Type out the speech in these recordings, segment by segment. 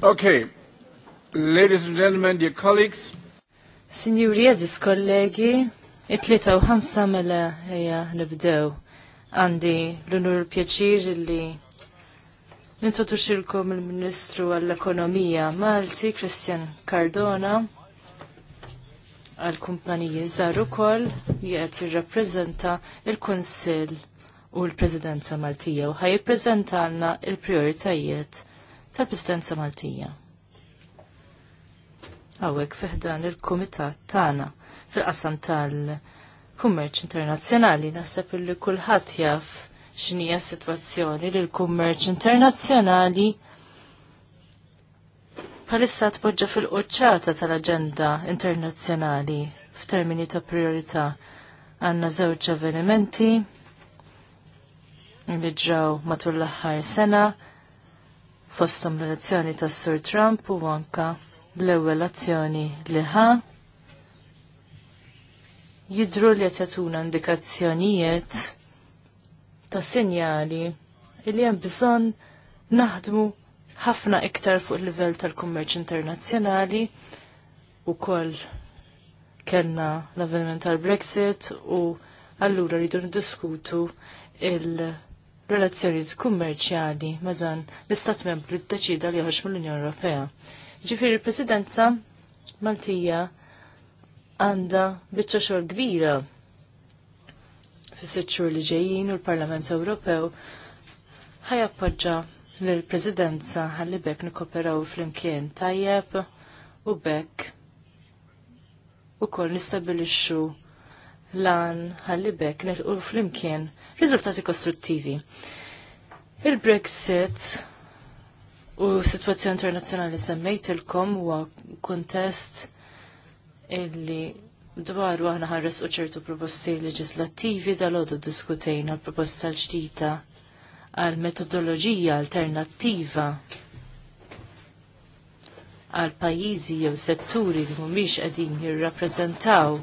Okay, ladies and gentlemen, dear colleagues. Signori, eżis kollegi, it-tlieta u ħamsa mela ejja nibdew. Għandi l-unur pjaċir li nintotuxilkom il-Ministru għall-Ekonomija Malti, Christian Cardona, għal-kumpaniji Zaru Kol, jgħet jirrapprezenta il-Konsil u l-Presidenza Maltija u ħaj prezentana il-prioritajiet tal-Presidenza Maltija. Għawek fiħdan il-Komitat tana fil-qasam tal-Kummerċ Internazzjonali naħseb li kulħadd jaf x'inhi s-sitwazzjoni li l-kummerċ internazzjonali bħalissa tpoġġa fil-qoċċata tal-aġenda internazzjonali f'termini ta' priorità għandna żewġ avvenimenti li ġraw matul l-aħħar sena fostom l-elezzjoni ta' Sir Trump u anka l-ewwel azzjoni li ħa jidru li jatatuna indikazzjonijiet ta' sinjali li hemm bżonn naħdmu ħafna iktar fuq il-livell tal-kummerċ internazzjonali u koll kellna l-avveniment tal-Brexit u allura rridu niddiskutu il- relazzjonijiet kummerċjali ma' dan l-Istat membru ddeċida li joħroġ mill-Unjoni Ewropea. Ġifieri l-Presidenza Maltija għandha biċċa xogħol kbira fi sitt xhur li ġejjin u l-Parlament Ewropew appoġġa lill presidenza għalli bekk nikkoperaw flimkien tajjeb u bekk ukoll nistabilixxu lan għalli bekk nilqu flimkien riżultati kostruttivi. Il-Brexit u situazzjoni internazzjonali semmejt il-kom huwa kuntest illi dwaru aħna ħarres u ċertu proposti leġislattivi dal-għodu diskutejna l-proposta l-ġdida għal metodoloġija alternattiva għal pajjiżi jew setturi li mhumiex qegħdin jirrappreżentaw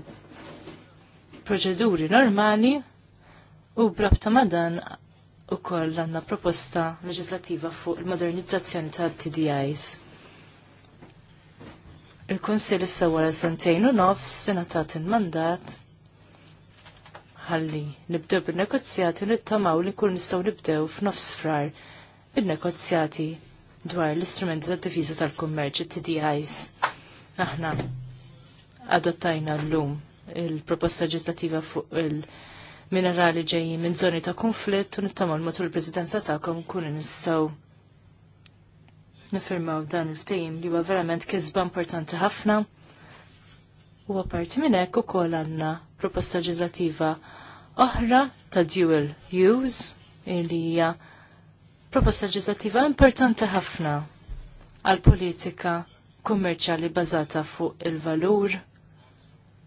proċeduri normali U brabta madan u koll għanna proposta leġislativa fuq il-modernizzazzjoni ta' TDIs. Il-Konsil issa wara sentejn u nofs senatat il-mandat ħalli nibdew bil-negozjati u nittamaw li kull nistgħu nibdew f'nofs frar bil-negozjati dwar l-istrumenti tad difiża tal-kummerċ TDIs. Aħna adottajna l-lum il-proposta leġislativa fuq il-, -proposta minerali ġejjin minn zoni ta' konflitt u nittamal matul il-prezidenza ta'kom kun nistaw nifirmaw dan il-ftejim li huwa verament kisba importanti ħafna u għaparti minn hekk ukoll għandna proposta leġislativa oħra ta' dual use li hija proposta leġislativa importanti ħafna għal politika kummerċjali bażata fuq il-valur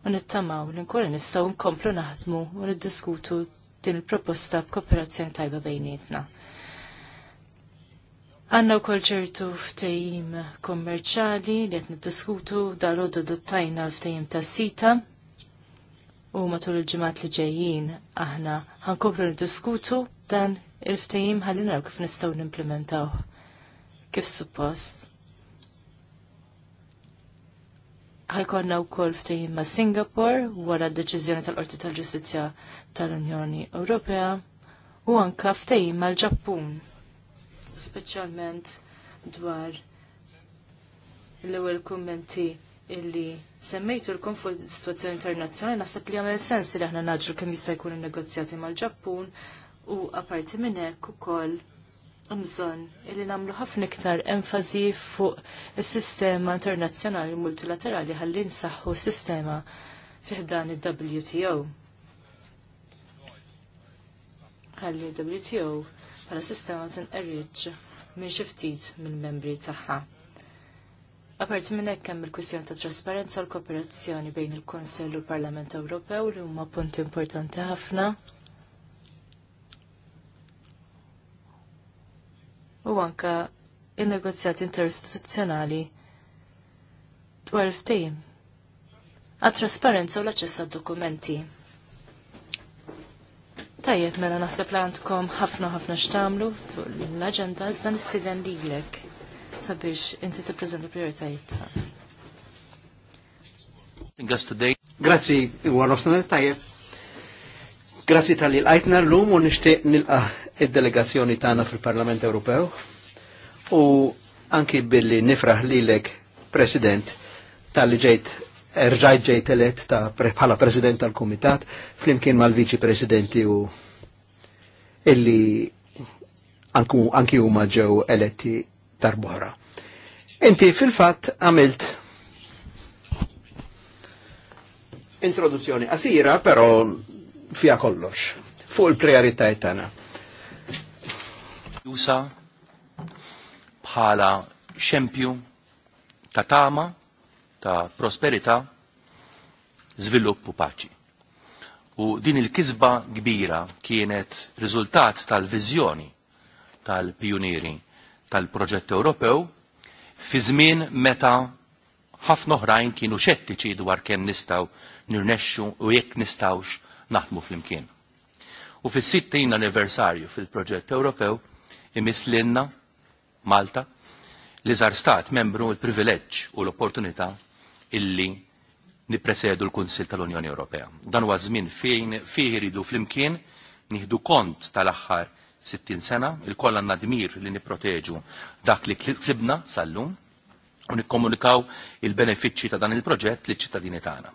u nittamaw li nkunu nistgħu nkomplu naħdmu u niddiskutu din il-proposta b'kooperazzjoni tajba bejnietna. Għanna u kolċertu ftejim kommerċali li għet niddiskutu dal-għodu dottajna l-ftejim ta' sita u matul il-ġemat li ġejjin aħna ħankomplu niddiskutu dan il-ftejim ħalli naraw kif nistaw nimplementaw kif suppost. ħajkonna u kol ftejim ma' Singapore wara d-deċizjoni tal-Qorti tal-Ġustizja tal-Unjoni Ewropea u anka ftejim mal ġappun speċjalment dwar l-ewwel kummenti illi semmejtu l-kom fuq situazzjoni internazzjonali naħseb li għamel sens li aħna naġru kemm jista' jkun in-negozjati mal-Ġappun u apparti minn hekk ukoll mżon illi namlu ħafna iktar enfasi fuq is-sistema internazzjonali multilaterali ħalli nsaħħu sistema fiħdan il-WTO. Ħalli WTO bħala sistema tinqerriġ minn xi ftit mill-membri tagħha. Aparti minn hekk hemm il-kwistjoni ta' trasparenza u l-kooperazzjoni bejn il-Kunsell u l-Parlament Ewropew li huma punti importanti ħafna u anka il-negozjati interistituzzjonali dwar il għat-trasparenza u l-aċċess għad-dokumenti. Tajjeb, mela naħseb li għandkom ħafna ħafna xtamlu l-agenda iżda nistiden lilek sabiex inti tippreżenta prioritajiet Grazzi, warrofsna tajjeb. Grazzi tal-li l-għajtna l-lum u nishtiq nilqa id-delegazzjoni tagħna fil-Parlament Ewropew u anki billi nifraħ lilek President tal-li ġejt erġajt ġejt elett ta' bħala President tal-Kumitat flimkien mal-Viċi Presidenti u illi anki huma ġew eletti tarbohra. Inti fil-fatt għamilt introduzzjoni qasira, però fija kollox fuq il-prioritajiet tagħna jusa bħala xempju ta' tama, ta' prosperita, zviluppu paċi. U din il-kizba kbira kienet riżultat tal-vizjoni tal-pjunieri tal-proġett Ewropew fi żmien meta ħafna oħrajn kienu xettiċi dwar kemm nistgħu nirnexxu u jekk nistgħux naħdmu flimkien. U fis-sittin anniversarju fil-proġett Ewropew imislinna Malta li żar stat membru l-privileġġ u l-opportunità illi nipresedu l-Kunsil tal-Unjoni Ewropea. Dan huwa żmien fejn fih iridu flimkien nieħdu kont tal-aħħar 60 sena, il-koll għandna dmir li nipproteġu dak li ksibna sal-lum u nikkomunikaw il-benefiċċji ta' dan il-proġett li ċittadini tagħna.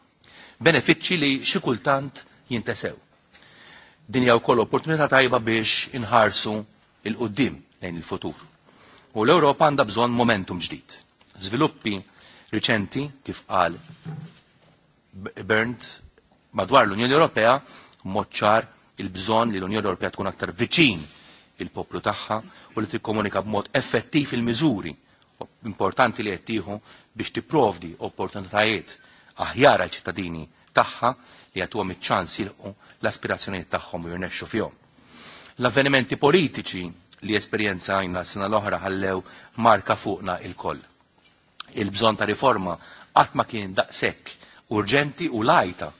Benefiċċji li xi kultant jintesew. Din hija wkoll opportunità tajba biex inħarsu il-qoddim lejn il-futur. U l-Ewropa għandha bżonn momentum ġdid. Zviluppi riċenti kif qal Bernd madwar l-Unjoni Ewropea moċċar il-bżonn li l-Unjoni Ewropea tkun aktar viċin il-poplu tagħha u li tikkomunika b'mod effettiv il-miżuri importanti li qed tieħu biex tipprovdi opportunitajiet aħjar għal ċittadini tagħha li għatuhom iċ-ċans jilqu l-aspirazzjonijiet tagħhom u jirnexxu fihom. L-avvenimenti politiċi li għajna sena l-oħra ħallew marka fuqna il-koll. Il-bżon ta' riforma għatma kien daqsek urġenti u lajta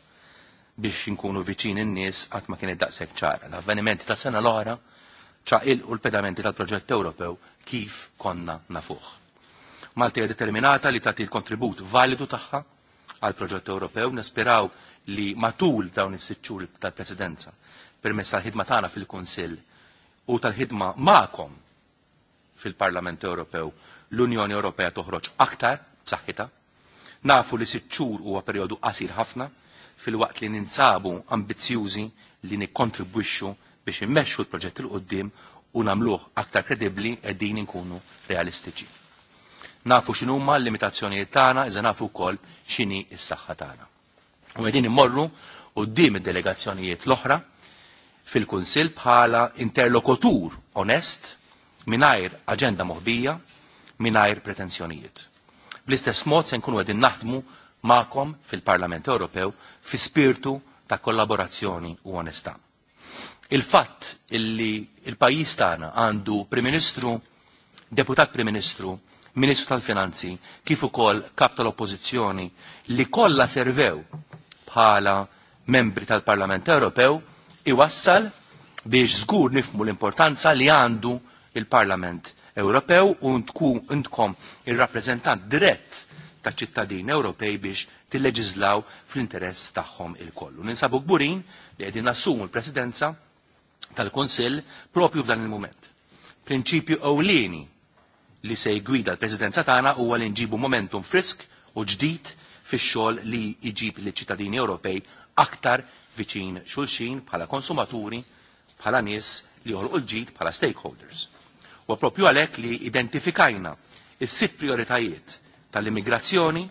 biex nkunu viċin in-nies għatma ma kienet daqshekk ċara. L-avvenimenti ta' sena l-oħra ċaqil u l-pedamenti tal-proġett Ewropew kif konna nafuħ. Malti hija determinata li tagħti l-kontribut validu tagħha għal proġett Ewropew nispiraw li matul dawn is-sitxur tal-presidenza permess tal-ħidma tagħna fil-Kunsill u tal-ħidma magħkom fil-Parlament Ewropew l-Unjoni Ewropea toħroġ aktar b'saħħitha. Nafu li sitt xhur huwa perjodu qasir ħafna fil-waqt li ninsabu ambizzjużi li nikkontribwixxu biex immexxu l-proġett il qoddim u nagħmluh aktar kredibbli qegħdin inkunu realistiċi. Nafu x'inhuma l-limitazzjonijiet tagħna iżda nafu wkoll x'inhi s-saħħa tagħna. U qegħdin immorru qudiem id-delegazzjonijiet l-oħra fil-Kunsil bħala interlokutur onest minajr aġenda moħbija, minajr pretenzjonijiet. Bl-istess mod se nkunu għedin naħdmu maqom fil-Parlament Ewropew fi spirtu ta' kollaborazzjoni u onestà. Il-fatt illi il-pajis tagħna għandu Prim-Ministru, Deputat Prim-Ministru, Ministru tal-Finanzi, kif ukoll kap tal-Oppożizzjoni li kollha servew bħala membri tal-Parlament Ewropew iwassal biex żgur nifmu l-importanza li għandu il-Parlament Ewropew u ntkom il rappresentant dirett ta' ċittadin Ewropej biex tilleġizlaw fl-interess tagħhom il-kollu. Ninsabu gburin li qegħdin nassumu l-Presidenza tal-Konsill propju f'dan il-moment. Prinċipju ewlieni li se jgwida l-Presidenza tagħna huwa li nġibu momentum frisk u ġdid fix-xogħol li jġib liċ ċittadini Ewropej aktar viċin xulxin bħala konsumaturi, bħala nies li joħolqu l-ġid bħala stakeholders. U propju għalhekk li identifikajna il sit prioritajiet tal-immigrazzjoni,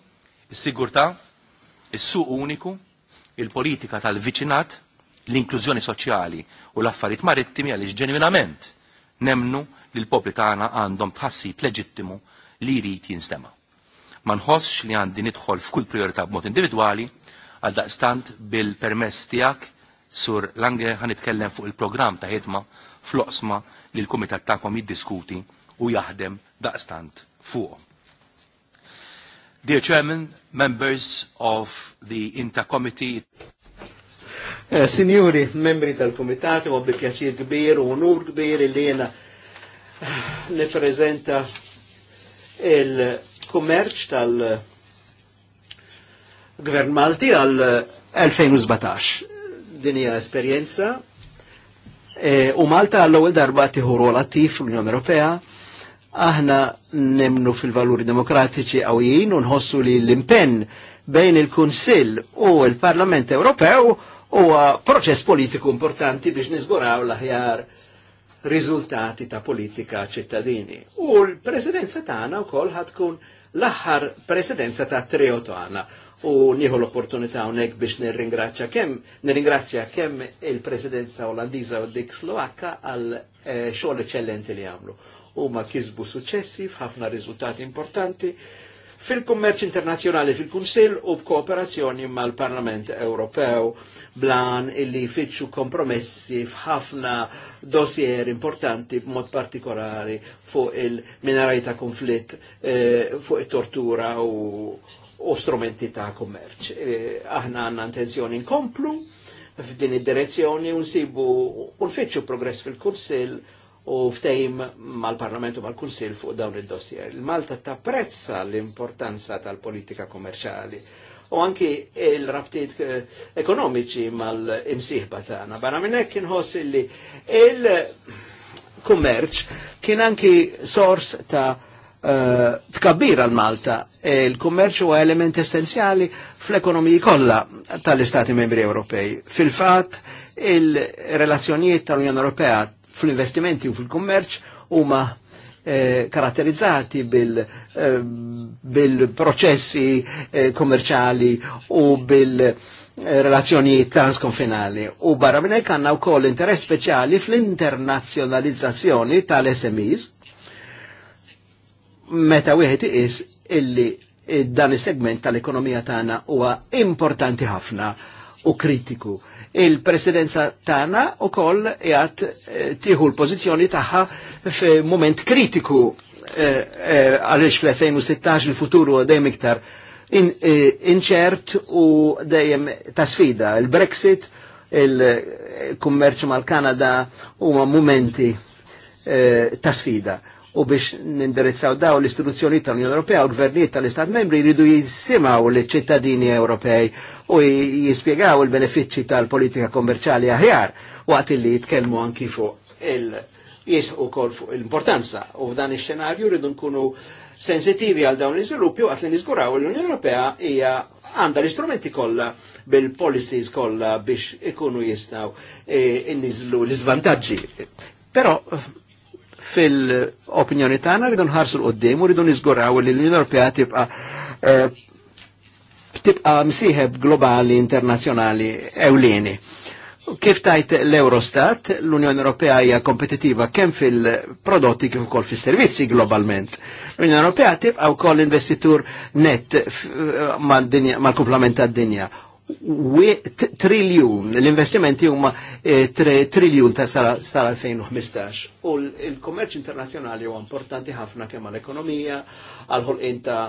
il sigurtà is-suq uniku, il-politika tal-viċinat, l-inklużjoni soċjali u l-affarijiet marittimi għaliex ġenwinament nemnu li l-popli tagħna għandhom tħassib leġittimu li jrid jinstema' ma nħossx li għandi nidħol f'kull priorità b'mod individwali Għal daqstant bil-permess tijak, sur Lange ħanitkellem fuq il-program ta' ħidma fl-oqsma li l-Kumitat ta'kom jiddiskuti u jaħdem daqstant fuq. Dear Chairman, members of the Intercommittee. Eh, signori, membri tal komitat u għabbi pjaċir kbir u onur kbir li jena eh, neprezenta il-kummerċ tal- komitat gvern Malti għal 2017. Eh, Din hija esperjenza e, u Malta għall-ewwel darba tieħu rol attiv fl-Unjoni Ewropea aħna nemnu fil-valuri demokratiċi għawijin u nħossu li l-impenn bejn il-Kunsill u il-Parlament Ewropew huwa proċess politiku importanti biex nizguraw l-aħjar riżultati ta' politika ċittadini. U l-presidenza tagħna wkoll ħad tkun l-aħħar presidenza ta' trio tagħna u nieħu l-opportunità hawnhekk biex nirringrazzja kemm nirringrazzja kemm il-Presidenza Olandiża u dik Slovakka għal eh, xogħol eċċellenti li għamlu. Huma kisbu suċċessi f'ħafna riżultati importanti fil-kummerċ internazzjonali fil-Kunsill u b'kooperazzjoni mal-Parlament Ewropew blan illi fitxu kompromessi f'ħafna dossier importanti b'mod partikolari fuq il-minerali ta' konflitt, eh, fuq it-tortura u u strumenti ta' kummerċ. E, aħna għanna intenzjoni nkomplu f'din id-direzzjoni u nsibu u nfittxu progress fil-Kunsil u ftejim mal-Parlamentu mal-Kunsil fuq dawn id-dossier. Malta prezza l-importanza tal-politika kommerċali u anki il-rabtiet eh, ekonomiċi mal-imsiħba tagħna. Barra minn hekk inħoss il-kummerċ kien anki sors ta' Eh, tkabbir għal Malta. il e kummerċ huwa element essenzjali fl-ekonomiji kollha tal-Istati Membri Ewropej. Fil-fatt, il-relazzjonijiet tal-Unjoni Ewropea fl-investimenti u fil-kummerċ huma eh, karatterizzati bil-processi eh, kommerċali eh, u bil- relazzjonijiet transkonfinali u barra minn hekk għandna wkoll interess speċjali fl-internazzjonalizzazzjoni tal-SMEs meta wieħed iqis illi dan is-segment tal-ekonomija tagħna huwa importanti ħafna u kritiku. Il-presidenza tagħna ukoll jgħat eh, tieħu l-pożizzjoni tagħha f'mument kritiku eh, eh, għaliex fl-2016 il-futuru għadhem iktar inċert u dejjem ta' sfida. Il-Brexit, il-kummerċ mal-Kanada huma momenti ta' sfida u biex nindirizzaw daw l-istituzzjoni tal-Unjoni Ewropea u l-gvernijiet tal-Istat membri jridu jisimaw l-ċittadini Ewropej u jispiegaw il benefiċċi tal-politika kommerċali aħjar waqt li jitkellmu anki fuq il- jisqu kol fuq l-importanza u f'dan ix-xenarju rridu nkunu sensitivi għal dawn l-iżviluppi waqt li niżguraw l-Unjoni Ewropea hija għanda l-istrumenti kollha bil-policies kollha biex ikunu jistgħu eh, e, l-iżvantaġġi. Però fil-opinjoni tagħna rridu nħarsu l-qoddim u rridu niżguraw li l-Unjoni Ewropea tibqa' eh, tibqa' msieħeb globali internazzjonali ewlieni. Kif tajt l-Eurostat, l-Unjoni Ewropea hija kompetitiva kemm fil-prodotti kif ukoll fis-servizzi globalment. L-Unjoni Ewropea tibqa' wkoll investitur net eh, mal-kumplament tad-dinja triljun, l-investimenti huma eh, triljun ta' sal-2015. U l-kommerċ internazjonali huwa importanti ħafna kemm għall-ekonomija, għal-ħolqien ta'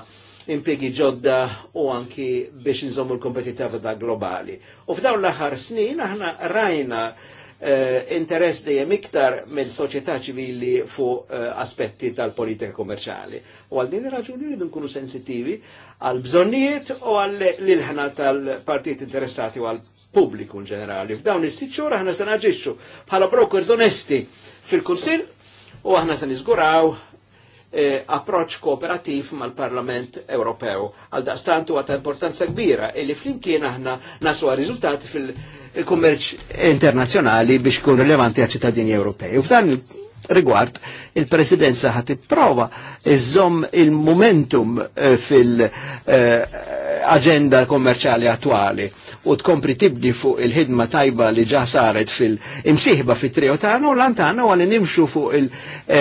impiegi ġodda u anki biex nżommu l-kompetitività globali. U f'dawn l-aħħar snin aħna rajna eh, interess dejjem iktar mill-soċjetà ċivili fuq eh, aspetti tal-politika komerċali. U għal din ir-raġuni rridu nkunu sensittivi għal bżonnijiet u għal l tal-partijiet interessati u għal pubbliku in ġenerali. F'dawn is-sitt xhur aħna se naġixxu bħala brokers onesti fil-Kunsill u aħna se niżguraw eh, approċ kooperativ mal-Parlament Ewropew. Għal daqstant huwa ta' importanza kbira illi flimkien aħna naslu riżultati fil-kummerċ internazzjonali biex kun rilevanti għal ċittadini Ewropej. U f'dan rigward il-presidenza ħat prova iżom il-momentum eh, fil-agenda eh, kommerċali attuali u tkompri tibni fuq il-ħidma tajba li ġa saret fil-imsiħba fit triotano u l-antana għalli nimxu fuq il-oqsma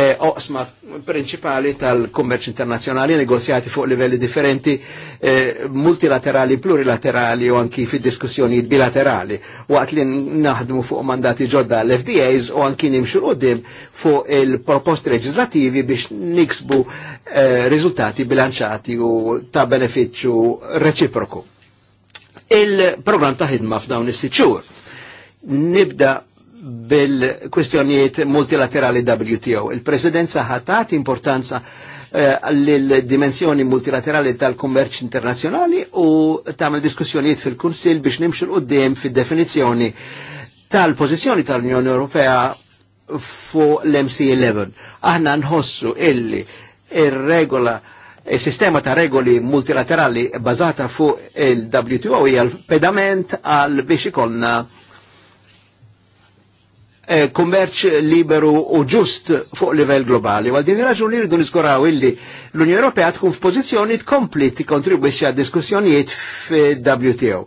eh, prinċipali tal-kummerċ internazjonali negozjati fuq livelli differenti eh, multilaterali, plurilaterali u anki fid diskussjoni bilaterali. Waqt li naħdmu fuq mandati ġodda l-FDAs u anki nimxu qoddim fuq il-proposti legislativi biex niksbu eh, rizultati bilanċati u ta' beneficju reċiproku. Il-program ta' ħidma f'dawn is-siċur nibda bil-kwestjonijiet multilaterali WTO. Il-presidenza ħatat importanza eh, l-dimensjoni multilaterali tal-kummerċ internazjonali u tagħmel diskussjonijiet fil-Kunsil biex nimxu l-qoddim fid definizjoni tal pozizjoni tal-Unjoni Ewropea fuq l-MC11. Aħna nħossu illi il regola il-sistema ta' regoli multilaterali bazata fuq il-WTO hija l-pedament għal biex ikollna Eh, kummerċ liberu u ġust fuq livell globali. Għal din raġuni rridu niskuraw illi l-Unjoni Ewropea tkun f'pożizzjoni tkompli tikkontribwixxi għad diskussjonijiet fil-WTO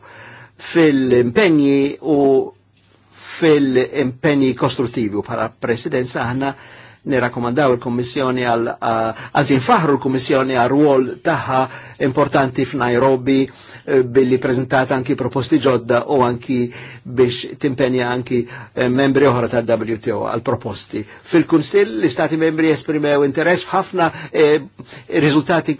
fil-impenji u fil-impenji kostruttivi u bħala presidenza aħna nirakomandaw il-Kommissjoni għal għazin faħru l-Kommissjoni għal ruol taħħa importanti f'Nairobi eh, billi prezentat anki proposti ġodda u anki biex timpenja anki eh, membri oħra ta' wto għal proposti. fil kunsil l-Istati membri esprimew interess b'ħafna eh, riżultati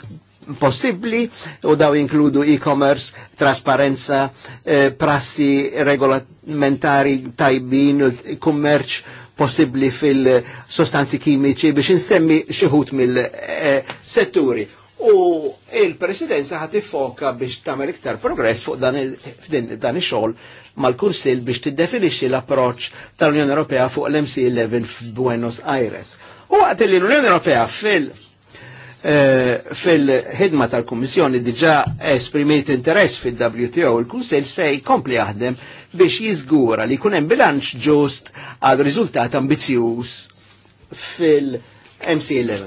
possibli u daw inkludu e-commerce, trasparenza, eh, prassi regolamentari tajbin, kummerċ possibbli fil-sostanzi kimiċi biex insemmi xieħut mill-setturi. U il-presidenza ħat foka biex tagħmel iktar progress fuq dan il xol mal kursil biex tiddefinixxi l-approċċ tal-Unjoni Ewropea fuq l-MC11 f'Buenos Aires. U waqt l-Unjoni Ewropea fil- Eh, fil-ħidma tal-Kummissjoni diġa esprimiet interess fil-WTO, il-Kunsel se jkompli jaħdem biex jizgura li kunem bilanċ ġust għad riżultat ambizjuż fil-MC11.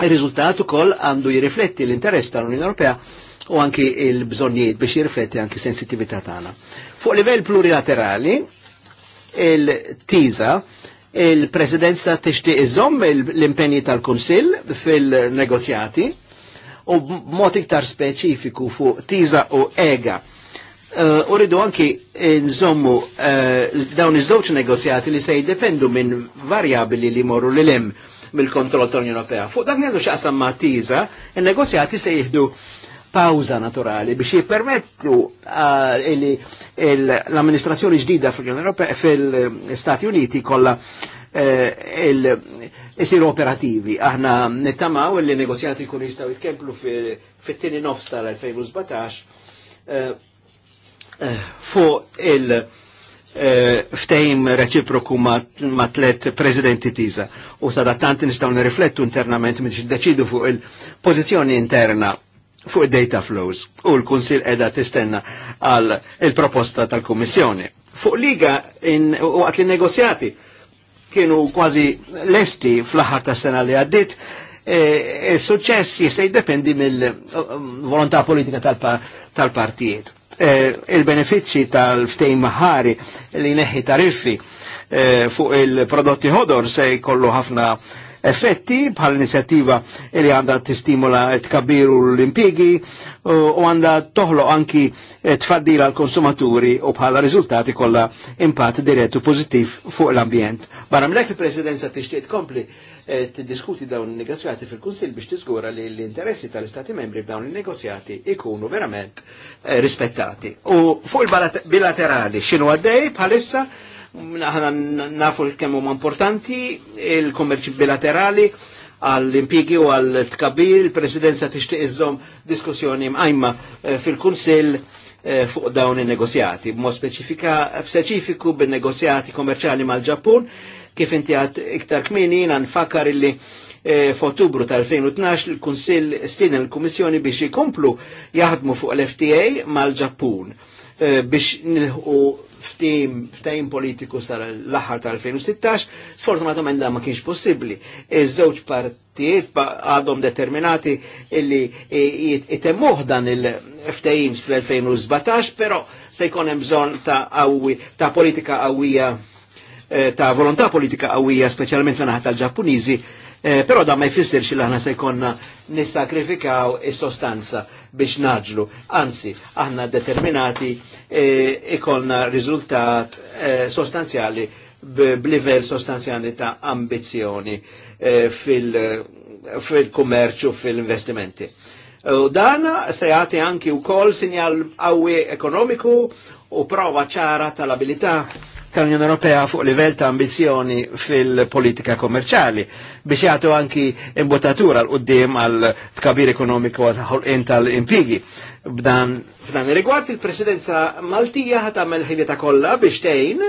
Il-riżultat ukoll għandu jirrifletti l-interess tal-Unjoni Ewropea u anki il-bżonnijiet biex jirrifletti anki sensitivita tagħna. Fuq livell plurilaterali, il-TISA il-presidenza tixtieq iżomm l-impenji tal-Kunsill fil-negozjati u mod iktar speċifiku fuq tiża u ega. Eh, u rridu anki nżommu eh, dawn iż-żewġ negozjati li se jiddependu minn varjabili li morru li lem mill-kontroll tal-Unjoni Ewropea. Fuq dak ngħidu x'qasam ma' tiża, in-negozjati se jieħdu pawza naturali biex jippermettu ah, l-amministrazzjoni ġdida fil-Stati Uniti kolla jisir eh, operativi. Aħna nittamaw li negozjati kun jistaw jitkemplu fit-tini nofs l 2017 eh, eh, fuq il- ftejm reċiproku ma tlet prezidenti tiza. U sadattanti nistaw nirriflettu internament minn deċidu fuq il-pozizjoni interna fuq data flows u l-Kunsil edha tistenna għal il-proposta tal-Kummissjoni. Fuq liga waqt li negozjati kienu kważi lesti fl-aħħar ta' sena li għaddit, il-suċess e, e, jisaj dependi mill-volontà uh, um, politika tal-partijiet. E, il-benefiċċji tal-ftejn maħari li neħi tariffi fuq il-prodotti ħodor se jkollu ħafna effetti bħal inizjattiva li għandha tistimula tkabbiru l-impjegi u għandha toħloq anki tfaddila l-konsumaturi u bħala riżultati kollha impatt direttu pożittiv fuq l-ambjent. Barra mlek il-Presidenza tixtieq tkompli eh, tiddiskuti dawn il-negozjati fil-Kunsil biex tiżgura li l-interessi tal-Istati membri f'dawn il-negozjati ikunu verament eh, rispettati. U fuq il-bilaterali x'inhu għaddej bħalissa Aħna nafu l-kemm huma importanti il-kummerċ bilaterali għall-impjegi u għall-tkabir, il-presidenza tixtieq iżżomm diskussjoni mqajma eh, fil-Kunsill eh, fuq dawn in-negozjati, b'mod speċifiku bin-negozjati kommerċali mal-Ġappun, kif inti għad iktar kmini jina nfakkar illi eh, f'Ottubru tal-2012 il-Kunsill stien il kummissjoni biex jikomplu jaħdmu fuq l-FTA mal-Ġappun biex nilħu ftejn politiku sar l-aħħar tal-2016, sfortunatament da ma kienx possibbli. Iż-żewġ partijiet għadhom determinati illi jitemmuħ dan il-ftejim fl-2017, però se jkun hemm bżonn ta' politika qawwija eh, ta' volontà politika qawwija speċjalment minn tal-Ġappuniżi, eh, però da ma jfissirx li aħna se jkollna nissakrifikaw is-sostanza biex naġlu. Anzi, aħna determinati eh, ikolna e, riżultat e, sostanzjali b'livell sostanzjali ta' ambizjoni e, eh, fil-kummerċu, fil fil-investimenti. U dana se jati anki wkoll sinjal qawwi ekonomiku u prova ċara tal-abilità tal-Unjoni Ewropea fuq livell ta' ambizjoni fil-politika kommerċali biex jagħtu anki imbotatura l qudiem għal tkabir ekonomiku għal tal-impigi. B'dan f'dan rigward il-Presidenza Maltija ħat tagħmel ħilieta kollha biex tgħin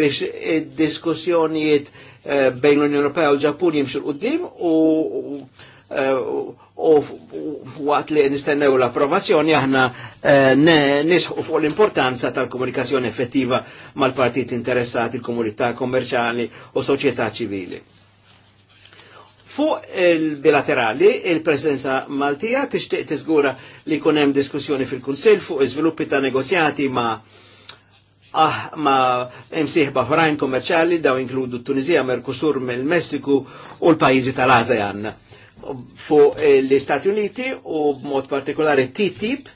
biex id-diskussjonijiet eh, bejn l-Unjoni Ewropea u l-Ġappun jimxu l-qoddim u Eh, u għat li nistennew l-approvazzjoni aħna eh, nisħu fuq l-importanza tal-komunikazzjoni effettiva mal-partit interessati, il-komunità kommerċali u soċjetà ċivili. Fuq il-bilaterali, il-presenza Maltija tixtieq tiżgura li jkun hemm diskussjoni fil-Kunsill fuq iżviluppi ta' negozjati ma' ah, ma' imsieħba oħrajn kommerċali daw inkludu Tunizija, Merkusur, mill-Messiku u l-pajjiżi tal-ASEAN fuq eh, l-Istati Uniti u b'mod partikolari TTIP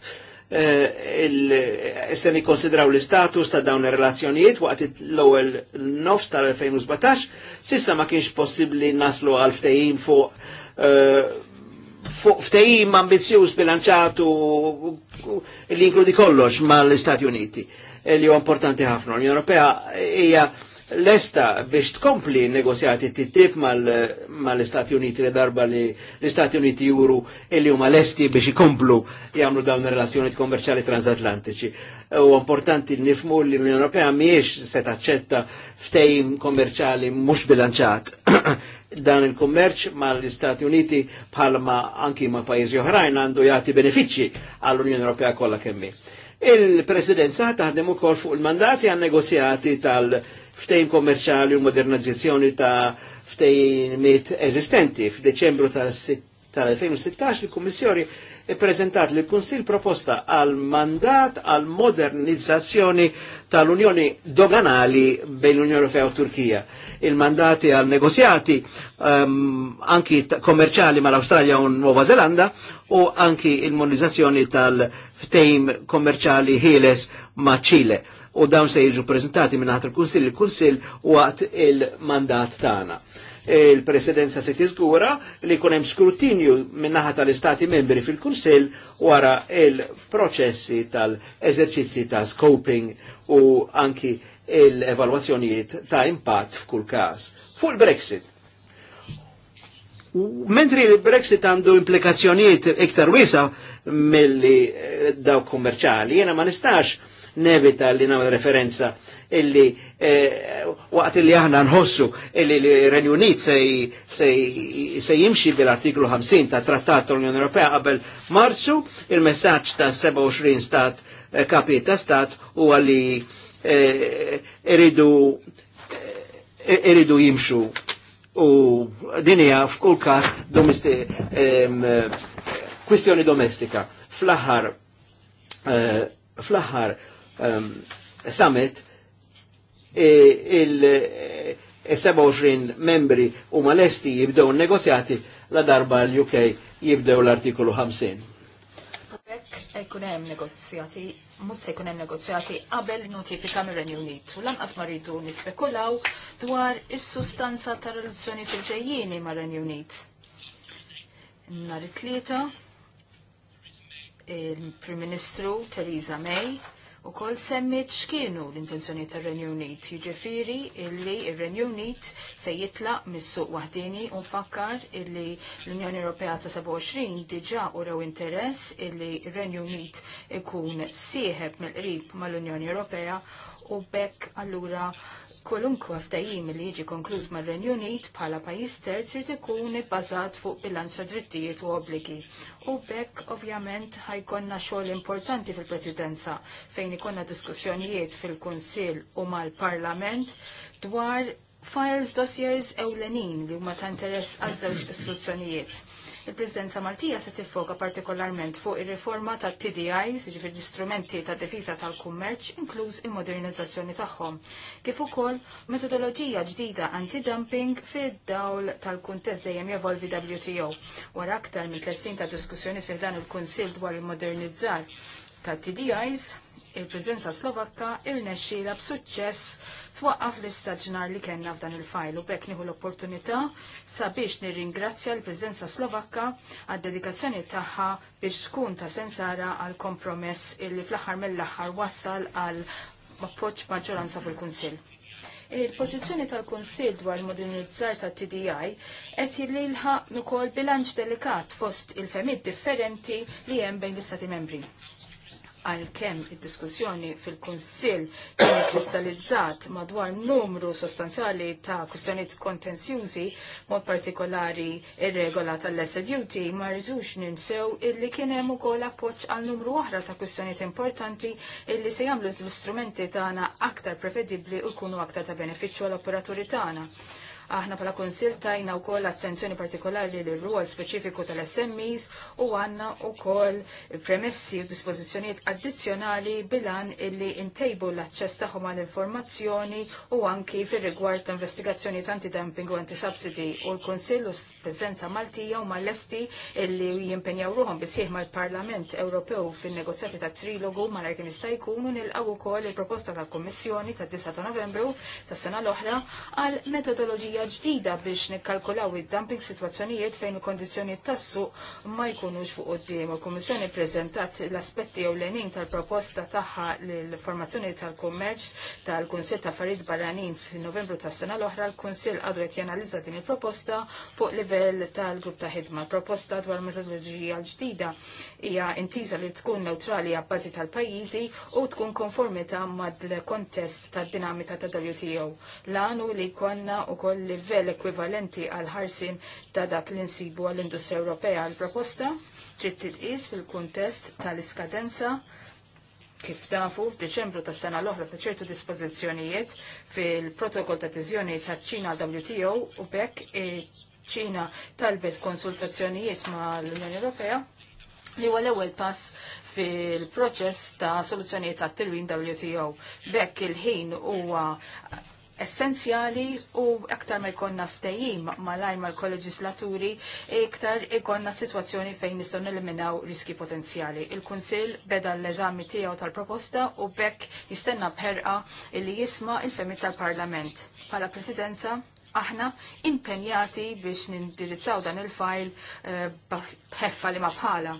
eh, il-sen eh, konsidraw l-istatus ta' dawn ir-relazzjonijiet waqt l-ewwel nofs tal-2017 sissa ma kienx possibbli naslu għal ftehim fuq fuq ftehim ambizjuż bilanċatu li jinkludi kollox mal-Istati Uniti li huwa importanti ħafna. L-Unjoni Ewropea hija lesta biex tkompli negozjati t-tip mal-Istati mal Uniti li darba li l-Istati Uniti juru illi huma lesti biex ikomplu jagħmlu dawn ir-relazzjoni kommerċali transatlantiċi. U importanti nifmu li l-Unjoni Ewropea mhijiex se taċċetta ftehim kommerċjali mhux bilanċat. dan il kommerċ mal-Istati Uniti bħalma anki ma' pajjiżi oħrajn għandu jagħti benefiċċji għall-Unjoni Ewropea kollha kemm Il-presidenza taħdem ukoll fuq il-mandati għan negozjati tal- ftejn kommerċali u modernizzazzjoni ta' mit eżistenti. F'Deċembru tal-2016 il-Kummissjoni prezentat li l-Kunsil proposta għal mandat għal modernizzazzjoni tal-Unjoni doganali bejn l-Unjoni Europea u Turkija. Il-mandati għal negozjati um, anki kommerċali mal-Australja u Nuova Zelanda u anki il modernizzazzjoni tal-ftejm kommerċali Hiles ma' Ċile u dawn se jiġu prezentati minn il kunsill il-Kunsill waqt il-mandat tagħna. Il-Presidenza se tiżgura li jkun hemm skrutinju minnaħa tal-Istati membri fil-Kunsill wara il-proċessi tal-eżerċizzi ta' scoping u anki l-evalwazzjonijiet ta' impatt f'kull każ. Fuq il-Brexit, Mentri il-Brexit għandu implikazzjonijiet iktar wisa mill-daw eh, kummerċali, jena ma nistax nevita li nagħmel referenza illi eh, waqt illi aħna nħossu illi li renju Unit se jimxi bil-artiklu 50 ta' Trattat tal-Unjoni Ewropea qabel Marzu, il-messaġġ ta' 27 stat eh, kapi ta' stat u għalli eh, iridu jimxu u dinija f'kull kas kwistjoni domestika. Fl-aħħar fl-aħħar um, summit e il-27 e membri u malesti jibdew negozjati la darba l-UK jibdew l-artikolu 50. Bekk hemm negozjati, mhux se jkun hemm negozjati qabel notifika mir-Renju Unit u lanqas ma rridu nispekulaw dwar is-sustanza tar relazzjoni fil-ġejjieni mar-Renju Unit. Nhar it-tlieta il-Prim Ministru Theresa May u kol semmit xkienu l-intenzjoni ta' Renju Unit. Jġifiri illi il-Renju Unit se jitla mis-suq wahdini u fakkar illi l-Unjoni Ewropea ta' 27 diġa u rew interess illi il-Renju Unit ikun sieħeb mill-qrib mal-Unjoni Ewropea u bekk allura kolunkwa ftajim li jiġi konkluż mar renju Unit bħala pajjiż terz irid ikun ibbażat fuq bilanċa drittijiet u obbligi u bekk ovvjament ħajkonna xogħol importanti fil-Presidenza fejn ikonna diskussjonijiet fil-Kunsill u mal-Parlament dwar files dossiers ewlenin li huma ta' interess għaż-żewġ istituzzjonijiet Il-Presidenza Maltija se tiffoka partikolarment fuq ir-riforma tat-TDIs, ġifir l-istrumenti ta' difiża tal-kummerċ, inkluż il-modernizzazzjoni tagħhom, kif ukoll metodoloġija ġdida anti-dumping fid-dawl tal-kuntest dejjem jevolvi WTO. Wara aktar minn 30 ta' diskussjoni fih dan il-Kunsill dwar il-modernizzar ta' TDIs, il-prezenza slovakka irnexxila b'suċċess twaqqaf l-istaġnar li kellna f'dan il-fajl u bekk nieħu l-opportunità sabiex nirringrazzja l-Presidenza Slovakka għad-dedikazzjoni tagħha biex tkun ta' sensara għal kompromess illi fl-aħħar mill-aħħar wassal għal appoġġ maġġoranza fil-Kunsill. Il-pożizzjoni tal-Kunsill dwar modernizzar ta' TDI qed jillilħa ukoll bilanċ delikat fost il-femid differenti li hemm bejn l-Istati membri għalkemm id-diskussjoni fil-Kunsill kien kristallizzat madwar numru sostanzjali ta' kwistjonijiet kontenzjużi, mod partikolari ir-regola tal-lesser duty, ma rriżux ninsew illi kien hemm ukoll appoġġ għal numru oħra ta' kwistjonijiet importanti illi se jagħmlu l-istrumenti tagħna aktar prevedibbli u jkunu aktar ta' benefiċċju għall-operaturi tagħna. Aħna pala konsil tajna u koll attenzjoni partikolari l ruol speċifiku tal-SMEs u għanna u koll premessi u dispozizjoniet addizjonali bilan illi intejbu l-access taħħom għal-informazzjoni u anki fil rigward ta' investigazzjoni ta' anti-dumping u subsidy u l-konsil u prezenza Maltija u mal-esti illi jimpenjaw ruħom bisieħ mal-Parlament Ewropew fin-negozjati ta' trilogu mal-arkim jista' jkunu nilqaw ukoll il-proposta tal-Kommissjoni ta' 9 ta' Novembru tas-sena l-oħra għal metodologija metodoloġija ġdida biex nikkalkulaw id-dumping situazzjonijiet fejn il-kondizjoni tassu ma jkunux fuq qudiem. il komissjoni prezentat l-aspetti ewlenin tal-proposta tagħha l-formazzjoni tal-kummerċ tal-Kunsill ta' Farid Barranin f'Novembru tas-sena l-oħra l-Kunsill għadu qed janalizza din il-proposta fuq livell tal-grupp ta' ħidma. Proposta dwar metodoloġija ġdida hija intiża li tkun neutrali għabbażi tal-pajjiżi u tkun konformita mad kontest tad dinamika ta' WTO. L-għanu li konna u koll livell ekwivalenti għal ħarsin ta' dak li nsibu għall industrija Ewropea għal proposta trid titqis fil-kuntest tal-iskadenza kif tafu f'Deċembru tas sena l-oħra ta' ċertu dispożizzjonijiet fil-protokoll ta' tiżjoni ta' ċina WTO u bekk ċina talbet konsultazzjonijiet ma' l-Unjoni Ewropea li huwa l-ewwel pass fil-proċess ta' soluzzjonijiet ta' tilwin WTO. Bekk il-ħin huwa essenzjali u aktar ma jkonna ftejim malaj ma l-kolleġislaturi iktar ikonna situazzjoni fejn nistgħu neliminaw riski potenzjali. Il-Kunsill beda l-eżami tiegħu tal-proposta u bekk jistenna bħerqa li jisma' il femi tal-Parlament. Pala Presidenza, aħna impenjati biex nindirizzaw dan il-fajl eh, bħeffa li ma bħala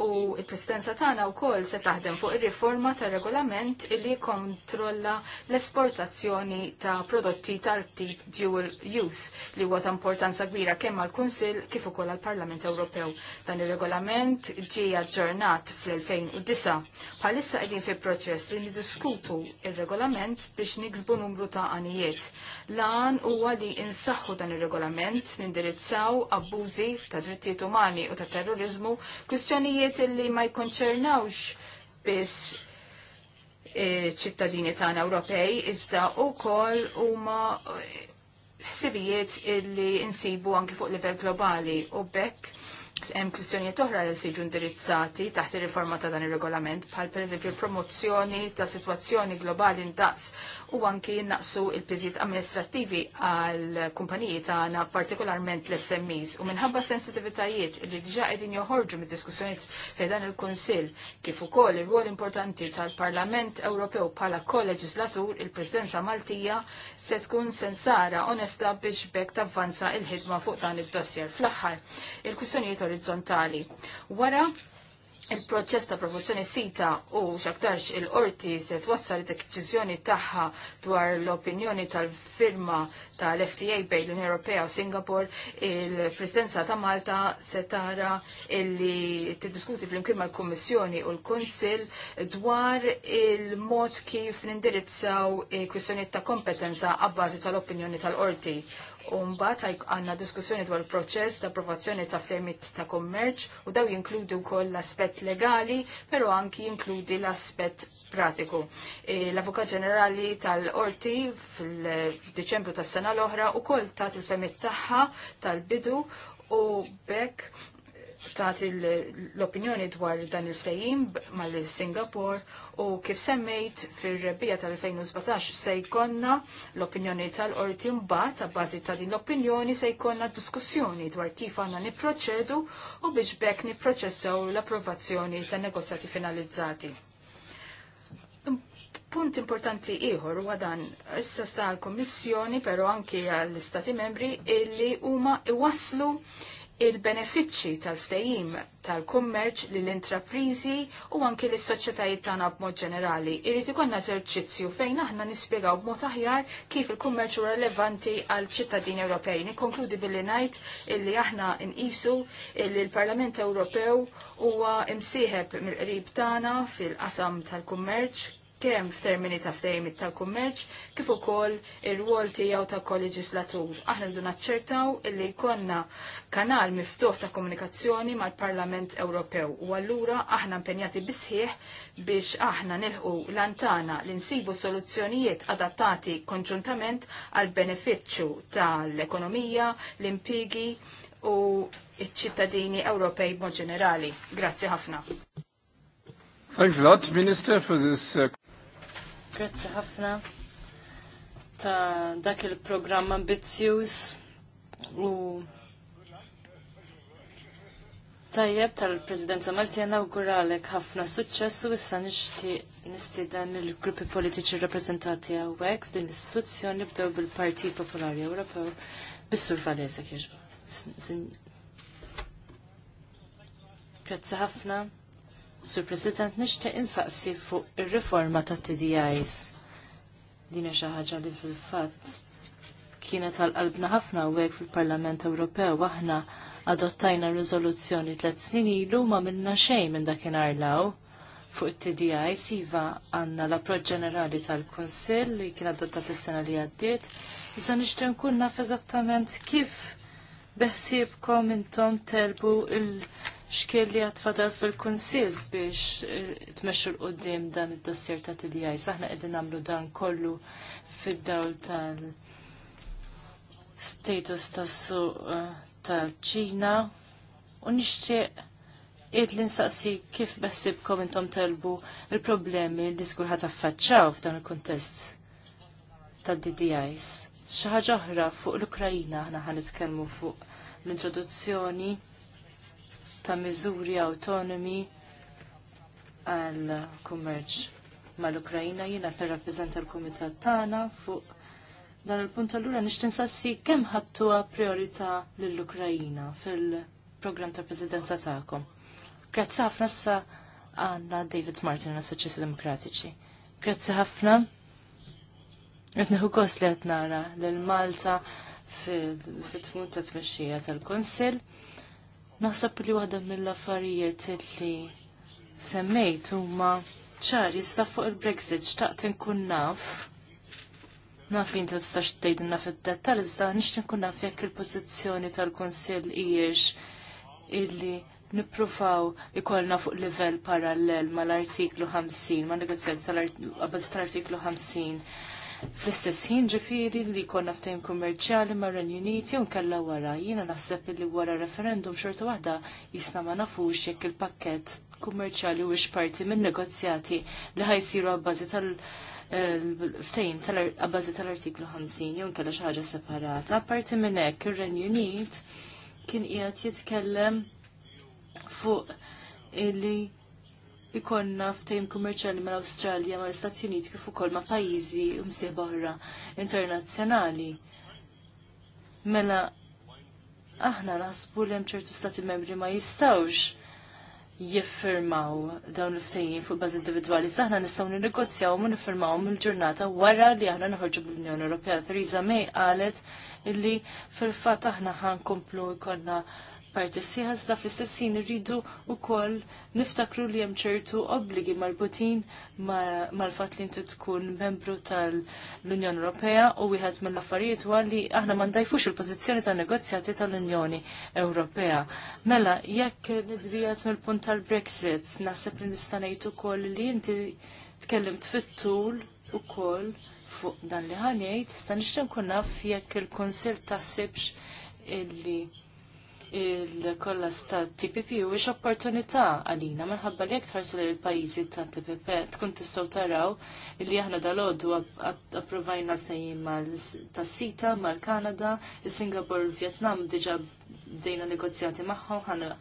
u il-presidenza tagħna wkoll se taħdem fuq ir-riforma tar regolament li kontrolla l-esportazzjoni ta' prodotti tal-tip dual use li huwa ta' importanza kbira kemm għall kunsill kif ukoll għall parlament Ewropew. Dan ir-regolament ġie aġġornat fl-2009. Bħalissa qegħdin fi proċess li niddiskutu ir-regolament biex niksbu numru ta' għanijiet. Lan huwa li insaħħu dan ir-regolament nindirizzaw abbużi ta' drittijiet umani u ta' terrorizmu, kwistjonijiet affarijiet li ma jkonċernawx biss e, ċittadini tagħna Ewropej iżda wkoll huma e, ħsibijiet illi insibu anki fuq livell globali u bekk hemm kwistjonijiet oħra li siġu indirizzati taħt ir-riforma ta' dan ir-regolament bħal pereżempju promozzjoni ta' sitwazzjoni globali ndaqs u anki naqsu il-piżijiet amministrattivi għal kumpaniji tagħna partikolarment l-SMEs u minħabba sensitivitajiet li diġa' qegħdin joħorġu mid-diskussjonijiet fejn dan il-Kunsill kif ukoll ir-rwol importanti tal-Parlament Ewropew bħala koleġislatur il-Presidenza Maltija se tkun sensara onesta biex bekk tavvanza il-ħidma fuq dan id-dossier fl-aħħar il-kwistjonijiet orizzontali. Wara il-proċess ta' proporzjoni sita u xaktarx il-qorti se twassal id-deċiżjoni tagħha dwar l-opinjoni tal-firma tal-FTA bejn l-Unjoni Ewropea u Singapore, il-Presidenza ta' Malta se tara illi tiddiskuti fl-imkien mal-Kummissjoni u l-Kunsill dwar il-mod kif nindirizzaw kwistjonijiet ta' kompetenza għabbażi tal-opinjoni tal-qorti. Umbat għanna diskussjoni dwar proċess ta' approvazzjoni ta' ftehmit ta' kommerċ u daw jinkludu wkoll l-aspett legali, però anki jinkludi l-aspett pratiku. E, L-Avukat Ġenerali tal-Orti fil-Deċembru tas-sena l-oħra ukoll ta' il-femit tagħha tal-bidu u bekk tagħti l-opinjoni dwar dan il-ftehim mal singapur u kif semmejt fir rebija tal-2017 se jkollna l-opinjoni tal-qorti mbagħad ta' bazi ta' din l-opinjoni se jkollna diskussjoni dwar kif għanna nipproċedu u biex bekk nipproċessaw l-approvazzjoni tan negozjati finalizzati. Punt importanti ieħor huwa dan issa sta l komissjoni però anki għall-Istati Membri illi huma iwasslu il-benefiċċji tal ftejim tal-kummerċ li l-intraprizi u anki l soċjetajiet tagħna b'mod ġenerali. Irid ikollna eżerċizzju fejn aħna nispjegaw b'mod aħjar kif il-kummerċ u relevanti għal ċittadini Ewropej. Nikkonkludi billi ngħid illi aħna nqisu illi l-Parlament Ewropew huwa imsieħeb mill-qrib tagħna fil-qasam tal-kummerċ kemm f'termini ta' ftehim tal-kummerċ kif ukoll ir-rwol tiegħu ta' koleġislatur. Aħna rridu naċċertaw illi jkollna kanal miftuħ ta' komunikazzjoni mal-Parlament Ewropew u allura aħna impenjati bisħieħ biex aħna nilħu lantana li nsibu soluzzjonijiet adattati konġuntament għal benefiċċju tal-ekonomija, l-impigi u iċ-ċittadini Ewropej b'mod ġenerali. Grazzi ħafna. Thanks a lot, Minister, for this. Uh, Grazzi ħafna ta' dak il-programm ambizjuż. u Tajjeb tal-Presidenza Malti inauguralek ħafna suċċess u issa nixtieq nistieden il-gruppi politiċi rappresentati hawnhekk f'din l-istituzzjoni bdew bil-Partit Popolari Ewropew bis-Sur Valesa Grazzi ħafna. Sur President, nixtieq insaqsi fuq ir-riforma ta' TDIs. Din hija xi ħaġa li fil-fatt kienet għal-qalbna ħafna hawnhekk fil-Parlament Ewropew aħna adottajna riżoluzzjoni tliet snin ilu ma minna xejn minn dakinhar law fuq it-TDI siva għandna l-approċċ ġenerali tal-Kunsill li kien adottat is-sena li għaddiet. issa nixtieq nkun naf eżattament kif beħsiebkom intom telbu il- li għatfadar fil-konsil biex eh, tmexxu l-qoddim dan id-dossier ta' TDI. Saħna qegħdin nagħmlu dan kollu fid-dawl tal-status tas-suq eh, tal-Ċina u nixtieq id li nsaqsi kif beħsibkom intom telbu il-problemi li żgur ħat affaċċaw f'dan il kontest tad-DDIs. Xi ħaġa oħra fuq l-Ukrajina aħna ħanitkellmu fuq l-introduzzjoni ta' miżuri autonomi għal kummerċ mal-Ukrajina jiena rappresenta l-kumitat tagħna fuq dan il-punt allura nixtin sassi kemm ħattuha priorità lill-Ukrajina fil-programm ta' presidenza tagħkom. Grazzi ħafna sa għandna David Martin għas soċjesi Demokratiċi. Grazzi ħafna. Qed neħu li qed nara Malta fit-tmut ta' tmexxija tal-Kunsill. Naħseb li waħda mill-affarijiet li semmejt huma ċar jista' fuq il-Brexit xtaqt inkun naf. Naf li intu tistax tgħidilna fid-dettal iżda nixtieq nkun naf jekk il-pożizzjoni tal-Kunsill hijiex illi nippruvaw ikollna fuq livell parallel mal-artiklu 50, ma' negozjat tal-artiklu 50 fl-istess ħin ġifiri li konna ftehim kummerċjali mar Renju Uniti nkella wara jiena naħseb li wara referendum xorta waħda jisna ma nafux jekk il-pakkett kummerċjali u parti minn negozjati li ħajsiru għabbażi tal- eh, ftejn għabbażi tal-artiklu 50 jew nkella xi ħaġa separata. Parti minn hekk ir-Renju Unit kien qiegħed jitkellem fuq illi ikonna ftejm kummerċjali mal awstralja mal istati Uniti kif ukoll ma' pajjiżi msieħ oħra internazzjonali. Mela aħna naħsbu li hemm ċertu stati membri ma jistgħux jiffirmaw dawn il ftejjin fuq baż individwali. Aħna nistgħu nirnegozjaw u niffirmaw mill-ġurnata wara li aħna noħorġu bl-Unjoni Ewropea. Theresa May qalet illi fil-fatt aħna ħankomplu jkollna parti sieħa iżda fl-istess rridu irridu wkoll niftakru li hemm ċertu obbligi marbutin mal-fatt li inti tkun membru tal-Unjoni Ewropea u wieħed mill-affarijiet huwa li aħna ma ndajfux il-pożizzjoni tan-negozjati tal-Unjoni Ewropea. Mela, jekk nidbijat mill-punt tal-Brexit, naħseb li nista' ngħid ukoll li inti tkellimt fit-tul ukoll fuq dan li ħanejt, sa nixtieq naf jekk il-Kunsill taħsibx illi il-kollas ta' TPP u ix opportunità għalina minħabba li tħarsu li il pajizi ta' TPP tkun tistaw taraw li aħna dal ħodu approvajna l fejn ta' sita mal-Kanada, il-Singapur, il-Vietnam diġa bdejna negozjati maħħom, ħana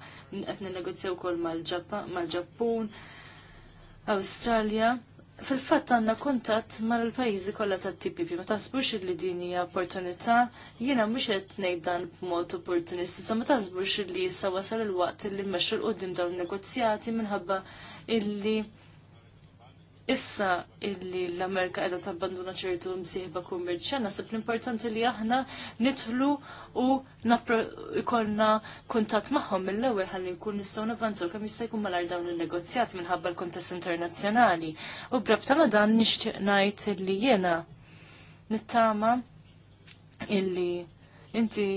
għetni negozjaw kol mal-Ġappun, Australia fil-fatt għanna kuntatt mal-pajizi kollha ta' tpp ma tasbux li din hija opportunità, jiena mhux qed ngħid dan b'mod opportunist, ma tasbux li issa wasal il-waqt li mmexxu l qudiem dawn negozjati minħabba illi issa illi l-Amerika qiegħda tabbanduna ċertu msieħba kummerċjali nasib l-importanti li aħna nidħlu u ikonna kuntatt magħhom mill-ewwel ħalli nkun nistgħu navvanzaw kemm jista' jkun malar dawn il negozjat minħabba l-kuntest internazzjonali. U brabta ma dan nixtieq ngħid illi jiena nittama illi inti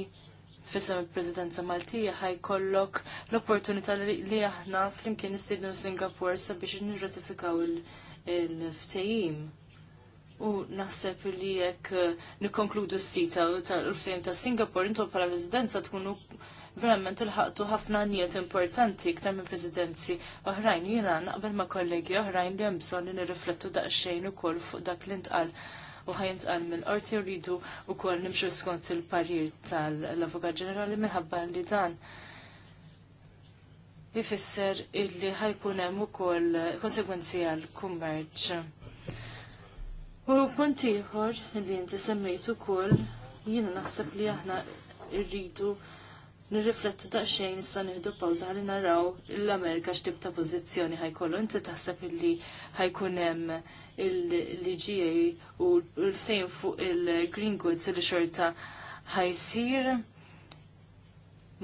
fissam il-Presidenza Maltija kollok l-opportunità li aħna flimkien nistidnu Singapur sabiex nirratifikaw il- il-ftejim. U naħseb li jekk eh, nikkonkludu s-sita tal ftejim ta' Singapore, intom pala residenza tkunu verament il-ħaqtu ħafna njiet importanti iktar minn presidenzi oħrajn. Jina naqbel ma' kollegi oħrajn li hemm bżonn li nirriflettu daqsxejn ukoll fuq dak li ntqal u ħajntqal mill-qorti rridu u koll nimxu skont il-parir tal-Avukat Ġenerali minħabba li dan jifisser illi ħajkun hemm ukoll konsegwenzi għal kummerċ. U punt ieħor li inti semmejt ukoll jiena naħseb li aħna rridu nirriflettu daqsxejn issa nieħdu pawża li naraw l-Amerika x'tib ta' pożizzjoni ħajkollu. Inti taħseb illi ħajkun hemm il-LGA u l-ftejn fuq il-Green Goods li xorta ħajsir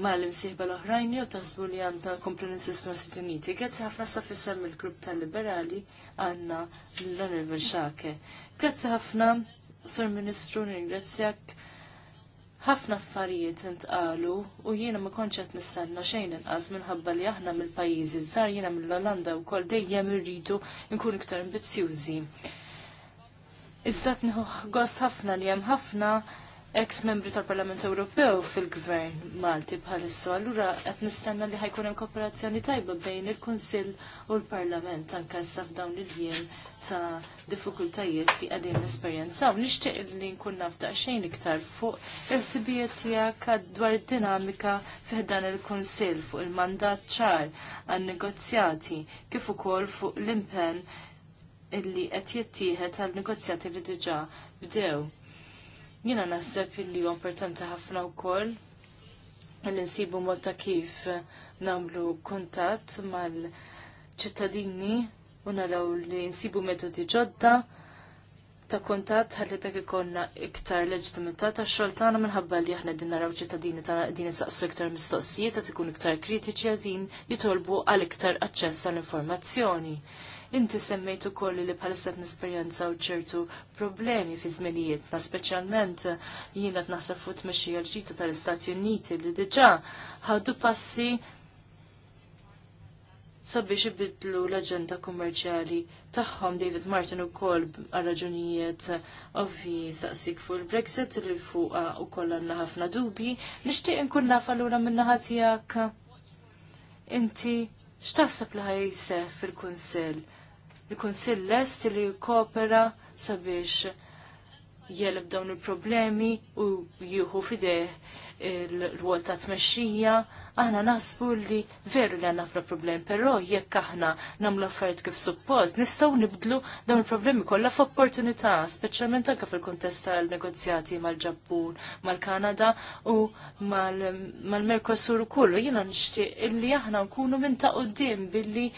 mal-imsieħba l-oħrajn jew taħsbu li għandna kompromiss s-Stati Uniti. Grazzi ħafna s fissem il-grupp tal-liberali għanna l-Onorevol Xake. Grazzi ħafna, Sur Ministru, ringrazzjak ħafna affarijiet intqalu u jiena ma kontx qed nistenna xejn inqas minħabba li aħna mill-pajjiżi żgħar jiena mill-Olanda wkoll dejjem irridu nkun iktar ambizzjużi. Iżda tnieħu gost ħafna li hemm ħafna ex-membri tal-Parlament Ewropew fil-Gvern Malti bħalissa, allura qed nistenna li ħajkun hemm kooperazzjoni tajba bejn il-Kunsill u l-Parlament anke issa f'dawn il-jiem ta' diffikultajiet li qegħdin nesperjenzaw. Nixtieq li nkun naf daqsxejn iktar fuq il-sibijiet tiegħek dwar id-dinamika fiħdan il-Kunsill fuq il-mandat ċar għan-negozjati kif ukoll fuq l-impenn illi qed jittieħed għal negozjati li diġà bdew Jina naħseb li huwa importanti ħafna u li nsibu mod ta' kif nagħmlu kuntatt mal-ċittadini u naraw li nsibu metodi ġodda ta' kuntatt ħalli bekk ikollna iktar leġitimità ta' xogħol tagħna minħabba li aħna din naraw ċittadini ta' din saqsu iktar mistoqsijiet qed ikun iktar kritiċi għadin jitolbu għal iktar aċċess għall informazzjoni Inti semmejt ukoll li bħalissa nesperjenzaw ċertu problemi fi żminijietna, speċjalment jiena tnaħseb fuq tmexxija l-ġita tal-Istati Uniti li diġà ħadu passi sabiex ibidlu l-aġenda kummerċjali tagħhom David Martin ukoll għal-raġunijiet ovvi saqsik fuq il-Brexit li fuqa ukoll għandna ħafna dubi. Nixtieq inkun naf allura min-naħa tiegħek. Inti x'taħseb li ħajsef fil-Kunsill il-Kunsill lest li jkopera sabiex jelb dawn il-problemi u jieħu fideh il-rwol ta' tmexxija, aħna nasbu li veru li għanna fra problem, però jekk aħna namlu affarijiet kif suppost, nistgħu nibdlu dawn il-problemi kollha f'opportunità, speċjalment anke fil-kuntest tal-negozjati mal-Ġappun, mal-Kanada u mal-Merkosur kollu. Jiena nixtieq illi aħna nkunu minn ta' qudiem billi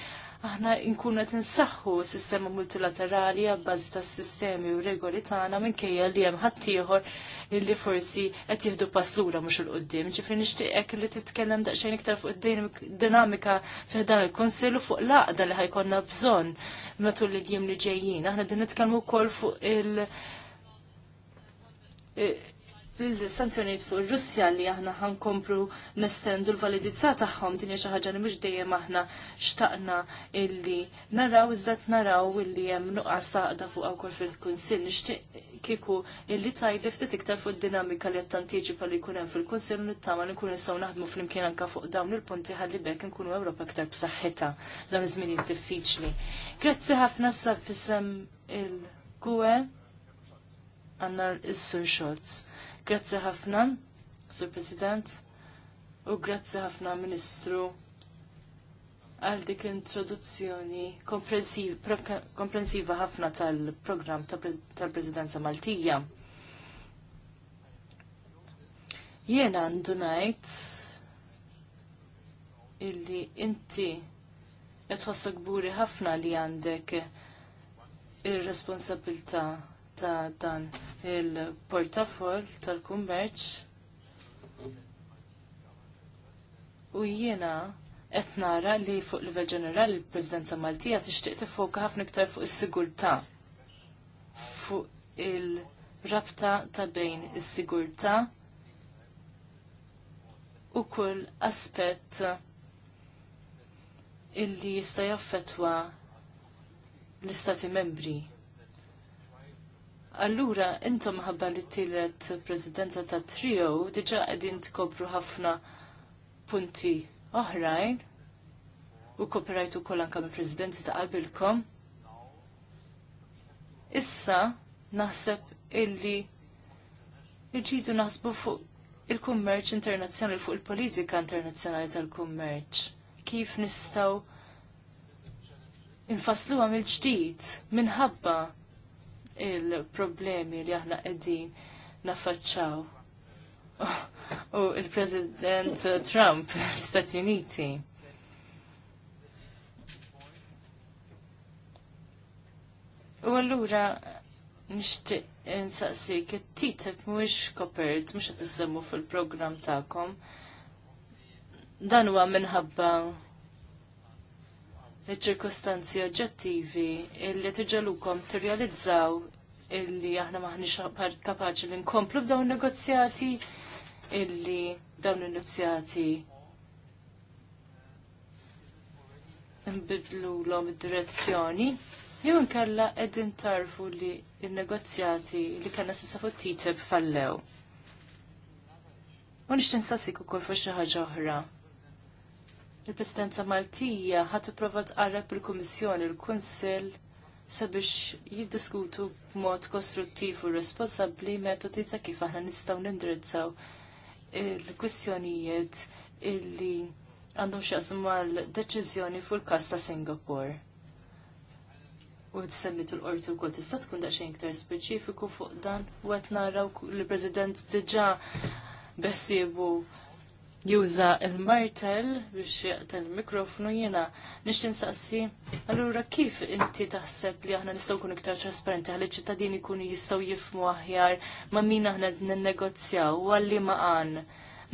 aħna nkunu qed insaħħu sistema multilaterali għabbażi tas-sistemi u regoli tagħna minkejja li hemm ħaddieħor illi forsi qed jieħdu pass lura mhux il qudiem Ġifri nixtieqek li titkellem daqsxejn iktar fuq id-dinamika fih dan il-Kunsill u fuq l li ħajkonna bżonn matul il-jiem li ġejjin. Aħna din nitkellmu wkoll fuq il- bil-sanzjoniet fuq Russja li aħna ħankompru nestendu l-validità tagħhom din xi ħaġa li mhux dejjem aħna xtaqna illi naraw iżda naraw illi hemm nuqqas saqda fuq wkoll fil-Kunsill nixtieq kieku illi tajli ftit iktar fuq id-dinamika li qed tantiġipa li jkun hemm fil-Kunsill nittama li nkun nistgħu naħdmu flimkien anke fuq dawn il-punti ħalli bekk nkunu Ewropa iktar b'saħħitha dawn iż-żminijiet diffiċli. Grazzi ħafna sa fisem il-Gwe għandna is-Sur Schultz. Grazzi ħafna, Sur President, u grazzi ħafna Ministru għal dik introduzzjoni komprensiva ħafna tal-programm tal-Presidenza Maltija. Jena għandu ngħid illi inti qed tħossok ħafna li għandek ir-responsabilità ta' dan il-portafol tal-kummerċ u jiena qed nara li fuq livell ġenerali l-Presidenza Maltija tixtieq tifoka ħafna iktar fuq is-sigurtà. Fuq il-rabta ta' bejn is-sigurtà u kull aspett illi jista' jaffettwa l-Istati Membri Allura, intom ħabba li t-tilet prezidenza ta' trio, diġa għedin tkopru ħafna punti oħrajn u kopirajtu kollan anka mill prezidenzi ta' qabilkom. Issa, naħseb illi irġidu naħsbu fuq il-kummerċ internazzjonali, fuq il-politika internazzjonali tal-kummerċ. Kif nistaw infasluha mill-ġdid minħabba il-problemi li aħna qegħdin naffaċċaw. U il-President Trump l-Stati Uniti. U allura nixtieq insaqsik, it-titep mhuwiex kopert, mhux qed issemmu fil-programm tagħkom. Dan huwa minħabba iċ-ċirkustanzi oġġettivi illi tiġalukom tirrealizzaw illi aħna maħniex kapaċi li nkomplu b'dawn negozjati illi dawn negozjati nbidlu l-om direzzjoni jew nkella qegħdin tarfu li il-negozjati li kellna sissa fuq TTIP e fallew. U nixtin sassik fuq xi ħaġa oħra il-Presidenza Maltija ħat ipprova tqarreb il-Kummissjoni, il-Kunsill sabiex jiddiskutu b'mod kostruttiv u responsabbli metodi ta' kif aħna nistgħu nindirizzaw il-kwistjonijiet illi għandhom x'jaqsmu mal-deċiżjoni fuq il-każ ta' Singapore. U t-semmitu l-qorti u kol tista tkun daċxin iktar speċifiku fuq dan u għet naraw l-President diġa beħsibu juża il-martel biex jaqtel il-mikrofonu jiena nixtin saqsi allura kif inti taħseb li aħna nistgħu kun iktar trasparenti għal iċ-ċittadini jkunu jistgħu jifmu aħjar ma' min aħna ninnegozjaw u għalli ma' għan.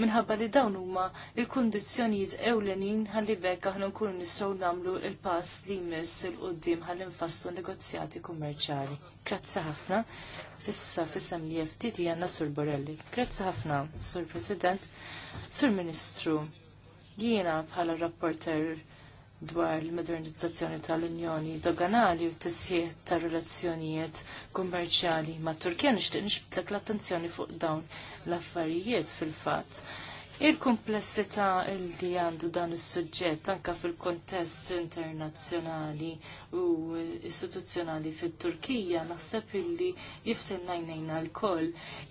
Minħabba li dawn huma il-kundizzjonijiet ewlenin ħalli bekk aħna nkunu nistgħu nagħmlu il-pass li jmiss il qudiem ħalli nfasslu negozjati kummerċjali. Grazzi ħafna. Fissa fissa li titi għanna Sur Borelli. Grazzi ħafna, Sur President. Sur Ministru, jiena bħala rapporter dwar il-modernizzazzjoni tal-Unjoni doganali u tisħiħ ta' relazzjonijiet kummerċjali ma' Turkija nixtieq nixbitlek l-attenzjoni fuq dawn l-affarijiet fil-fatt. Il-komplessità li għandu dan is-suġġett anke fil-kontest internazzjonali u istituzzjonali fit-Turkija naħseb illi jiftin najnejna l-koll.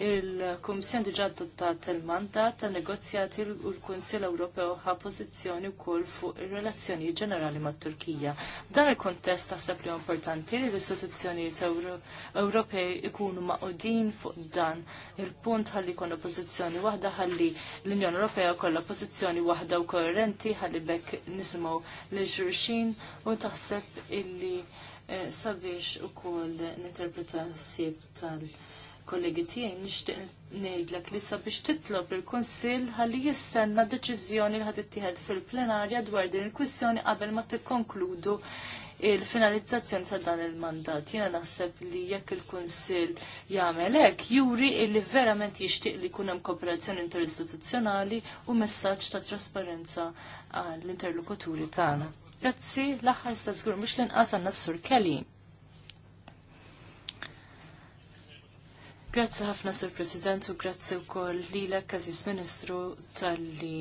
Il-Komissjon diġa adottat il-mandat ta' negozjati u l-Kunsil Ewropew ħa pożizzjoni wkoll fuq ir-relazzjoni ġenerali mat-Turkija. Dan il-kontest naħseb li importanti li l-istituzzjonijiet Ewropej ikunu maqodin fuq dan il-punt ħalli konna pożizzjoni waħda ħalli l-Unjoni Ewropea kollha pożizzjoni waħda u koerenti ħalli bekk nisimgħu l xulxin u taħseb il illi eh, sabiex u koll interpreta s-sib tal-kollegi tiegħi nixtieq ngħidlek li sabiex titlob il-Kunsill ħalli jistenna deċiżjoni li ħad fil-plenarja dwar din il kwissjoni qabel ma tikkonkludu il-finalizzazzjoni ta' dan il-mandat. Jiena naħseb li jekk il-Kunsill jagħmel hekk juri li verament jixtieq li jkun hemm kooperazzjoni interistituzzjonali u messaġġ ta' trasparenza għall-interlokuturi tagħna. Grazzi, l-aħħar sta żgur mhux l-inqas għandna sur Kelly. Grazzi ħafna sur President u grazzi wkoll lilek Aziz Ministru tal-li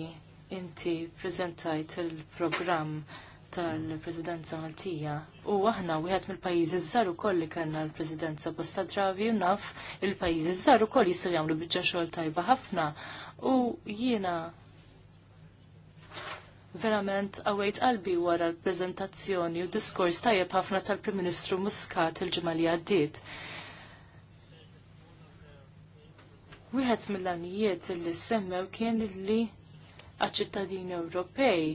inti preżentajt il-programm tal-Presidenza Maltija. U aħna wieħed mill-pajjiżi żgħar ukoll li kellna l-Presidenza Bosta Dravi u naf il-pajjiżi żgħar ukoll jistgħu jagħmlu biċċa xogħol tajba ħafna. U jiena verament għawajt qalbi wara l-prezentazzjoni u diskors tajjeb ħafna tal-Prim Ministru Muscat il-ġimgħa li għaddiet. Wieħed mill-għanijiet li semmew kien li għaċ-ċittadini Ewropej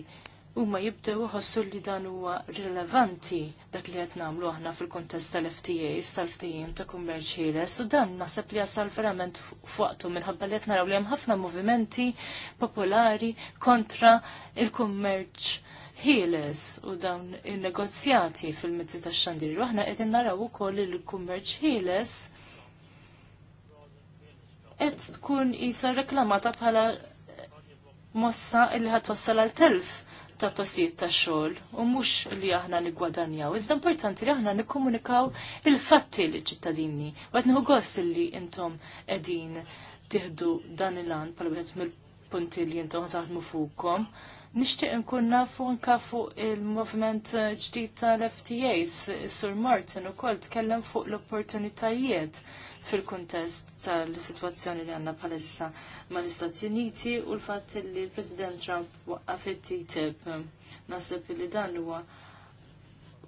huma jibdew ħossu li dan huwa rilevanti dak li qed nagħmlu aħna fil-kuntest tal-FTAs tal-ftehim ta' kummerċ ħieles u dan naħseb li jasal verament fuqtu minħabba li qed naraw li hemm ħafna movimenti popolari kontra il-kummerċ ħieles u dawn il-negozjati fil-mezzi ta' xandiri. aħna qegħdin naraw ukoll il-kummerċ ħieles qed tkun isa reklamata bħala mossa illi ħatwassal għal telf ta' postijiet ta' xogħol u mhux li aħna niggwadanjaw. Iżda importanti li aħna nikkomunikaw il-fatti liċ ċittadini U nieħu gost li intom qegħdin tieħdu dan il an bħal wieħed mill-punti li intom taħdmu fuqhom. Nixtieq nkun nafu anke fuq il-movement ġdid tal-FTAs, Sur Martin ukoll tkellem fuq l-opportunitajiet fil-kuntest tal-situazzjoni li għanna bħalissa mal-Istati Uniti u l fat li l-President Trump waqqaf it-TTIP. Nasib li dan huwa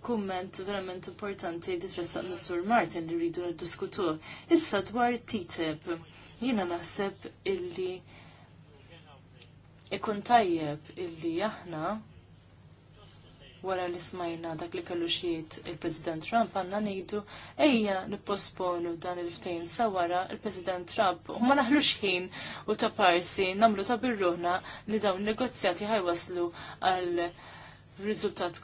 kumment verament importanti li tressaq Sur Martin li rridu niddiskutu. Issa dwar TTIP, jiena naħseb illi ikun tajjeb illi aħna wara li smajna dak li kellu xiet il-President Trump għanna nejdu ejja nipposponu dan il ftejm sa wara il-President Trump u ma naħlux ħin u ta' parsi namlu ta' birruħna li dawn negozjati ħajwaslu għal riżultat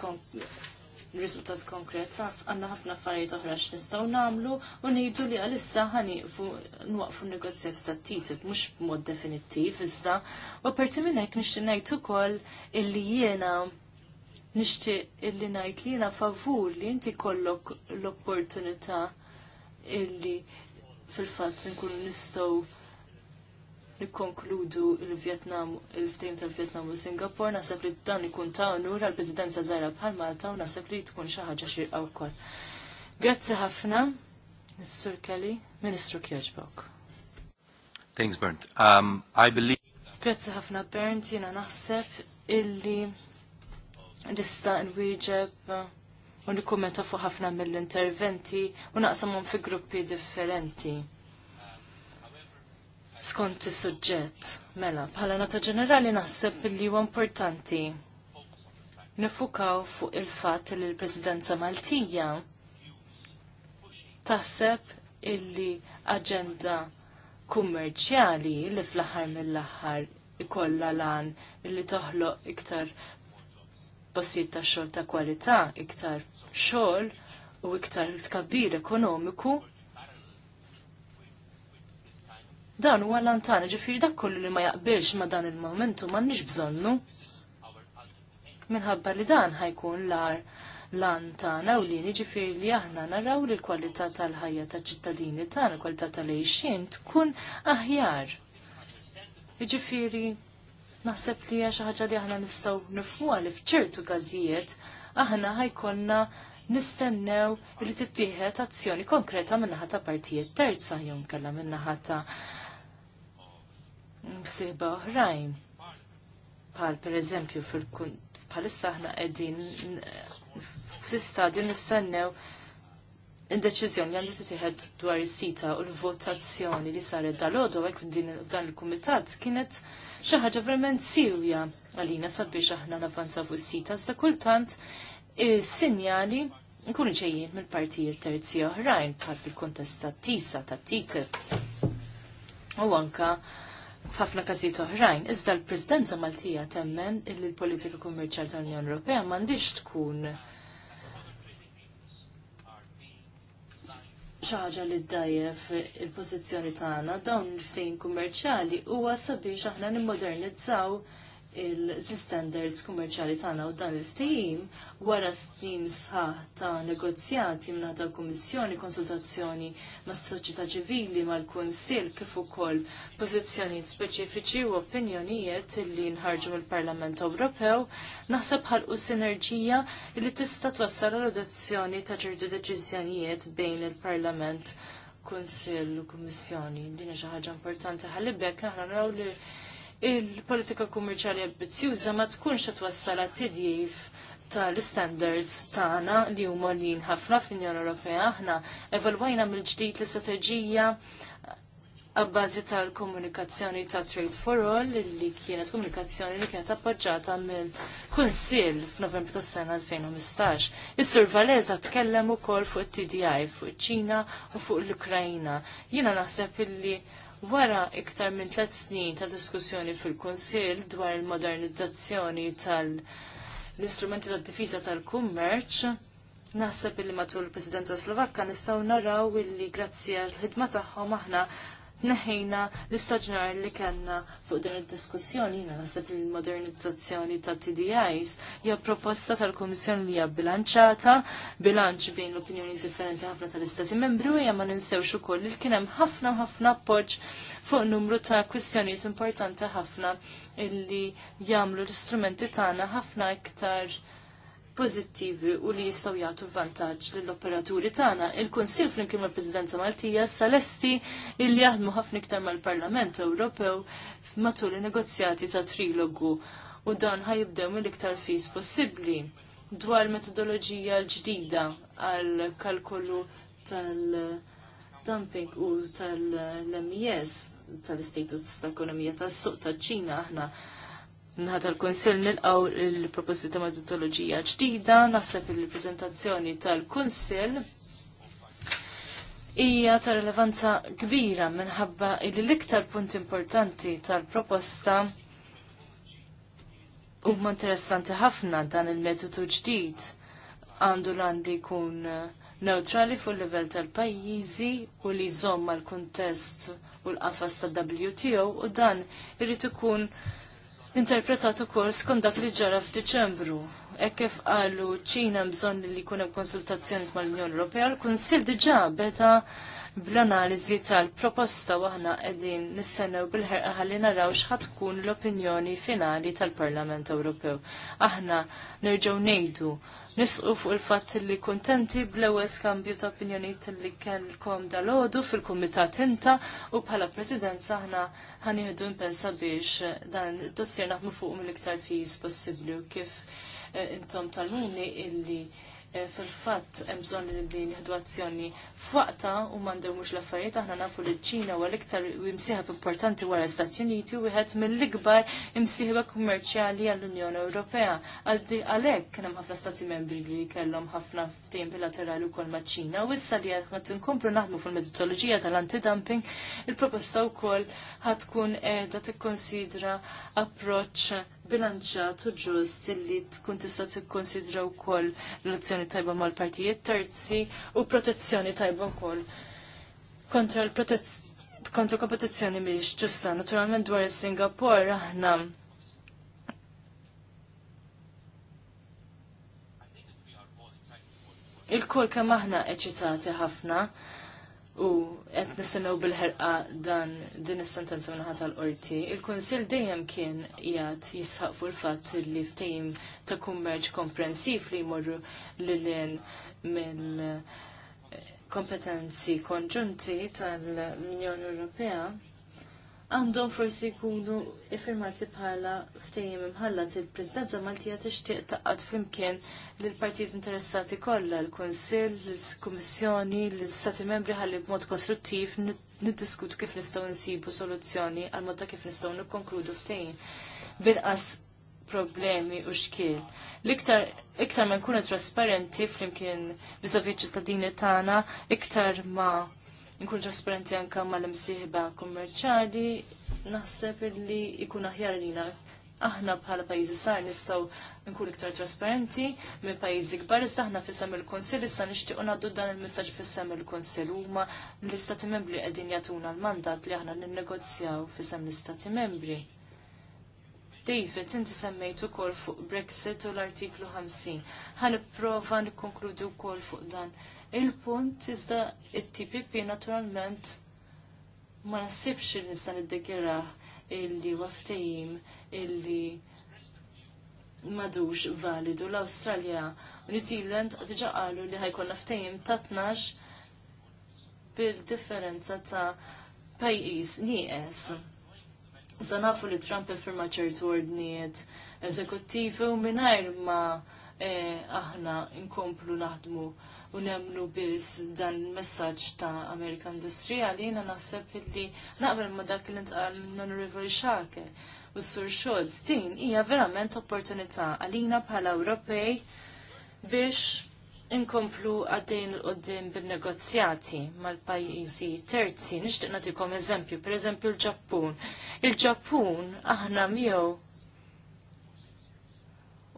Rizultat konkret, għanna ħafna affarijiet oħra x'nistgħu nagħmlu u ngħidu li għalissa ħaniqfu nwaqfu negozjati ta' TTIP mhux b'mod definittiv iżda u apparti minn hekk nixtieq ngħid ukoll illi jiena nixtieq illi ngħid li na favur li inti kollok l-opportunità illi fil fat nkun nistgħu nikkonkludu il-Vietnam, il-ftejm tal-Vietnam u Singapore, nasab li dan ikun ta' unur għal-Presidenza Zara bħal Malta u nasab li tkun xi ħaġa xirqa wkoll. Grazzi ħafna, Mr. Kelly, Ministru Kjerġbok. Thanks, Bernd. Um, I believe... Grazzi ħafna, Bernd, jina naħseb illi nista' nwieġeb u nikkumenta fuq ħafna mill-interventi u naqsamhom fi gruppi differenti. Skont is-suġġett, mela, bħala nota ġenerali naħseb li huwa importanti nifukaw fuq il-fatt li l-Presidenza Maltija taħseb illi aġenda kummerċjali li fl-aħħar mill-aħħar ikolla lan illi toħloq iktar postijiet ta' xogħol ta' kwalità, iktar xogħol u iktar tkabbir ekonomiku. Dan huwa lantana, ġifieri dak kollu li ma jaqbilx ma dan il-momentu m'għandniex bżonnu. Minħabba li dan ħajkun l-ar lan tagħna u li niġifieri li aħna naraw li l-kwalità tal-ħajja taċ-ċittadini tagħna, kwalità tal-għejxin tkun aħjar. Jiġifieri naħseb li hija xi ħaġa li aħna nistgħu nifhmuha li f'ċertu każijiet aħna ħajkollna nistennew li tittieħed azzjoni konkreta min-naħa ta' partijiet terza jew kellha min-naħa ta' msiba oħrajn. Bħal pereżempju eżempju bħalissa aħna qegħdin fl-istadju nistennew Id-deċiżjoni għandu titieħed dwar is-sita u l-votazzjoni li saret dal-għodu għek f'dan il-kumitat kienet xi ħaġa verament sirja għalina sabiex aħna navvanza fuq is-sita sa kultant is-sinjali nkunu ġejjin mill-partijiet terzi oħrajn bħal fil-kontest tat-tisa tat-TTIP. U anka f'ħafna każijiet oħrajn, iżda l-Presidenza Maltija temmen li l-politika kummerċjal tal-Unjoni Ewropea m'għandix tkun ċaġa li ddajjef il-pozizjoni tagħna dawn il-ftejn kummerċjali huwa sabiex aħna nimmodernizzaw l-standards kummerċali tagħna u dan il-ftehim wara snin sħaħ ta' negozjati minn ta' kummissjoni, konsultazzjoni mas soċjetà ċivili mal-Kunsill kif ukoll pożizzjonijiet speċifiċi u opinjonijiet li nħarġu mill-Parlament Ewropew, naħseb ħalqu sinerġija li tista' twassal l-adozzjoni ta' ċertu deċiżjonijiet bejn il-Parlament Kunsill u Kummissjoni. Din hija xi ħaġa importanti ħalli bekk li il-politika kummerċjali ambizzjuża ma tkunx qed wassala tidjif tal-standards tagħna li huma lin ħafna fl-Unjoni Ewropea aħna evalwajna mill-ġdid l-istrateġija għabbażi tal-komunikazzjoni ta' Trade for All li kienet komunikazzjoni li kienet appoġġata mill-Kunsill f'Novembru tas-sena 2015. Is-Sur Valeza tkellem ukoll fuq it-TDI, fuq ċ-Ċina u fuq l-Ukrajna. Jiena naħseb illi Wara iktar minn tliet snin ta' diskussjoni fil-Kunsill dwar il-modernizzazzjoni tal-istrumenti tad-difiża tal-kummerċ, naħseb illi matul il-Presidenza Slovakka nistgħu naraw illi grazzi għall ħidma tagħhom aħna tneħħejna l-istaġnar li kellna fuq din id-diskussjoni jiena naħseb li l-modernizzazzjoni ta' TDIs hija proposta tal-Kummissjoni li hija bilanċata, bilanċ bejn l-opinjoni differenti ħafna tal-Istati Membri u hija ma ninsewx ukoll li kien hemm ħafna ħafna appoġġ fuq numru ta' kwistjonijiet importanti ħafna illi jagħmlu l-istrumenti tagħna ħafna iktar pożittivi u li jistgħu jagħtu vantaġġ lill-operaturi tagħna. Il-Kunsill flimkien mal-Presidenza Maltija salesti illi jaħdmu ħafna iktar mal-Parlament Ewropew matul in-negozjati ta' trilogu u dan ħajibdew mill-iktar fis possibbli dwar metodoloġija l-ġdida għal kalkolu tal-dumping u tal-MES tal-istatus tal-ekonomija tas-suq tal-ċina aħna minħat tal-Konsil nilqaw il-proposti ta' metodologija ġdida, naħseb il-prezentazzjoni tal-Konsil hija ta' rilevanza kbira minħabba li l-iktar punt importanti tal-proposta huma interessanti ħafna dan il-metodu ġdid għandu l-għandi jkun neutrali fuq livell tal-pajjiżi u li jżomm l-kuntest u l-qafas tal WTO u dan irrid ikun interpretat ukoll skont dak li ġara f'Diċembru. Hekk kif qalu ċina bżonn li jkun hemm konsultazzjoni mal-Unjoni Ewropea, l-Kunsill diġà beda bl-analiżi tal-proposta waħna qegħdin nistennew bil-ħerqa ħalli naraw x'ħad tkun l-opinjoni finali tal-Parlament Ewropew. Aħna nerġgħu ngħidu nisqu fuq il-fatt li kontenti bl-ewwel skambju ta' opinjonijiet li kellkom dal-għodu fil-kumitat inta u bħala presidenza aħna ħanieħdu npensa biex dan id-dossier naħmu fuq mill-iktar fiż possibbli u kif eh, intom tal tal-muni illi eh, fil-fatt hemm bżonn li nieħdu azzjoni F'waqta u mandew mhux l-affarijiet aħna nafu li ċina huwa l-iktar imsieħeb importanti wara Stati Uniti u wieħed mill-ikbar imsieħba kummerċjali għall-Unjoni Ewropea. Għalhekk kien hemm ħafna stati membri li kellhom ħafna ftehim bilaterali wkoll maċ-Ċina u issa li qed inkomplu naħdmu fil-metodoloġija tal-antidumping, il-proposta wkoll ħad tkun qiegħda tikkonsidra approċċ bilanċat u ġust li tkun tista' tikkonsidra wkoll relazzjoni tajba mal-partijiet terzi u protezzjoni tajba tajba wkoll kontra l-protezzjoni kontra kompetizzjoni mhix ġusta. Naturalment dwar is-Singapore aħna il-kol kemm aħna eċitati ħafna u qed nistennew bil-ħerqa dan din is-sentenza minħata tal-qorti. Il-Kunsill dejjem kien jgħid jisħaq fuq il-fatt li ftehim ta' kummerċ komprensiv li jmorru lilin mill kompetenzi konġunti tal-Unjoni Ewropea għandhom forsi jkunu iffirmati bħala ftejjem imħallat il-Presidenza Maltija tixtieq taqgħod flimkien lil partijiet interessati kollha, l-Kunsill, l-Kummissjoni, l-Stati Membri ħalli b'mod kostruttiv niddiskutu kif nistgħu nsibu soluzzjoni għal mod ta' kif nistgħu nikkonkludu ftehim bilqas problemi u xkiel. L-iktar iktar ma nkunu trasparenti flimkien biżovi ċittadini tagħna, iktar ma nkunu trasparenti anke mal-imsieħba kummerċjali, naħseb li jkun aħjar lina aħna bħala pajjiżi sar nistgħu nkunu iktar trasparenti minn pajjiżi kbar iżda aħna fissem il-Kunsill issa nixtiequ ngħaddu dan il-messaġġ fissem il-Kunsill huma l-istati membri qegħdin jagħtuna l-mandat li aħna ninnegozjaw fissem l-istati membri. David, inti semmejt ukoll fuq Brexit u l-artiklu 50. Ħan prova nikkonkludi wkoll fuq dan. Il-punt iżda it-TPP naturalment ma nasibx li nista' niddikjera illi waftejim illi madux validu l awstralja u New Zealand diġà qalu li ħajkon ftehim ta' bil-differenza ta' pajjiż nieqes. Sa nafu li Trump firma ċertu ordnijiet eżekuttivi u mingħajr ma eh, aħna nkomplu naħdmu u nemlu biss dan il-messaġġ ta' Amerika Industrijali jiena naħseb li naqbel ma dak li ntqal non-river xake u s-sur Schultz din hija verament opportunità għalina bħala Ewropej biex inkomplu għaddejn l-qoddim bil-negozjati mal-pajizi terzi. Nishtiq natikom eżempju, per eżempju l-Ġappun. Il-Ġappun aħna miegħu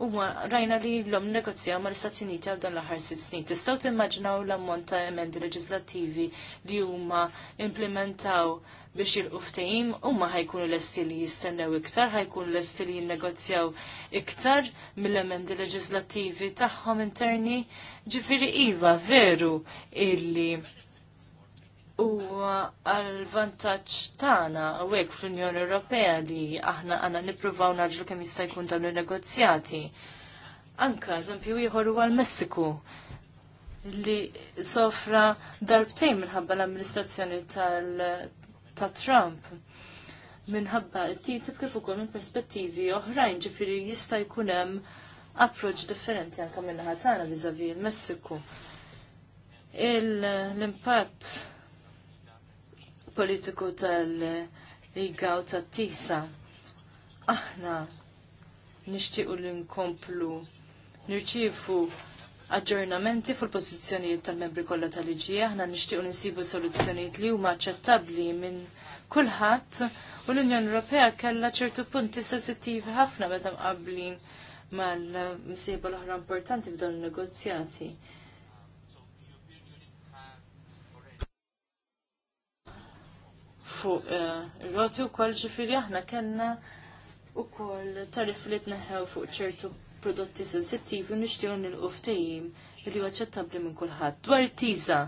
Uwa, rajna li l-om negozja ma l-Stati Uniti għal dan l-ħar sitt snin. Tistaw timmaġinaw l-ammont ta' emendi leġislativi li huma implementaw biex il u huma ħajkunu l-esti li jistennew iktar, ħajkunu l-esti li jinnegozjaw iktar mill-emendi leġislativi tagħhom interni Ġifiri iva, veru illi u għal-vantaċ tana għek fl-Unjoni Ewropea li aħna għanna nipruvaw naġru kem jista' jkun dawn il-negozjati. Anka, eżempju, jħorru għal-Messiku li sofra darbtejn minħabba l-amministrazzjoni ta' Trump minħabba t-titib kif ukoll minn perspettivi oħrajn ġifiri jista' jkun hemm approach differenti anka minn ħatana vizavi il-Messiku. L-impatt politiku tal-Liga u tat-Tisa aħna nixtiequ li nkomplu nirċievu aġġornamenti fuq pożizzjonijiet tal-membri kollha tal-IGE, aħna nixtiequ nsibu soluzzjonijiet li huma aċċettabbli minn kulħadd u l-Unjoni Ewropea kellha ċertu punti sensittivi ħafna meta mqabblin mal-msiba l-oħra importanti f'dan il-negozjati. Fuq eh, roti rotu koll ġifiri aħna kena u tariff tarif li tneħew fuq ċertu prodotti sensittivi u nishtiju nil ftehim li għacċettabli minn kulħadd. Dwar it tiza,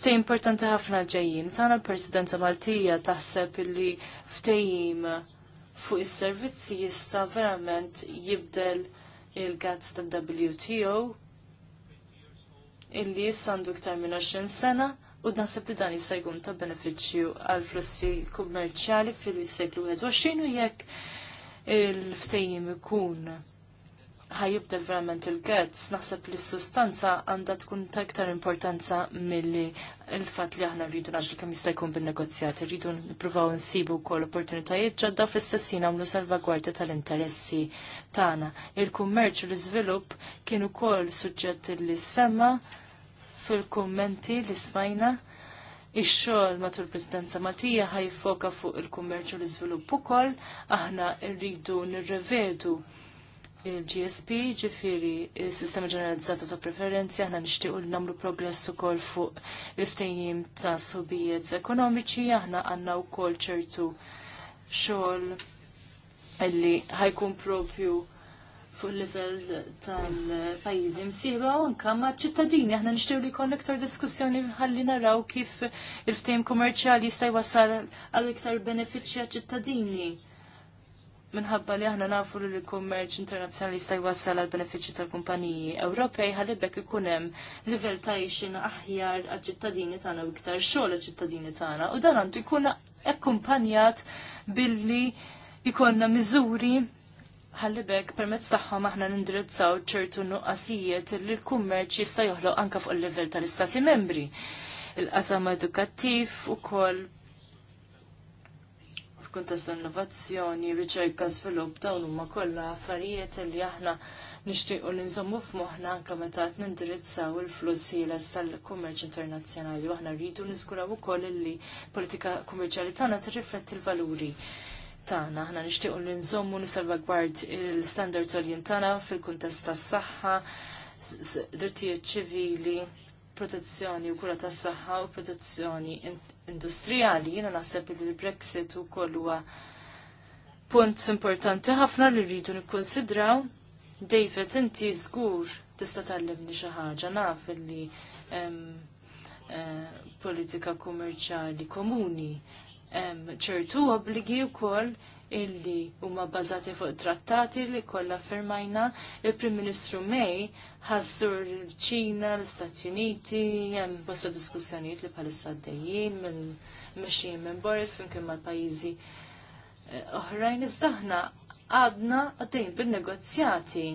ftej importanti ħafna ġejjin. tagħna l-Presidenza Maltija taħseb illi ftejim fuq is-servizzi jista' verament jibdel il-gazz tal-WTO illi issa għandu iktar minn 20 sena u naħseb li dan jista' jkun ta' benefiċċju għal flussi kummerċjali fil-seklu 21 u jekk il-ftejjim ikun ħajibda verament il-gets, naħseb li s-sustanza għandha tkun ta' iktar importanza milli il-fat li aħna rridu naġlu kemm jista' jkun bin-negozjati, rridu nippruvaw nsibu wkoll opportunitajiet ġodda fl-istess nagħmlu salvagwardja tal-interessi tagħna. Il-kummerċ u l-iżvilupp kienu kol suġġett li semma fil-kummenti li smajna. Ix-xogħol matul Presidenza Matija ħajfoka fuq il-kummerċ u l-iżvilupp ukoll, aħna rridu nirrevedu il-GSP, ġifiri il-Sistema Ġeneralizzata ta' Preferenzi, aħna nixtiequ li nagħmlu progress ukoll fuq il-ftejjim ta' subijiet ekonomiċi, aħna għandna wkoll ċertu xogħol illi ħajkun propju fuq livell tal-pajjiżi msiba u anke ma' ċittadini aħna nixtiequ li jkollna iktar diskussjoni ħalli naraw kif il-ftejjim kummerċjali jista' jwassal għal iktar benefiċċja ċittadini minħabba li aħna nafu li l-kummerċ internazzjonali jista' jwassal għal benefiċċji tal-kumpaniji Ewropej ħalibek ikun hemm livell ta' ixin aħjar għaċ-ċittadini tagħna u iktar xogħol għaċ-ċittadini tagħna u dan għandu jkun akkumpanjat billi jkollna miżuri ħallibek permezz tagħhom aħna nindirizzaw ċertu nuqqasijiet li l-kummerċ jista' joħloq anke fuq il-livell tal-Istati Membri. Il-qasam edukattiv ukoll f'kuntest l-innovazzjoni, riċerka, svilupp dawn huma kollha affarijiet li aħna nixtiequ li nżommu f'moħħna anke meta qed nindirizzaw il-flus ħieles tal-kummerċ internazzjonali u aħna rridu niskuraw ukoll li politika kummerċjali tagħna tirrifletti l-valuri tagħna aħna nixtiequ li nżommu nisalvagward il-standards għoljin tagħna fil-kuntest tas-saħħa, drittijiet ċivili, protezzjoni u kura tas saħħa u protezzjoni industrijali, jiena naħseb li l-Brexit u huwa punt importanti ħafna li rridu nikkonsidraw. David, inti żgur tista' tallimni xi ħaġa naf li eh, politika kummerċjali komuni hemm ċertu obbligi wkoll illi huma bbażati fuq trattati li kollha firmajna il-Prim Ministru May ħassur l-Ċina, l-Istati Uniti, hemm bosta diskussjonijiet li bħalissa għaddejjin minn mexjin minn Boris finkim mal-pajjiżi eh, oħrajn iżda aħna għadna għaddejn bin-negozjati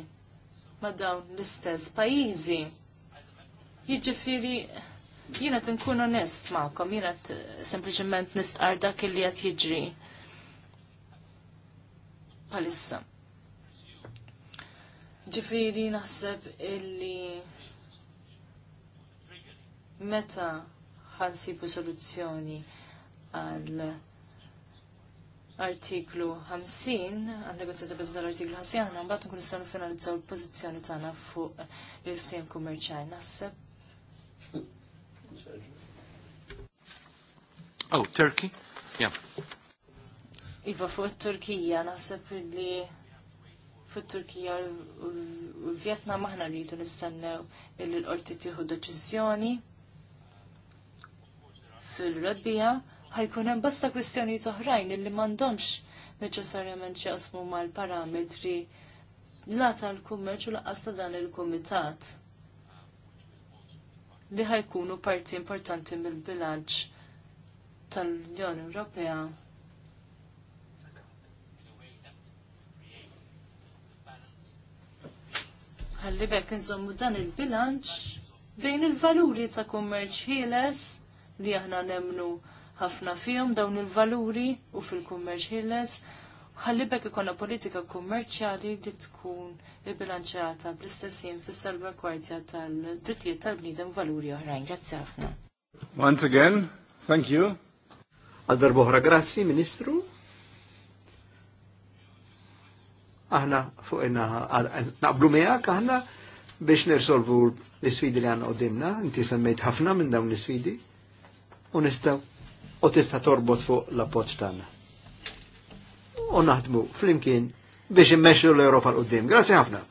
ma' dawn l-istess pajjiżi. Jiġifieri jiena tinkun onest ma'kom, jiena sempliċement nistqar dak illi qed jiġri palissa. Ġifiri naħseb illi meta ħansibu soluzzjoni għal artiklu 50, għal-negozjata bazz dal-artiklu 50, għanna mbatt nkun nistaw finalizzaw il-pozizjoni tagħna fuq il-ftehim kummerċjali naħseb. Oh, Turkey? Yeah. Iva fuq it-Turkija naħseb li fuq turkija u l-Vjetnam aħna rridu nistennew li l-qorti tieħu deċiżjoni fil-rebbija ħajkun hemm bosta kwistjonijiet oħrajn illi m'għandhomx neċessarjament x'jaqsmu mal-parametri la tal-kummerċ u laqqas ta' dan il-kumitat li ħajkunu parti importanti mill-bilanċ tal-Unjoni Ewropea ħalli bekk nżommu dan il-bilanċ bejn il-valuri ta' kummerċ ħieles li aħna nemnu ħafna fihom dawn il-valuri u fil-kummerċ ħieles ħalli bekk ikonna politika kummerċjali li tkun bilanċjata bl-istess jien fis-salvakwardja tal-drittijiet tal-bniedem valuri oħrajn. Grazzi ħafna. Once again, thank you. Għaddar boħra grazzi, Ministru. aħna fuq inna naqblu miegħek aħna biex nirsolvu l isfidi li għanna qoddimna, inti semmejt ħafna minn dawn l isfidi u nistaw u tista torbot fuq l-appoċ tagħna. U naħdmu flimkien biex immexxu l-Ewropa l qudiem Grazzi ħafna.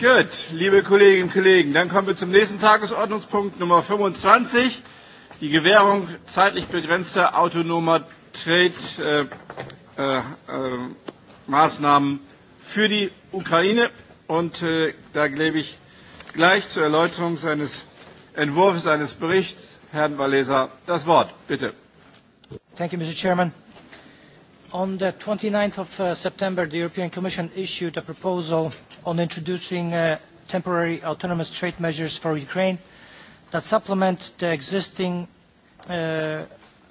Gut, liebe Kolleginnen und Kollegen, dann kommen wir zum nächsten Tagesordnungspunkt Nummer 25, die Gewährung zeitlich begrenzter autonomer Trade äh, äh, äh, Maßnahmen für die Ukraine. Und äh, da gebe ich gleich zur Erläuterung seines Entwurfs eines Berichts Herrn Walesa das Wort. Bitte. Thank you, Mr. Chairman. On the 29th of uh, September, the European Commission issued a proposal on introducing uh, temporary autonomous trade measures for Ukraine that supplement the existing uh,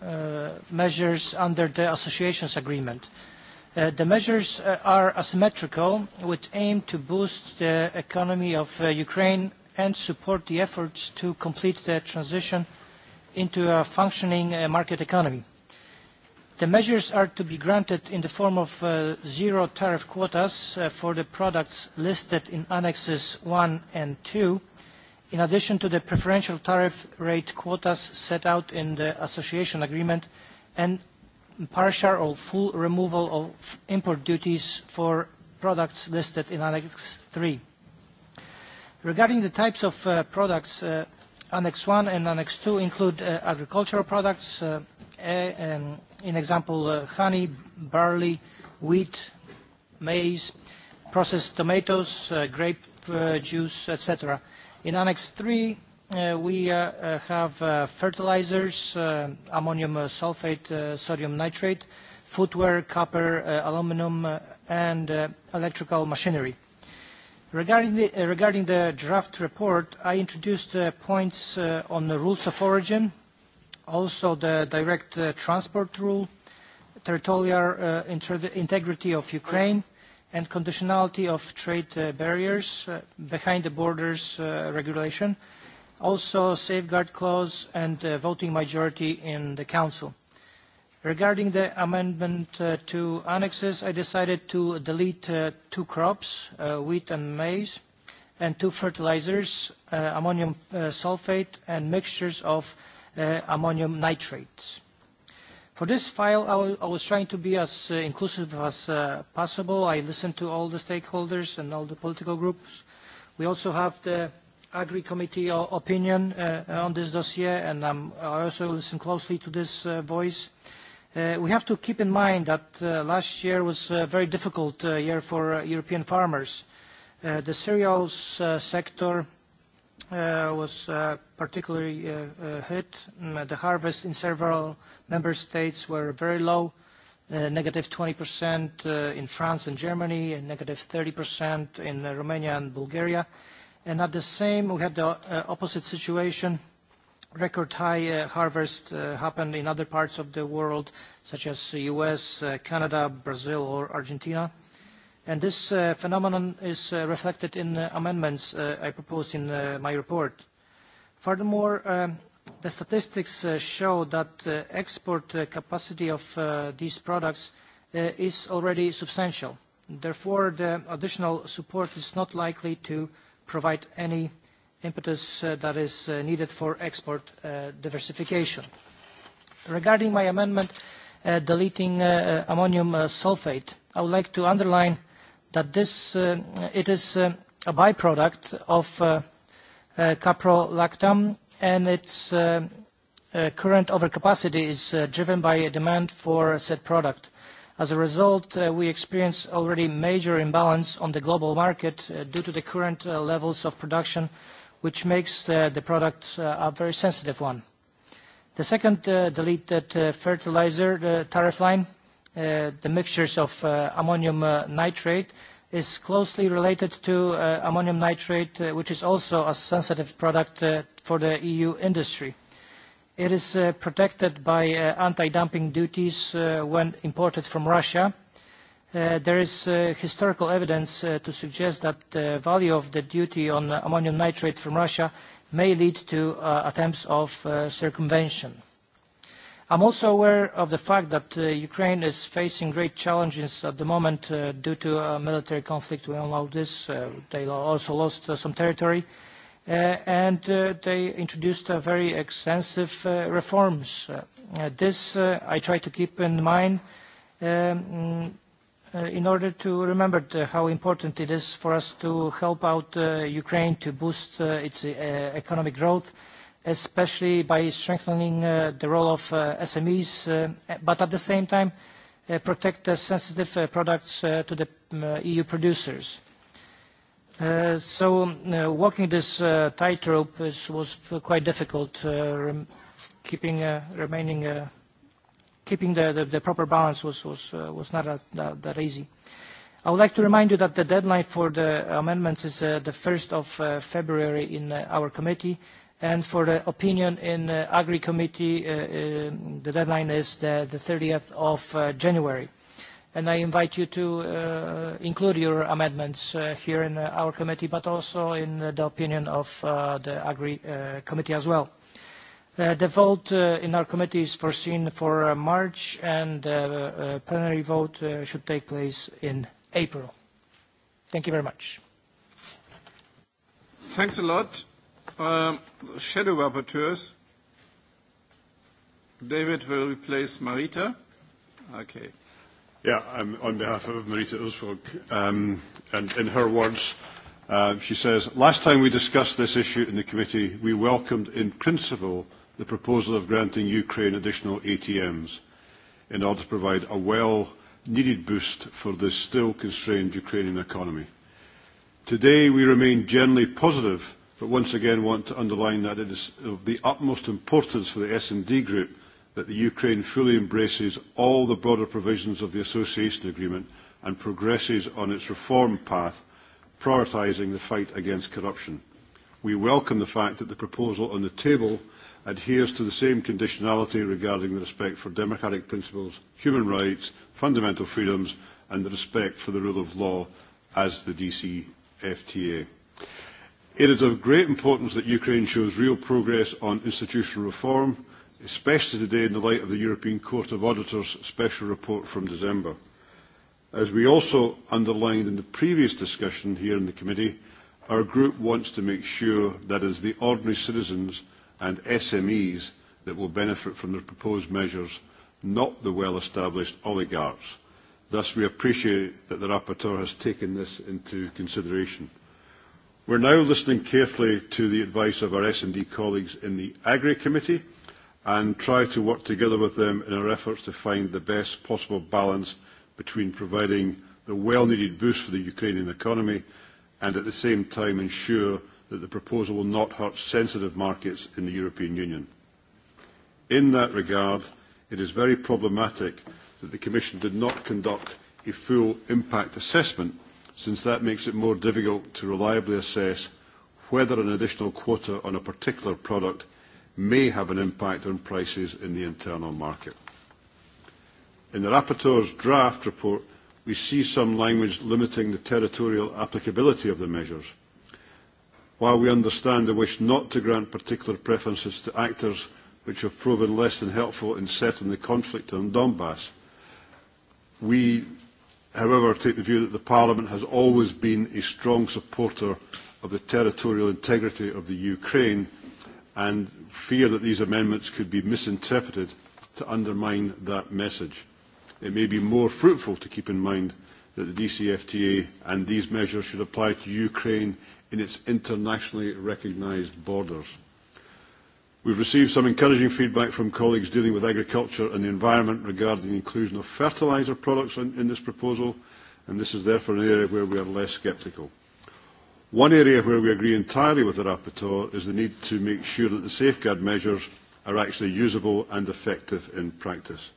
uh, measures under the associations agreement. Uh, the measures uh, are asymmetrical with aim to boost the economy of uh, Ukraine and support the efforts to complete the transition into a functioning uh, market economy. The measures are to be granted in the form of uh, zero tariff quotas uh, for the products listed in Annexes 1 and 2, in addition to the preferential tariff rate quotas set out in the association agreement and partial or full removal of import duties for products listed in Annex 3. Regarding the types of uh, products uh, Annex 1 and Annex 2 include uh, agricultural products, uh, a, um, in example, uh, honey, barley, wheat, maize, processed tomatoes, uh, grape uh, juice, etc. In Annex 3, uh, we uh, uh, have uh, fertilizers, uh, ammonium sulfate, uh, sodium nitrate, footwear, copper, uh, aluminum, uh, and uh, electrical machinery. Regarding the, uh, regarding the draft report, I introduced uh, points uh, on the rules of origin, also the direct uh, transport rule, territorial uh, integrity of Ukraine, and conditionality of trade uh, barriers uh, behind the borders uh, regulation, also safeguard clause and uh, voting majority in the Council. Regarding the amendment uh, to annexes, I decided to delete uh, two crops, uh, wheat and maize, and two fertilizers, uh, ammonium uh, sulfate and mixtures of uh, ammonium nitrates. For this file, I, I was trying to be as uh, inclusive as uh, possible. I listened to all the stakeholders and all the political groups. We also have the Agri Committee opinion uh, on this dossier, and I also listen closely to this uh, voice. Uh, we have to keep in mind that uh, last year was a very difficult uh, year for uh, European farmers. Uh, the cereals uh, sector uh, was uh, particularly uh, uh hit. Mm, the harvest in several member states were very low, uh, negative 20% uh, in France and Germany, and negative 30% in uh, Romania and Bulgaria. And at the same, we had the uh, opposite situation record high uh, harvest uh, happened in other parts of the world, such as the US, uh, Canada, Brazil, or Argentina. And this uh, phenomenon is uh, reflected in the uh, amendments uh, I proposed in uh, my report. Furthermore, um, the statistics uh, show that uh, export uh, capacity of uh, these products uh, is already substantial. Therefore, the additional support is not likely to provide any impetus uh, that is uh, needed for export uh, diversification. Regarding my amendment uh, deleting uh, uh, ammonium uh, sulfate, I would like to underline that this, uh, it is uh, a byproduct of uh, uh, caprolactam and its uh, uh, current overcapacity is uh, driven by a demand for said product. As a result, uh, we experience already major imbalance on the global market uh, due to the current uh, levels of production which makes uh, the product uh, a very sensitive one. The second uh, deleted uh, fertilizer uh, tariff line, uh, the mixtures of uh, ammonium uh, nitrate, is closely related to uh, ammonium nitrate, uh, which is also a sensitive product uh, for the EU industry. It is uh, protected by uh, anti-dumping duties uh, when imported from Russia, Uh, there is uh, historical evidence uh, to suggest that the uh, value of the duty on uh, ammonium nitrate from Russia may lead to uh, attempts of uh, circumvention. I'm also aware of the fact that uh, Ukraine is facing great challenges at the moment uh, due to a military conflict. We all know this. Uh, they also lost uh, some territory. Uh, and uh, they introduced uh, very extensive uh, reforms. Uh, this uh, I try to keep in mind um, Uh, in order to remember the, how important it is for us to help out uh, Ukraine to boost uh, its uh, economic growth, especially by strengthening uh, the role of uh, SMEs, uh, but at the same time uh, protect the sensitive uh, products uh, to the um, uh, EU producers. Uh, so uh, walking this uh, tightrope was quite difficult, uh, rem keeping uh, remaining uh, keeping the, the, the proper balance was, was, uh, was not that, that easy. I would like to remind you that the deadline for the amendments is uh, the 1st of uh, February in uh, our committee, and for the opinion in uh, Agri Committee, uh, uh, the deadline is the, the 30th of uh, January. And I invite you to uh, include your amendments uh, here in uh, our committee, but also in uh, the opinion of uh, the Agri uh, Committee as well. Uh, the vote uh, in our committee is foreseen for uh, March and uh, uh, plenary vote uh, should take place in April. Thank you very much. Thanks a lot. Um, shadow rapporteurs. David will replace Marita. Okay. Yeah, I'm on behalf of Marita Ulsvog, um, and in her words, uh, she says, last time we discussed this issue in the committee, we welcomed in principle the proposal of granting Ukraine additional ATMs in order to provide a well-needed boost for the still constrained Ukrainian economy. Today we remain generally positive, but once again want to underline that it is of the utmost importance for the S&D Group that the Ukraine fully embraces all the broader provisions of the Association Agreement and progresses on its reform path, prioritising the fight against corruption. We welcome the fact that the proposal on the table adheres to the same conditionality regarding the respect for democratic principles, human rights, fundamental freedoms and the respect for the rule of law as the DCFTA. It is of great importance that Ukraine shows real progress on institutional reform, especially today in the light of the European Court of Auditors special report from December. As we also underlined in the previous discussion here in the committee, our group wants to make sure that as the ordinary citizens and SMEs that will benefit from the proposed measures, not the well-established oligarchs. Thus, we appreciate that the Rapporteur has taken this into consideration. We're now listening carefully to the advice of our S&D colleagues in the Agri Committee and try to work together with them in our efforts to find the best possible balance between providing the well-needed boost for the Ukrainian economy and at the same time ensure that the proposal will not hurt sensitive markets in the European Union. In that regard, it is very problematic that the Commission did not conduct a full impact assessment, since that makes it more difficult to reliably assess whether an additional quota on a particular product may have an impact on prices in the internal market. In the Rapporteur's draft report, we see some language limiting the territorial applicability of the measures. While we understand the wish not to grant particular preferences to actors which have proven less than helpful in settling the conflict on Donbass, we, however, take the view that the Parliament has always been a strong supporter of the territorial integrity of the Ukraine and fear that these amendments could be misinterpreted to undermine that message. It may be more fruitful to keep in mind that the DCFTA and these measures should apply to Ukraine in its internationally recognised borders. We've received some encouraging feedback from colleagues dealing with agriculture and the environment regarding the inclusion of fertiliser products in, in this proposal, and this is therefore an area where we are less sceptical. One area where we agree entirely with the rapporteur is the need to make sure that the safeguard measures are actually usable and effective in practice.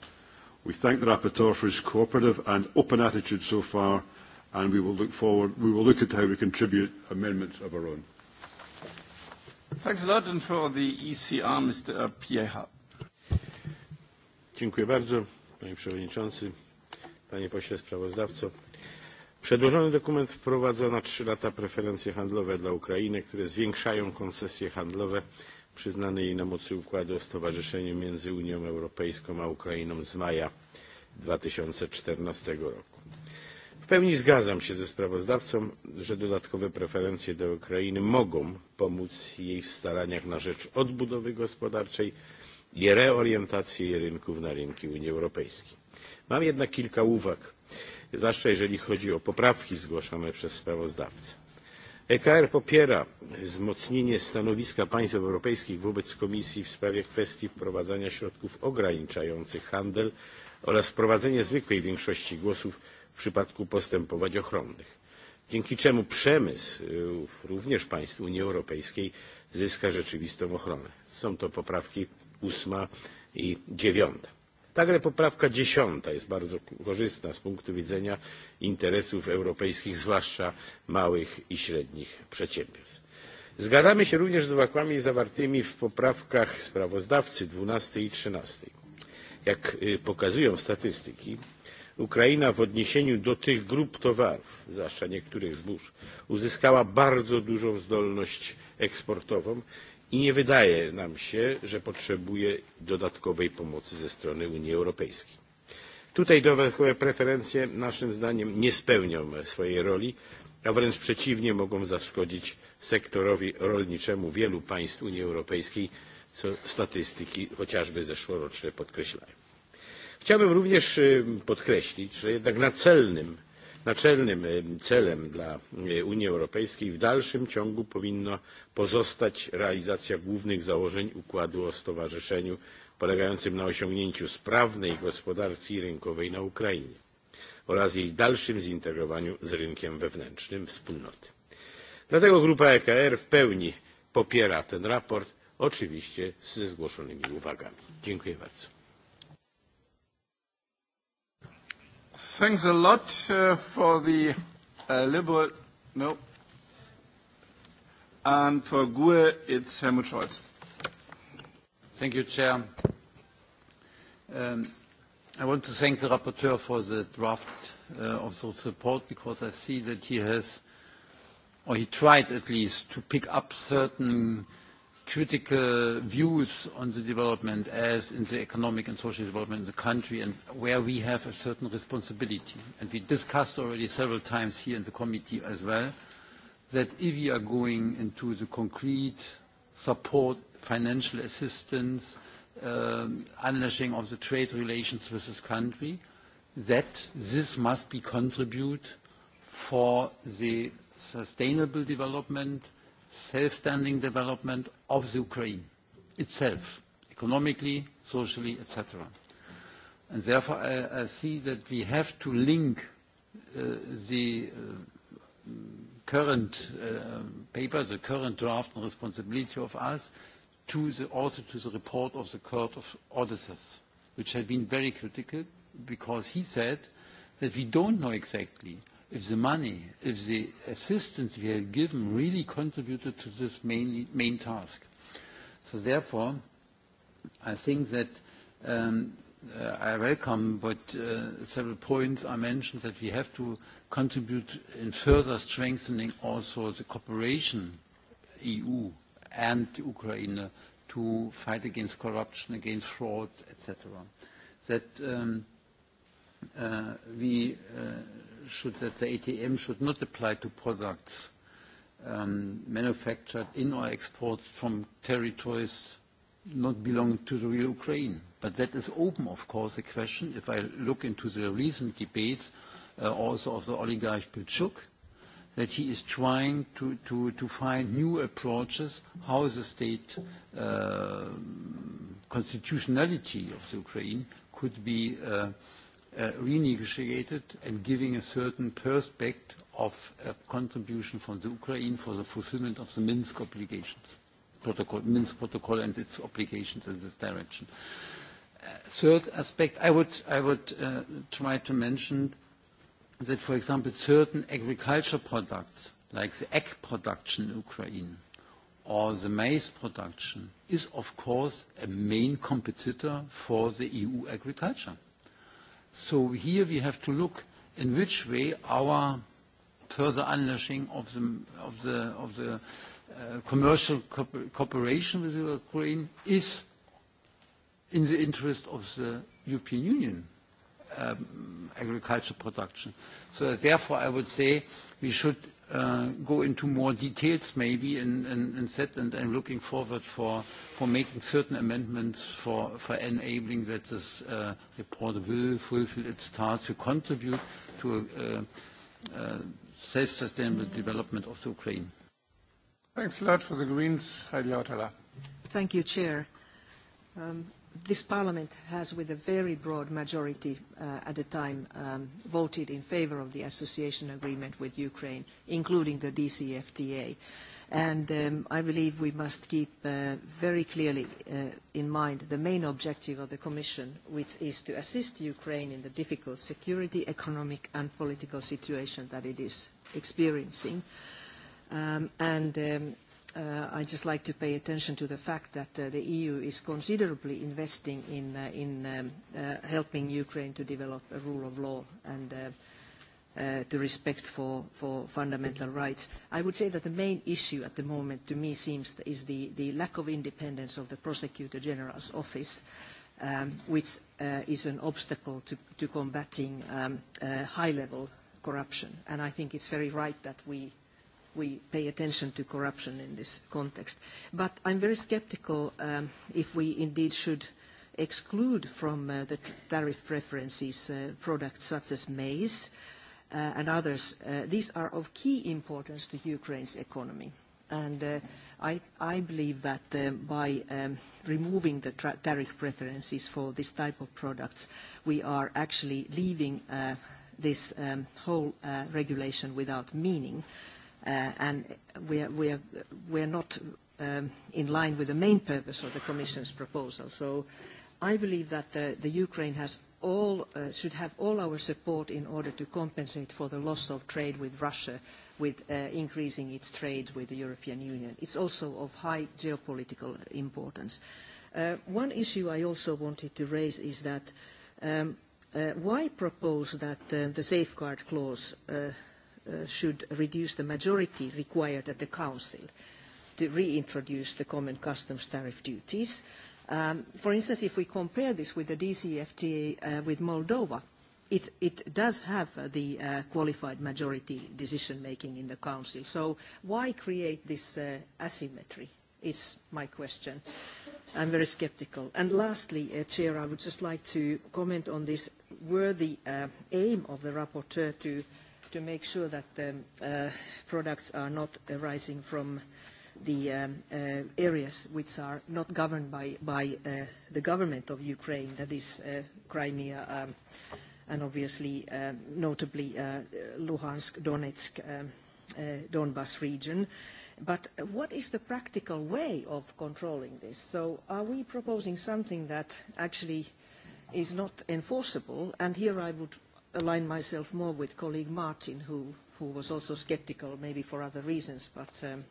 We thank the rapporteur for his cooperative and open attitude so far and we will look forward, we will look at how we contribute amendments of our own. Thanks a lot and for the ECR, Mr. Piecha. Dziękuję bardzo, panie przewodniczący, panie pośle sprawozdawco. Przedłożony dokument wprowadza na trzy lata preferencje handlowe dla Ukrainy, które zwiększają koncesje handlowe przyznane jej na mocy układu o stowarzyszeniu między Unią Europejską a Ukrainą z maja 2014 roku pełni zgadzam się ze sprawozdawcą, że dodatkowe preferencje dla Ukrainy mogą pomóc jej w staraniach na rzecz odbudowy gospodarczej i reorientacji jej rynków na rynki Unii Europejskiej. Mam jednak kilka uwag, zwłaszcza jeżeli chodzi o poprawki zgłoszone przez sprawozdawcę. EKR popiera wzmocnienie stanowiska państw europejskich wobec Komisji w sprawie kwestii wprowadzania środków ograniczających handel oraz wprowadzenie zwykłej większości głosów w przypadku postępowań ochronnych, dzięki czemu przemysł również państw Unii Europejskiej zyska rzeczywistą ochronę. Są to poprawki ósma i dziewiąta. Także poprawka dziesiąta jest bardzo korzystna z punktu widzenia interesów europejskich, zwłaszcza małych i średnich przedsiębiorstw. Zgadzamy się również z uwagami zawartymi w poprawkach sprawozdawcy 12 i 13. Jak pokazują statystyki, Ukraina w odniesieniu do tych grup towarów, zwłaszcza niektórych zbóż, uzyskała bardzo dużą zdolność eksportową i nie wydaje nam się, że potrzebuje dodatkowej pomocy ze strony Unii Europejskiej. Tutaj dodatkowe preferencje naszym zdaniem nie spełnią swojej roli, a wręcz przeciwnie mogą zaszkodzić sektorowi rolniczemu wielu państw Unii Europejskiej, co statystyki chociażby zeszłoroczne podkreślają. Chciałbym również podkreślić, że jednak nacelnym, naczelnym celem dla Unii Europejskiej w dalszym ciągu powinna pozostać realizacja głównych założeń układu o stowarzyszeniu polegającym na osiągnięciu sprawnej gospodarki rynkowej na Ukrainie oraz jej dalszym zintegrowaniu z rynkiem wewnętrznym wspólnoty. Dlatego grupa EKR w pełni popiera ten raport, oczywiście ze zgłoszonymi uwagami. Dziękuję bardzo. thanks a lot uh, for the uh, liberal, no, and for GUE, it's Helmut Scholz. Thank you, Chair. Um, I want to thank the rapporteur for the draft uh, of the report because I see that he has, or he tried at least, to pick up certain uh, critical views on the development as in the economic and social development in the country and where we have a certain responsibility. And we discussed already several times here in the committee as well that if we are going into the concrete support, financial assistance, um, unleashing of the trade relations with this country, that this must be contribute for the sustainable development – self-standing development of the Ukraine itself, economically, socially, etc. And therefore, I, I see that we have to link uh, the uh, current uh, paper, the current draft and responsibility of us, to the, also to the report of the Court of Auditors, which had been very critical because he said that we don't know exactly if the money, if the assistance we had given really contributed to this main, main task. So therefore, I think that um, uh, I welcome what uh, several points are mentioned that we have to contribute in further strengthening also the cooperation EU and Ukraine to fight against corruption, against fraud, etc. That um, uh, we uh, should, that the ATM should not apply to products um, manufactured in or exported from territories not belonging to the real Ukraine. But that is open, of course, the question. If I look into the recent debates uh, also of the oligarch Pilchuk, that he is trying to, to, to find new approaches how the state uh, constitutionality of the Ukraine could be uh, uh, renegotiated and giving a certain perspective of a contribution from the Ukraine for the fulfillment of the Minsk obligations, protocol, Minsk protocol and its obligations in this direction. Uh, third aspect, I would, I would uh, try to mention that, for example, certain agriculture products, like the egg production in Ukraine or the maize production, is, of course, a main competitor for the EU agriculture. So here we have to look in which way our further unleashing of the, of the, of the uh, commercial co cooperation with Ukraine is in the interest of the European Union um, agriculture production. So therefore I would say we should uh, go into more details maybe in, in, in that, and I'm looking forward for, for making certain amendments for, for enabling that this uh, report will fulfill its task to contribute to a, uh, uh self-sustainable development of the Ukraine. Thanks a lot for the Greens, Heidi Hautala. Thank you, Chair. Um, this Parliament has, with a very broad majority uh, at the time, um, voted in favour of the association agreement with Ukraine, including the DCFTA. And um, I believe we must keep uh, very clearly uh, in mind the main objective of the Commission, which is to assist Ukraine in the difficult security, economic and political situation that it is experiencing. Um, and um, uh, I'd just like to pay attention to the fact that uh, the EU is considerably investing in, uh, in um, uh, helping Ukraine to develop a rule of law and uh, uh, to respect for, for fundamental rights. I would say that the main issue at the moment to me seems is the, the lack of independence of the Prosecutor General's office, um, which uh, is an obstacle to, to combating um, uh, high-level corruption. And I think it's very right that we we pay attention to corruption in this context. But I'm very skeptical um, if we indeed should exclude from uh, the tariff preferences uh, products such as maize uh, and others. Uh, these are of key importance to Ukraine's economy. And uh, I, I believe that uh, by um, removing the tariff preferences for this type of products, we are actually leaving uh, this um, whole uh, regulation without meaning. Uh, uh, and we are, we are, we are not um, in line with the main purpose of the Commission's proposal. So I believe that uh, the Ukraine has all, uh, should have all our support in order to compensate for the loss of trade with Russia with uh, increasing its trade with the European Union. It's also of high geopolitical importance. Uh, one issue I also wanted to raise is that um, uh, why propose that uh, the safeguard clause uh, uh, should reduce the majority required at the Council to reintroduce the common customs tariff duties. Um, for instance, if we compare this with the DCFTA uh, with Moldova, it, it does have uh, the uh, qualified majority decision-making in the Council. So why create this uh, asymmetry is my question. I'm very sceptical. And lastly, uh, Chair, I would just like to comment on this. Were the uh, aim of the rapporteur to uh, to make sure that um, uh, products are not arising from the um, uh, areas which are not governed by, by uh, the government of Ukraine, that is uh, Crimea um, and obviously uh, notably uh, Luhansk, Donetsk, um, uh, Donbass region. But what is the practical way of controlling this? So are we proposing something that actually is not enforceable? And here I would align myself more with colleague Martin, who, who was also sceptical, maybe for other reasons, but, um,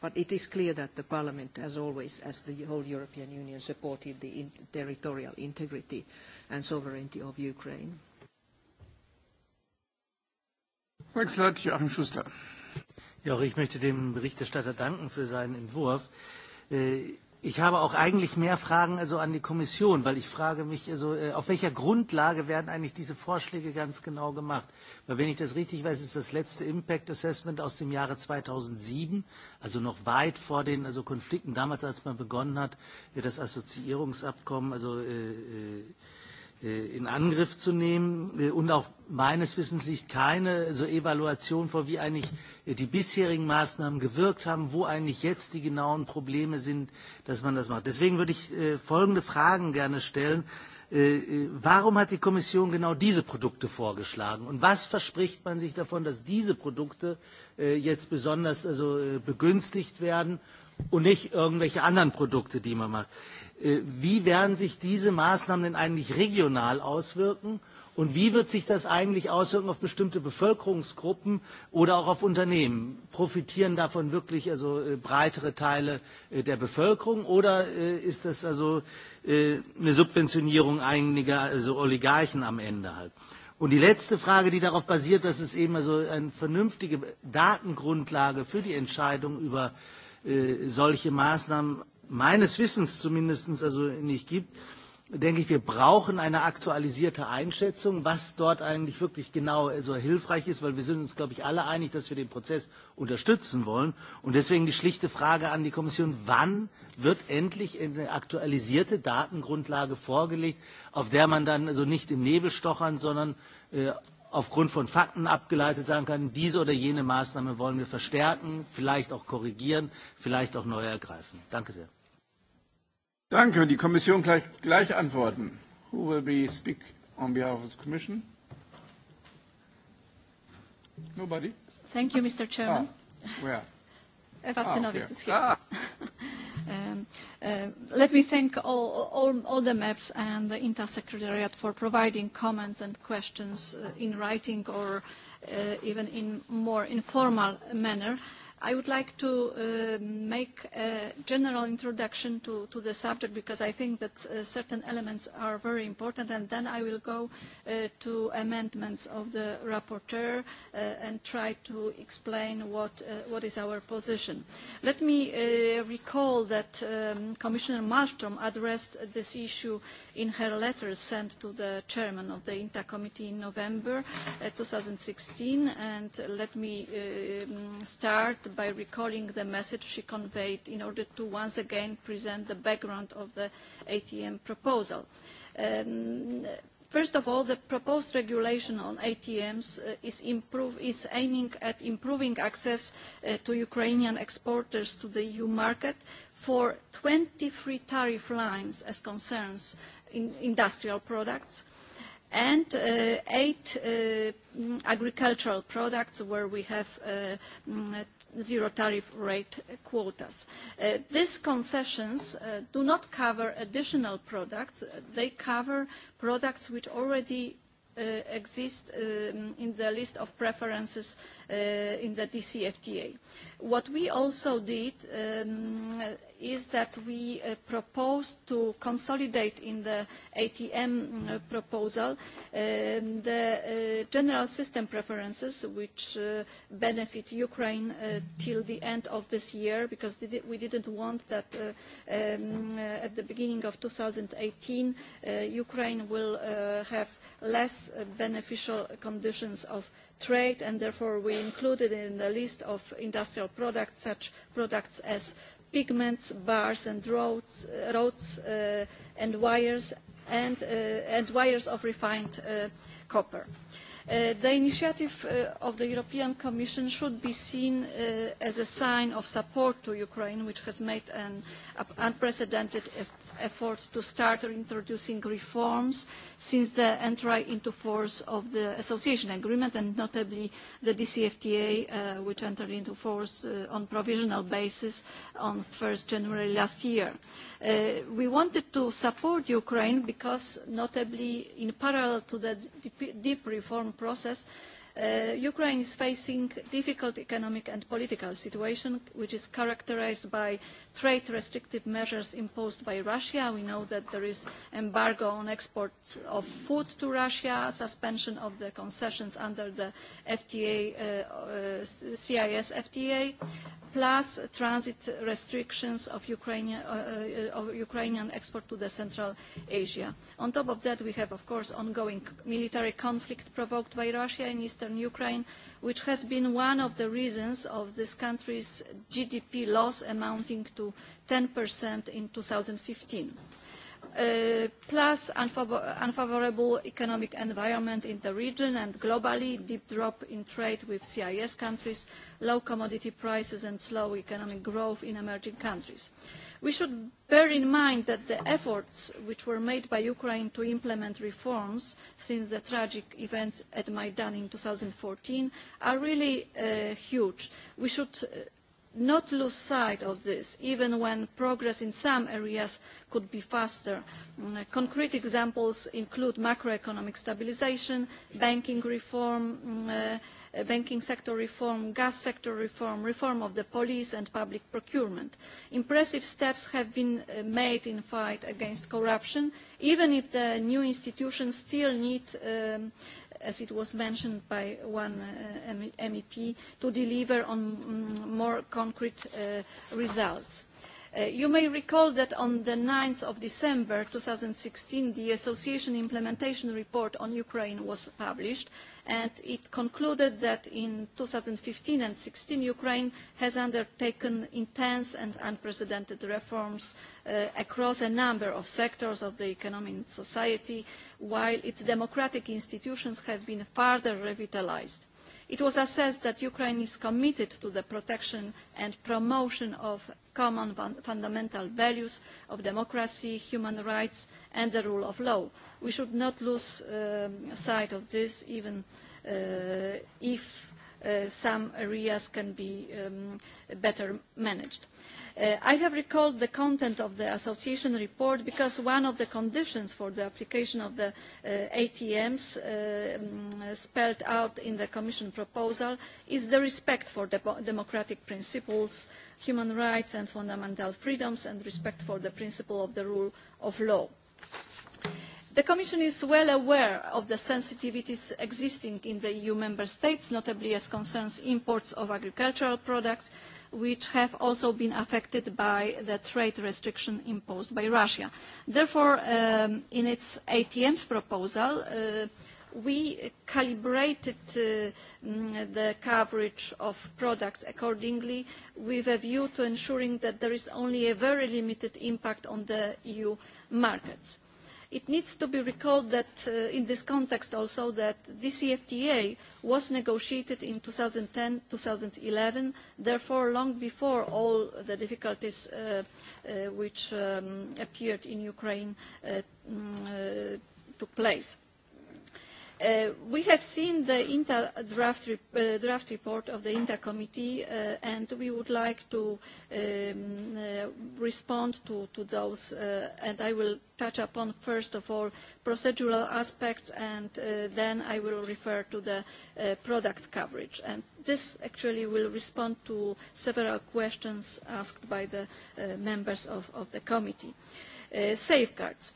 but it is clear that the Parliament, as always, as the whole European Union, supported the in territorial integrity and sovereignty of Ukraine. Joachim Schuster. Ja, ich möchte dem Berichterstatter danken für seinen Entwurf. Äh, Ich habe auch eigentlich mehr Fragen also an die Kommission, weil ich frage mich, also, äh, auf welcher Grundlage werden eigentlich diese Vorschläge ganz genau gemacht? Weil wenn ich das richtig weiß, ist das letzte Impact Assessment aus dem Jahre 2007, also noch weit vor den also Konflikten damals, als man begonnen hat, äh, das Assoziierungsabkommen, also äh, äh Äh, in Angriff zu nehmen äh, und auch meines Wissens nicht keine so Evaluation vor, wie eigentlich äh, die bisherigen Maßnahmen gewirkt haben, wo eigentlich jetzt die genauen Probleme sind, dass man das macht. Deswegen würde ich folgende Fragen gerne stellen. Warum hat die Kommission genau diese Produkte vorgeschlagen? Und was verspricht man sich davon, dass diese Produkte jetzt besonders also begünstigt werden? und nicht irgendwelche anderen Produkte, die man macht. Äh, wie werden sich diese Maßnahmen denn eigentlich regional auswirken? Und wie wird sich das eigentlich auswirken auf bestimmte Bevölkerungsgruppen oder auch auf Unternehmen? Profitieren davon wirklich also äh, breitere Teile äh, der Bevölkerung oder ist das also eine Subventionierung einiger also Oligarchen am Ende halt? Und die letzte Frage, die darauf basiert, dass es eben also eine vernünftige Datengrundlage für die Entscheidung über äh, Äh, solche Maßnahmen meines Wissens zumindest also nicht gibt, denke ich, wir brauchen eine aktualisierte Einschätzung, was dort eigentlich wirklich genau so hilfreich ist, weil wir sind uns, glaube ich, alle einig, dass wir den Prozess unterstützen wollen. Und deswegen die schlichte Frage an die Kommission, wann wird endlich eine aktualisierte Datengrundlage vorgelegt, auf der man dann also nicht im Nebel stochern, sondern äh, aufgrund von Fakten abgeleitet sagen kann, diese oder jene Maßnahme wollen wir verstärken, vielleicht auch korrigieren, vielleicht auch neu ergreifen. Danke sehr. Danke. Die Kommission gleich, gleich antworten. Who will be speak on behalf of the Commission? Nobody? Thank you, Mr. Chairman. Ah, where? Vassinovitz. is ah, okay. Ah. um, uh, let me thank all, all, all the MEPs and the INTA Secretariat for providing comments and questions uh, in writing or uh, even in more informal manner. I would like to uh, make a general introduction to, to the subject because I think that uh, certain elements are very important and then I will go uh, to amendments of the rapporteur uh, and try to explain what, uh, what is our position. Let me uh, recall that um, Commissioner Malmström addressed this issue in her letter sent to the chairman of the INTA committee in November uh, 2016 and let me uh, start by recalling the message she conveyed in order to once again present the background of the ATM proposal. Um, First of all, the proposed regulation on ATMs uh, is, improve, is aiming at improving access uh, to Ukrainian exporters to the EU market for 23 tariff lines as concerns in industrial products and uh, eight uh, agricultural products where we have uh, zero tariff rate quotas. Uh, these concessions uh, do not cover additional products. They cover products which already uh, exist um, in the list of preferences uh, uh, in the DCFTA. What we also did um, is that we uh, proposed to consolidate in the ATM uh, proposal uh, the uh, general system preferences which uh, benefit Ukraine uh, till the end of this year because we didn't want that uh, um, uh, at the beginning of 2018 uh, Ukraine will uh, have less uh, beneficial conditions of trade and therefore we included in the list of industrial products such products as pigments, bars and roads, uh, roads uh, and wires and, uh, and wires of refined uh, copper. Uh, the initiative uh, of the European Commission should be seen uh, as a sign of support to Ukraine, which has made an unprecedented effort to start introducing reforms since the entry into force of the association agreement and notably the DCFTA uh, which entered into force uh, on provisional basis on 1st January last year. Uh, we wanted to support Ukraine because notably in parallel to the deep, deep reform process Uh, Ukraine is facing difficult economic and political situation, which is characterized by trade restrictive measures imposed by Russia. We know that there is embargo on export of food to Russia, suspension of the concessions under the FTA, uh, uh, CIS FTA, plus transit restrictions of, uh, uh, of Ukrainian export to the Central Asia. On top of that, we have, of course, ongoing military conflict provoked by Russia in eastern Ukraine, which has been one of the reasons of this country's GDP loss amounting to 10% in 2015. Uh, plus unfavor unfavorable economic environment in the region and globally, deep drop in trade with CIS countries, low commodity prices and slow economic growth in emerging countries. Uh, We should bear in mind that the efforts which were made by Ukraine to implement reforms since the tragic events at Maidan in 2014 are really uh, huge. We should uh, not lose sight of this, even when progress in some areas could be faster. Mm, uh, concrete examples include macroeconomic stabilization, banking reform, mm, uh, Uh, banking sector reform, gas sector reform, reform of the police and public procurement. Impressive steps have been uh, made in the fight against corruption, even if the new institutions still need um, as it was mentioned by one uh, MEP, to deliver on mm, more concrete uh, results. Uh, you may recall that on the 9th of December sixteen the Association Implementation Report on Ukraine was published and it concluded that in 2015 and 16 Ukraine has undertaken intense and unprecedented reforms uh, across a number of sectors of the economy and society, while its democratic institutions have been further revitalized. It was assessed that Ukraine is committed to the protection and promotion of common fundamental values of democracy, human rights and the rule of law. We should not lose um, sight of this even uh, if uh, some areas can be um, better managed. Uh, Uh, I have recalled the content of the association report because one of the conditions for the application of the uh, ATMs uh, mm, spelled out in the Commission proposal is the respect for de democratic principles, human rights and fundamental freedoms and respect for the principle of the rule of law. The Commission is well aware of the sensitivities existing in the EU member states, notably as concerns imports of agricultural products, which have also been affected by the trade restriction imposed by Russia. Therefore, um, in its ATM's proposal, uh, we calibrated uh, mm, the coverage of products accordingly with a view to ensuring that there is only a very limited impact on the EU markets. It needs to be recalled that uh, in this context also that the CFTA was negotiated in 2010-2011, therefore long before all the difficulties uh, uh, which um, appeared in Ukraine uh, mm, uh, took place. Uh, we have seen the INTA draft, rep uh, draft report of the INTA committee uh, and we would like to um, uh, respond to, to those uh, and I will touch upon first of all procedural aspects and uh, then I will refer to the uh, product coverage and this actually will respond to several questions asked by the uh, members of, of the committee. Uh, safeguards.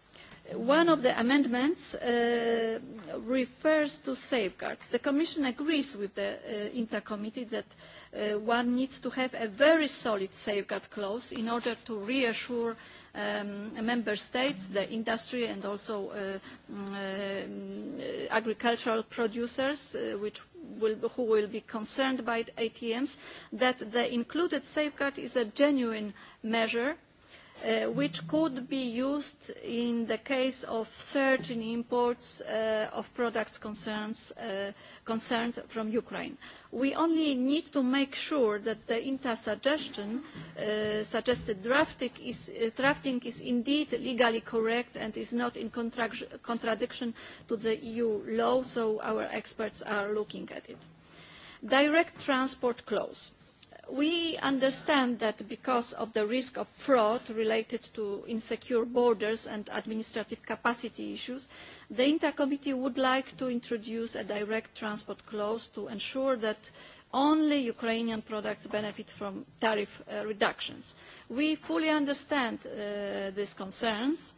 One of the amendments uh, refers to safeguards. The Commission agrees with the uh, INTA committee that uh, one needs to have a very solid safeguard clause in order to reassure um, member states, the industry and also uh, mm, uh, agricultural producers uh, which will, who will be concerned by ATMs that the included safeguard is a genuine measure uh, which could be used in the case of certain imports uh, of products concerns, uh, concerned from Ukraine. We only need to make sure that the INTA suggestion, uh, suggested drafting is, uh, drafting is indeed legally correct and is not in contradiction to the EU law, so our experts are looking at it. Direct transport clause we understand that because of the risk of fraud related to insecure borders and administrative capacity issues, the INTA committee would like to introduce a direct transport clause to ensure that only Ukrainian products benefit from tariff uh, reductions. We fully understand uh, these concerns.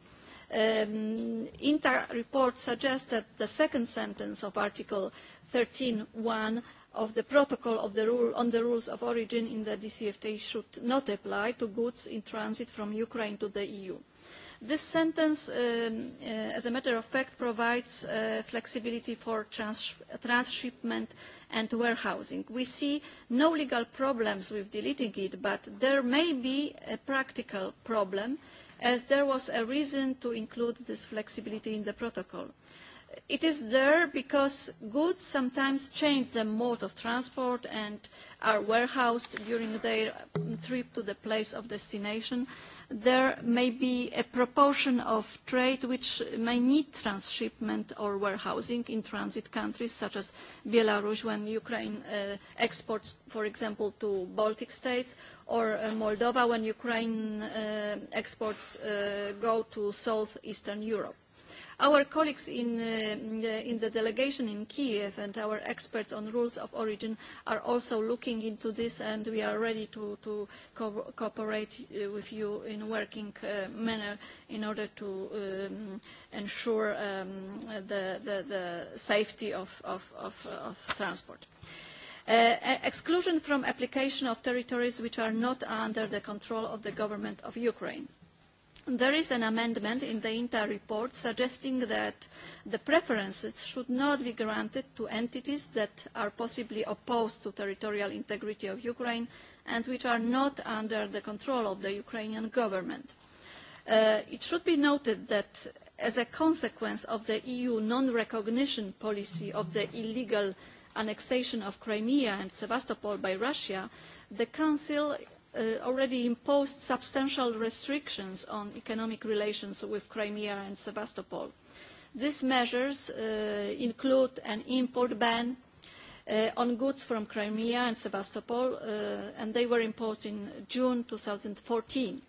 Um, INTA report suggests that the second sentence of Article 13.1 of the protocol of the rule on the rules of origin in the DCFTA should not apply to goods in transit from Ukraine to the EU. This sentence, um, uh, as a matter of fact, provides uh, flexibility for trans transshipment and warehousing. We see no legal problems with deleting it, but there may be a practical problem as there was a reason to include this flexibility in the protocol. Uh, it is there because goods sometimes change the mode of transport and are warehoused during their um, trip to the place of destination. There may be a proportion of trade which may need transshipment or warehousing in transit countries such as Belarus when Ukraine uh, exports, for example, to Baltic states or uh, Moldova when Ukraine uh, exports uh, go to southeastern Europe. Our colleagues in, uh, in the delegation in Kiev and our experts on rules of origin are also looking into this and we are ready to, to co cooperate uh, with you in a working uh, manner in order to um, ensure um, the, the, the safety of, of, of, uh, of transport. Uh, e-, exclusion from application of territories which are not under the control of the government of Ukraine. There is an amendment in the INTA report suggesting that the preferences should not be granted to entities that are possibly opposed to territorial integrity of Ukraine and which are not under the control of the Ukrainian government. Uh, it should be noted that as a consequence of the EU non-recognition policy of the illegal annexation of Crimea and Sevastopol by Russia, the Council uh, already imposed substantial restrictions on economic relations with Crimea and Sevastopol. These measures uh, include an import ban uh, on goods from Crimea and Sevastopol, uh, and they were imposed in June 2014.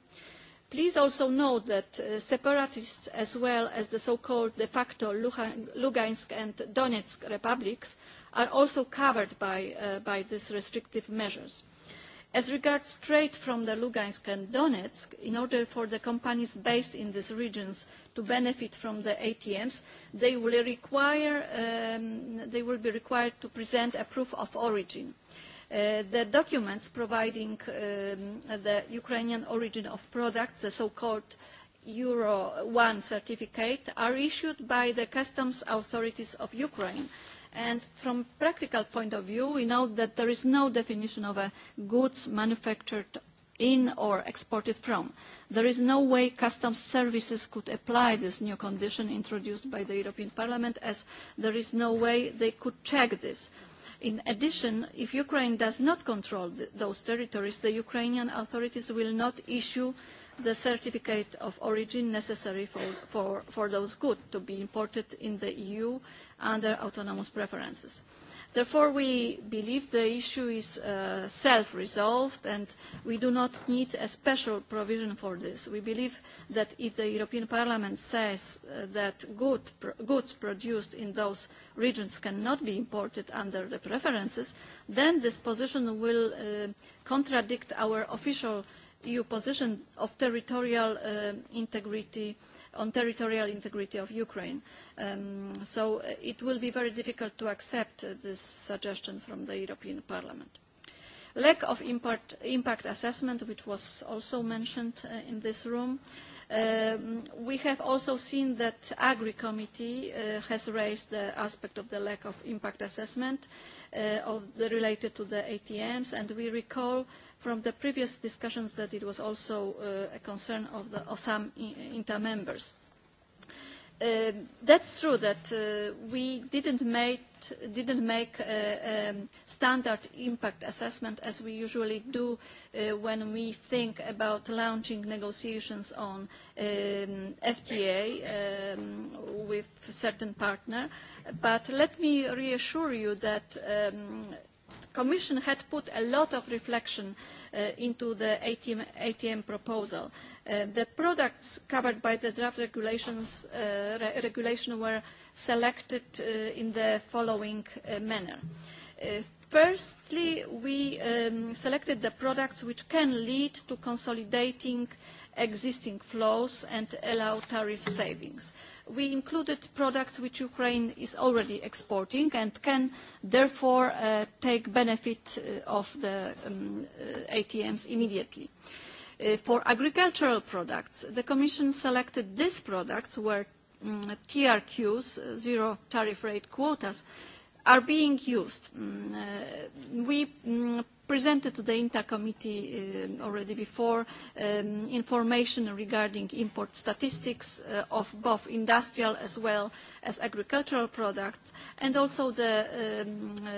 Please also note that uh, separatists, as well as the so-called de facto Lugansk and Donetsk republics, are also covered by, uh, by these restrictive measures. As regards trade from the Lugansk and Donetsk, in order for the companies based in these regions to benefit from the ATMs, they will, require, um, they will be required to present a proof of origin. Uh, the documents providing um, the Ukrainian origin of products, the so-called Euro 1 certificate, are issued by the customs authorities of Ukraine And from practical point of view, we know that there is no definition of a goods manufactured in or exported from. There is no way customs services could apply this new condition introduced by the European Parliament as there is no way they could check this. In addition, if Ukraine does not control th those territories, the Ukrainian authorities will not issue the certificate of origin necessary for, for, for those goods to be imported in the EU under autonomous preferences. Therefore, we believe the issue is uh, self-resolved and we do not need a special provision for this. We believe that if the European Parliament says uh, that good pr goods produced in those regions cannot be imported under the preferences, then this position will uh, contradict our official uh, EU position of territorial uh, integrity on territorial integrity of Ukraine. Um, so uh, it will be very difficult to accept uh, this suggestion from the European Parliament. Lack of impact, impact assessment, which was also mentioned uh, in this room. Um, we have also seen that Agri Committee uh, has raised the aspect of the lack of impact assessment uh, of the, related to the ATMs, and we recall uh, from the previous discussions that it was also uh, a concern of, the, of some INTA members. Uh, that's true that uh, we didn't make, didn't make a, a standard impact assessment as we usually do uh, when we think about launching negotiations on um, FTA um, with certain partner. But let me reassure you that um, Commission had put a lot of reflection uh, into the ATM, ATM proposal. Uh, the products covered by the draft regulations, uh, re regulation were selected uh, in the following uh, manner. Uh, Firstly, we um, selected the products which can lead to consolidating existing flows and allow tariff savings we included products which Ukraine is already exporting and can therefore uh, take benefit uh, of the um, uh, ATMs immediately. Uh, for agricultural products, the Commission selected these products where um, TRQs, uh, zero tariff rate quotas, uh, are being used. Mm, uh, we mm, presented to the INTA committee uh, already before um, information regarding import statistics uh, of both industrial as well as agricultural products and also the um, uh,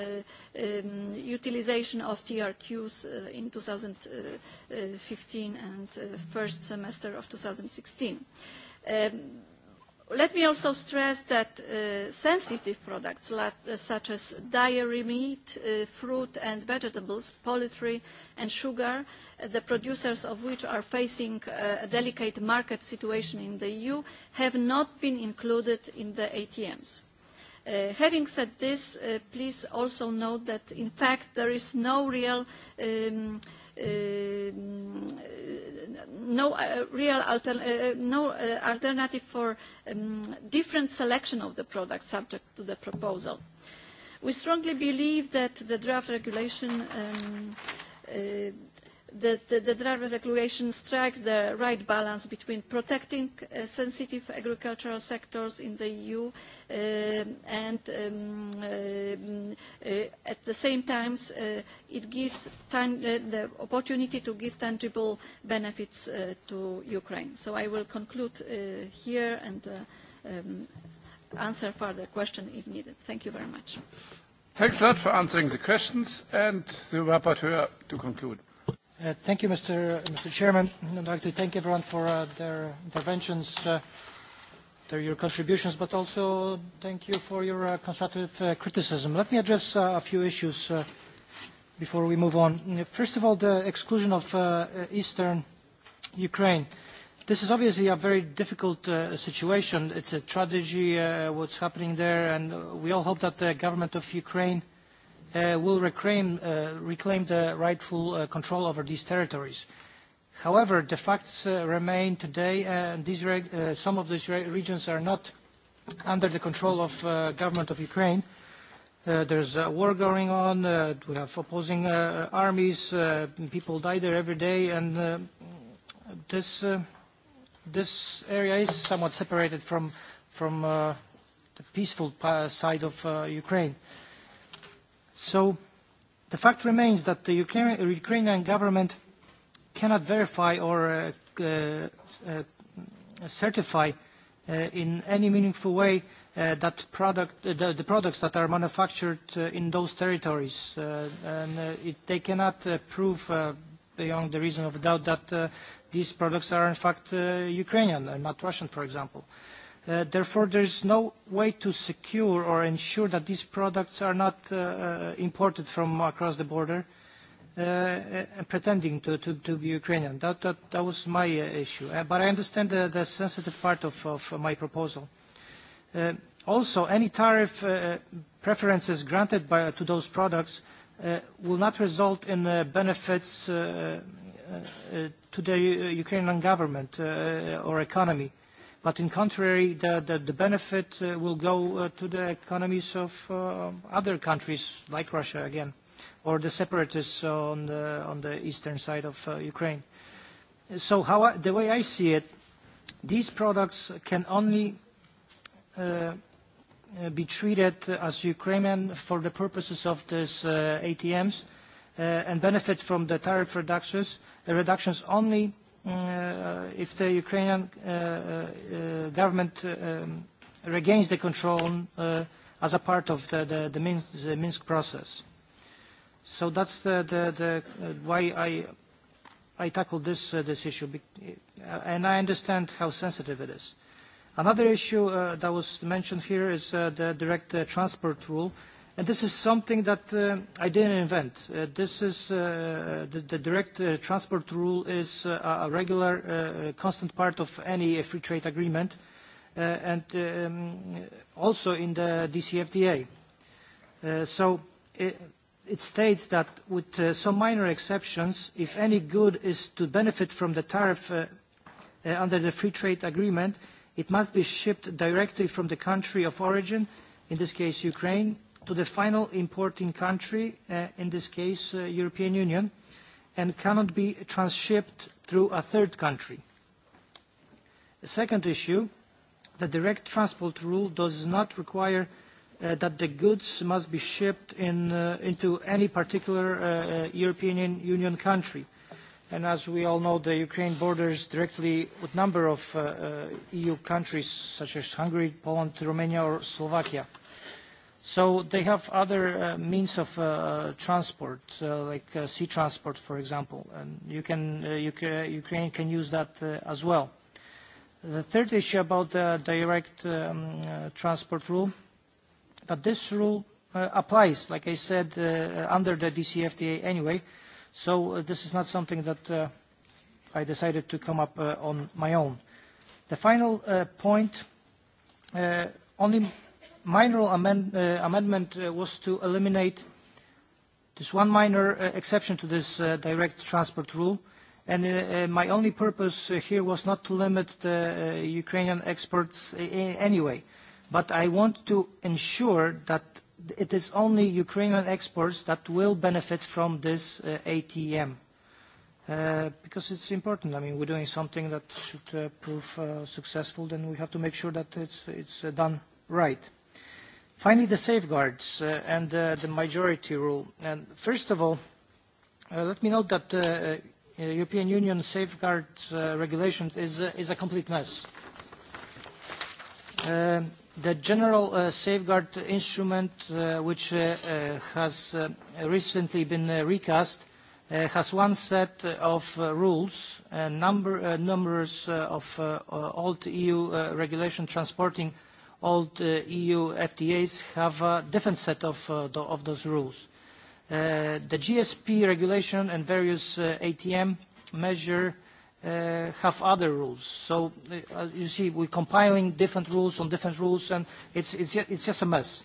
um, utilization of TRQs uh, in 2015 and uh, first semester of 2016. Um, Let me also stress that uh, sensitive products like, uh, such as dairy meat, uh, fruit and vegetables, poultry and sugar, uh, the producers of which are facing uh, a delicate market situation in the EU, have not been included in the ATMs. Uh, having said this, uh, please also note that in fact there is no real um, uh, Um, no uh, real altern uh, uh, no uh, alternative for um, different selection of the product subject to the proposal. We strongly believe that the draft regulation um, uh, that the, the draft regulation strikes the right balance between protecting uh, sensitive agricultural sectors in the EU uh, and um, uh, uh, at the same time uh, it gives time, uh, the opportunity to give tangible benefits uh, to Ukraine. So I will conclude uh, here and uh, um, answer further questions if needed. Thank you very much. Thanks a lot for answering the questions and the rapporteur to conclude. Uh, thank you, Mr. Mr. Chairman. I'd like to thank everyone for uh, their interventions, uh, their, your contributions, but also thank you for your uh, constructive uh, criticism. Let me address uh, a few issues uh, before we move on. First of all, the exclusion of uh, eastern Ukraine. This is obviously a very difficult uh, situation. It's a tragedy, uh, what's happening there, and we all hope that the government of Ukraine – uh, will reclaim, uh, reclaim the rightful uh, control over these territories. However, the facts uh, remain today, uh, and these reg uh, some of these re regions are not under the control of uh, government of Ukraine. Uh, there's a war going on, uh, we have opposing uh, armies, uh, people die there every day, and uh, this, uh, this area is somewhat separated from, from uh, the peaceful side of uh, Ukraine. Uh, So the fact remains that the Ukrainian, Ukrainian government cannot verify or uh, uh, uh, certify uh, in any meaningful way uh, that product, uh, the, the products that are manufactured uh, in those territories. Uh, and uh, it, they cannot uh, prove uh, beyond the reason of doubt that uh, these products are in fact uh, Ukrainian and not Russian, for example. Uh, therefore, there is no way to secure or ensure that these products are not uh, uh imported from across the border uh, uh pretending to, to, to be Ukrainian. That, that, that was my uh, issue. Uh, but I understand the, the sensitive part of, of my proposal. Uh, also, any tariff uh, preferences granted by, to those products uh, will not result in uh, benefits uh, uh, to the Ukrainian government uh, or economy But in contrary, the, the, the benefit uh, will go uh, to the economies of uh, other countries, like Russia again, or the separatists on the, on the eastern side of uh, Ukraine. So how I, the way I see it, these products can only uh, uh be treated as Ukrainian for the purposes of these uh, ATMs uh, and benefit from the tariff reductions, uh, reductions only uh, if the Ukrainian uh, uh, uh, government um, regains the control uh, as a part of the, the, the, Minsk, the Minsk process. So that's the, the, the, uh, why I, I tackled this, uh, this issue, uh, and I understand how sensitive it is. Another issue uh, that was mentioned here is uh, the direct uh, transport rule. Uh, And this is something that uh, I didn't invent. Uh, this is uh, the, the direct uh, transport rule is uh, a regular, uh, uh, constant part of any uh, free trade agreement, uh, and um, also in the DCFTA. Uh, so it, it states that, with uh, some minor exceptions, if any good is to benefit from the tariff uh, uh, under the free trade agreement, it must be shipped directly from the country of origin, in this case Ukraine, to the final importing country, uh, in this case uh, European Union, and cannot be transshipped through a third country. The second issue, the direct transport rule does not require uh, that the goods must be shipped in, uh, into any particular uh, uh European Union country. And as we all know, the Ukraine borders directly with a number of uh, uh, EU countries such as Hungary, Poland, Romania or Slovakia. So they have other uh, means of uh, transport, uh, like uh, sea transport, for example, and you can, uh, UK, can, Ukraine can use that uh, as well. The third issue about the direct um, uh, transport rule, that this rule uh, applies, like I said, uh, under the DCFTA anyway, so uh, this is not something that uh, I decided to come up uh, on my own. The final uh, point, uh, only minor amend, uh, amendment uh, was to eliminate this one minor uh, exception to this uh, direct transport rule. And uh, uh, my only purpose uh, here was not to limit the uh, Ukrainian exports uh, anyway, but I want to ensure that it is only Ukrainian exports that will benefit from this uh, ATM. Uh, because it's important. I mean, we're doing something that should uh, prove uh, successful, then we have to make sure that it's, it's uh, done right. Finally, the safeguards uh, and uh, the majority rule. And first of all, uh, let me note that the uh, uh, European Union safeguard uh, regulations is, uh, is a complete mess. Uh, the general uh, safeguard instrument, uh, which uh, uh, has uh, recently been uh, recast, uh, has one set of uh, rules, uh, number, uh, numbers uh, of uh, uh old EU uh, regulation transporting uh, old uh, EU FTAs have a different set of, uh, the, of those rules. Uh, the GSP regulation and various uh, ATM measure uh, have other rules. So uh, you see, we're compiling different rules on different rules, and it's, it's, it's just a mess.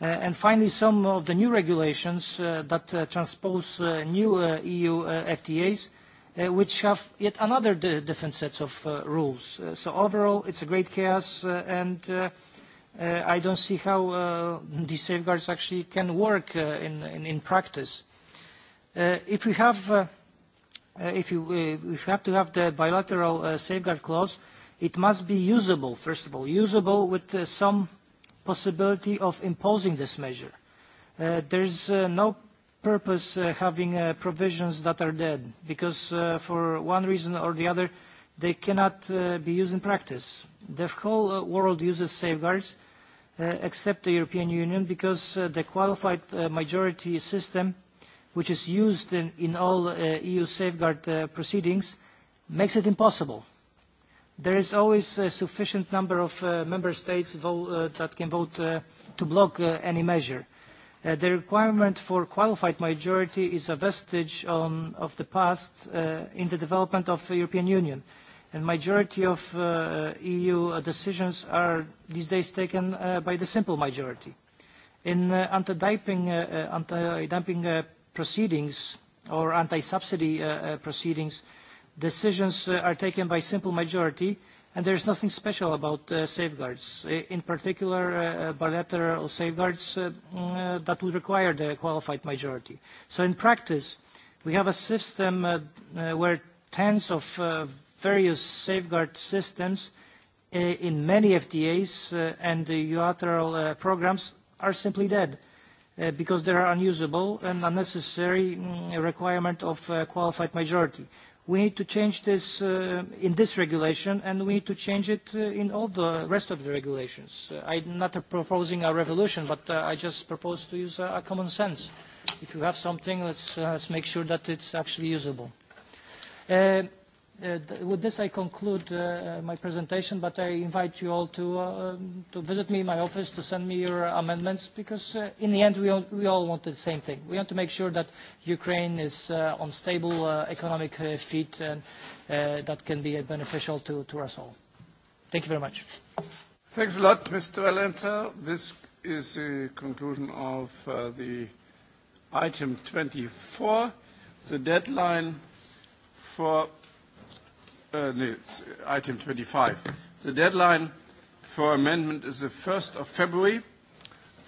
Uh, and finally, some of the new regulations uh, that uh, transpose uh, new uh, EU uh, FTAs uh, uh, which have yet another d different set of uh, rules. Uh, so overall, it's a great chaos, uh, and uh, uh, I don't see how uh, these safeguards actually can work uh, in, in, in practice. Uh, if we have, uh, uh if you, uh, if you have to have the bilateral uh, safeguard clause, it must be usable, first of all, usable with uh, some possibility of imposing this measure. Uh, there's uh, no purpose uh, having uh, provisions that are dead because uh, for one reason or the other they cannot uh, be used in practice. The whole uh, world uses safeguards uh, except the European Union because uh, the qualified uh, majority system which is used in, in all uh, EU safeguard uh, proceedings makes it impossible. There is always a sufficient number of uh, member states vote, uh, that can vote uh, to block uh, any measure. Uh, the requirement for qualified majority is a vestige on, of the past uh, in the development of the European Union. And majority of uh, EU uh, decisions are these days taken uh, by the simple majority. In uh, anti-dumping, uh, uh, anti-dumping uh, proceedings or anti-subsidy uh, uh, proceedings, decisions uh, are taken by simple majority And is nothing special about uh, safeguards, in particular uh, uh, bilateral safeguards uh, mm, uh, that would require the qualified majority. So in practice, we have a system uh, uh, where tens of uh, various safeguard systems uh, in many FDAs uh, and the unilateral uh, programs are simply dead uh, because they are unusable and unnecessary um, requirement of uh, qualified majority we need to change this uh, in this regulation and we need to change it uh, in all the rest of the regulations. Uh, I'm not uh, proposing a revolution, but uh, I just propose to use uh, a common sense. If you have something, let's, uh, let's make sure that it's actually usable. Uh, uh, with this I conclude uh, uh, my presentation, but I invite you all to, uh, um, to visit me in my office, to send me your uh, amendments, because uh, in the end we all, we all want the same thing. We want to make sure that Ukraine is uh, on stable uh, economic uh, feet and uh, that can be uh, beneficial to, to us all. Thank you very much. Thanks a lot, Mr. Valenza. This is the conclusion of uh, the item 24. The deadline for uh, item 25. The deadline for amendment is the 1st of February,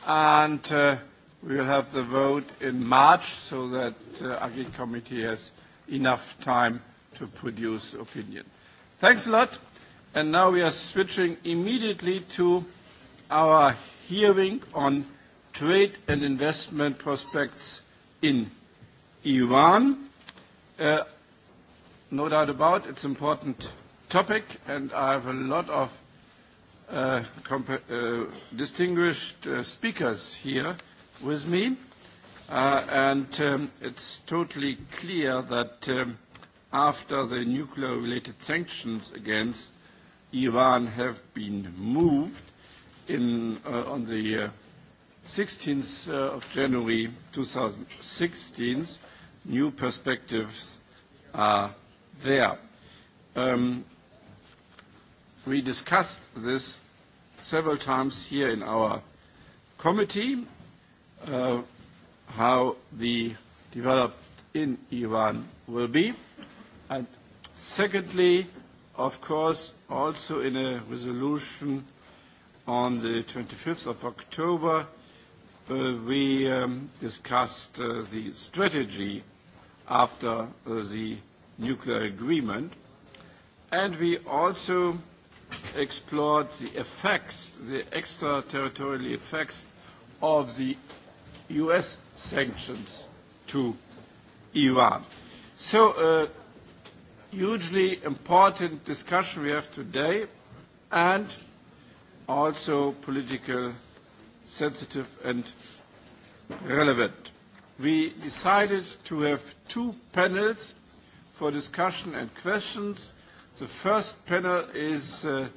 and uh, we will have the vote in March so that the uh, Agri Committee has enough time to produce opinion. Thanks a lot, and now we are switching immediately to our hearing on trade and investment prospects in Iran. Uh, no doubt about it's an important topic, and I have a lot of uh, uh, distinguished uh, speakers here with me. Uh, and um, it's totally clear that um, after the nuclear-related sanctions against Iran have been moved in, uh, on the uh, 16th uh, of January 2016, new perspectives are there. Um, we discussed this several times here in our committee, uh, how the developed in Iran will be. And secondly, of course, also in a resolution on the 25th of October, uh, we um, discussed uh, the strategy after uh, the nuclear agreement. And we also explored the effects, the extraterritorial effects of the U.S. sanctions to Iran. So, uh, hugely important discussion we have today and also political sensitive and relevant. We decided to have two panels for discussion and questions. The first panel is, uh,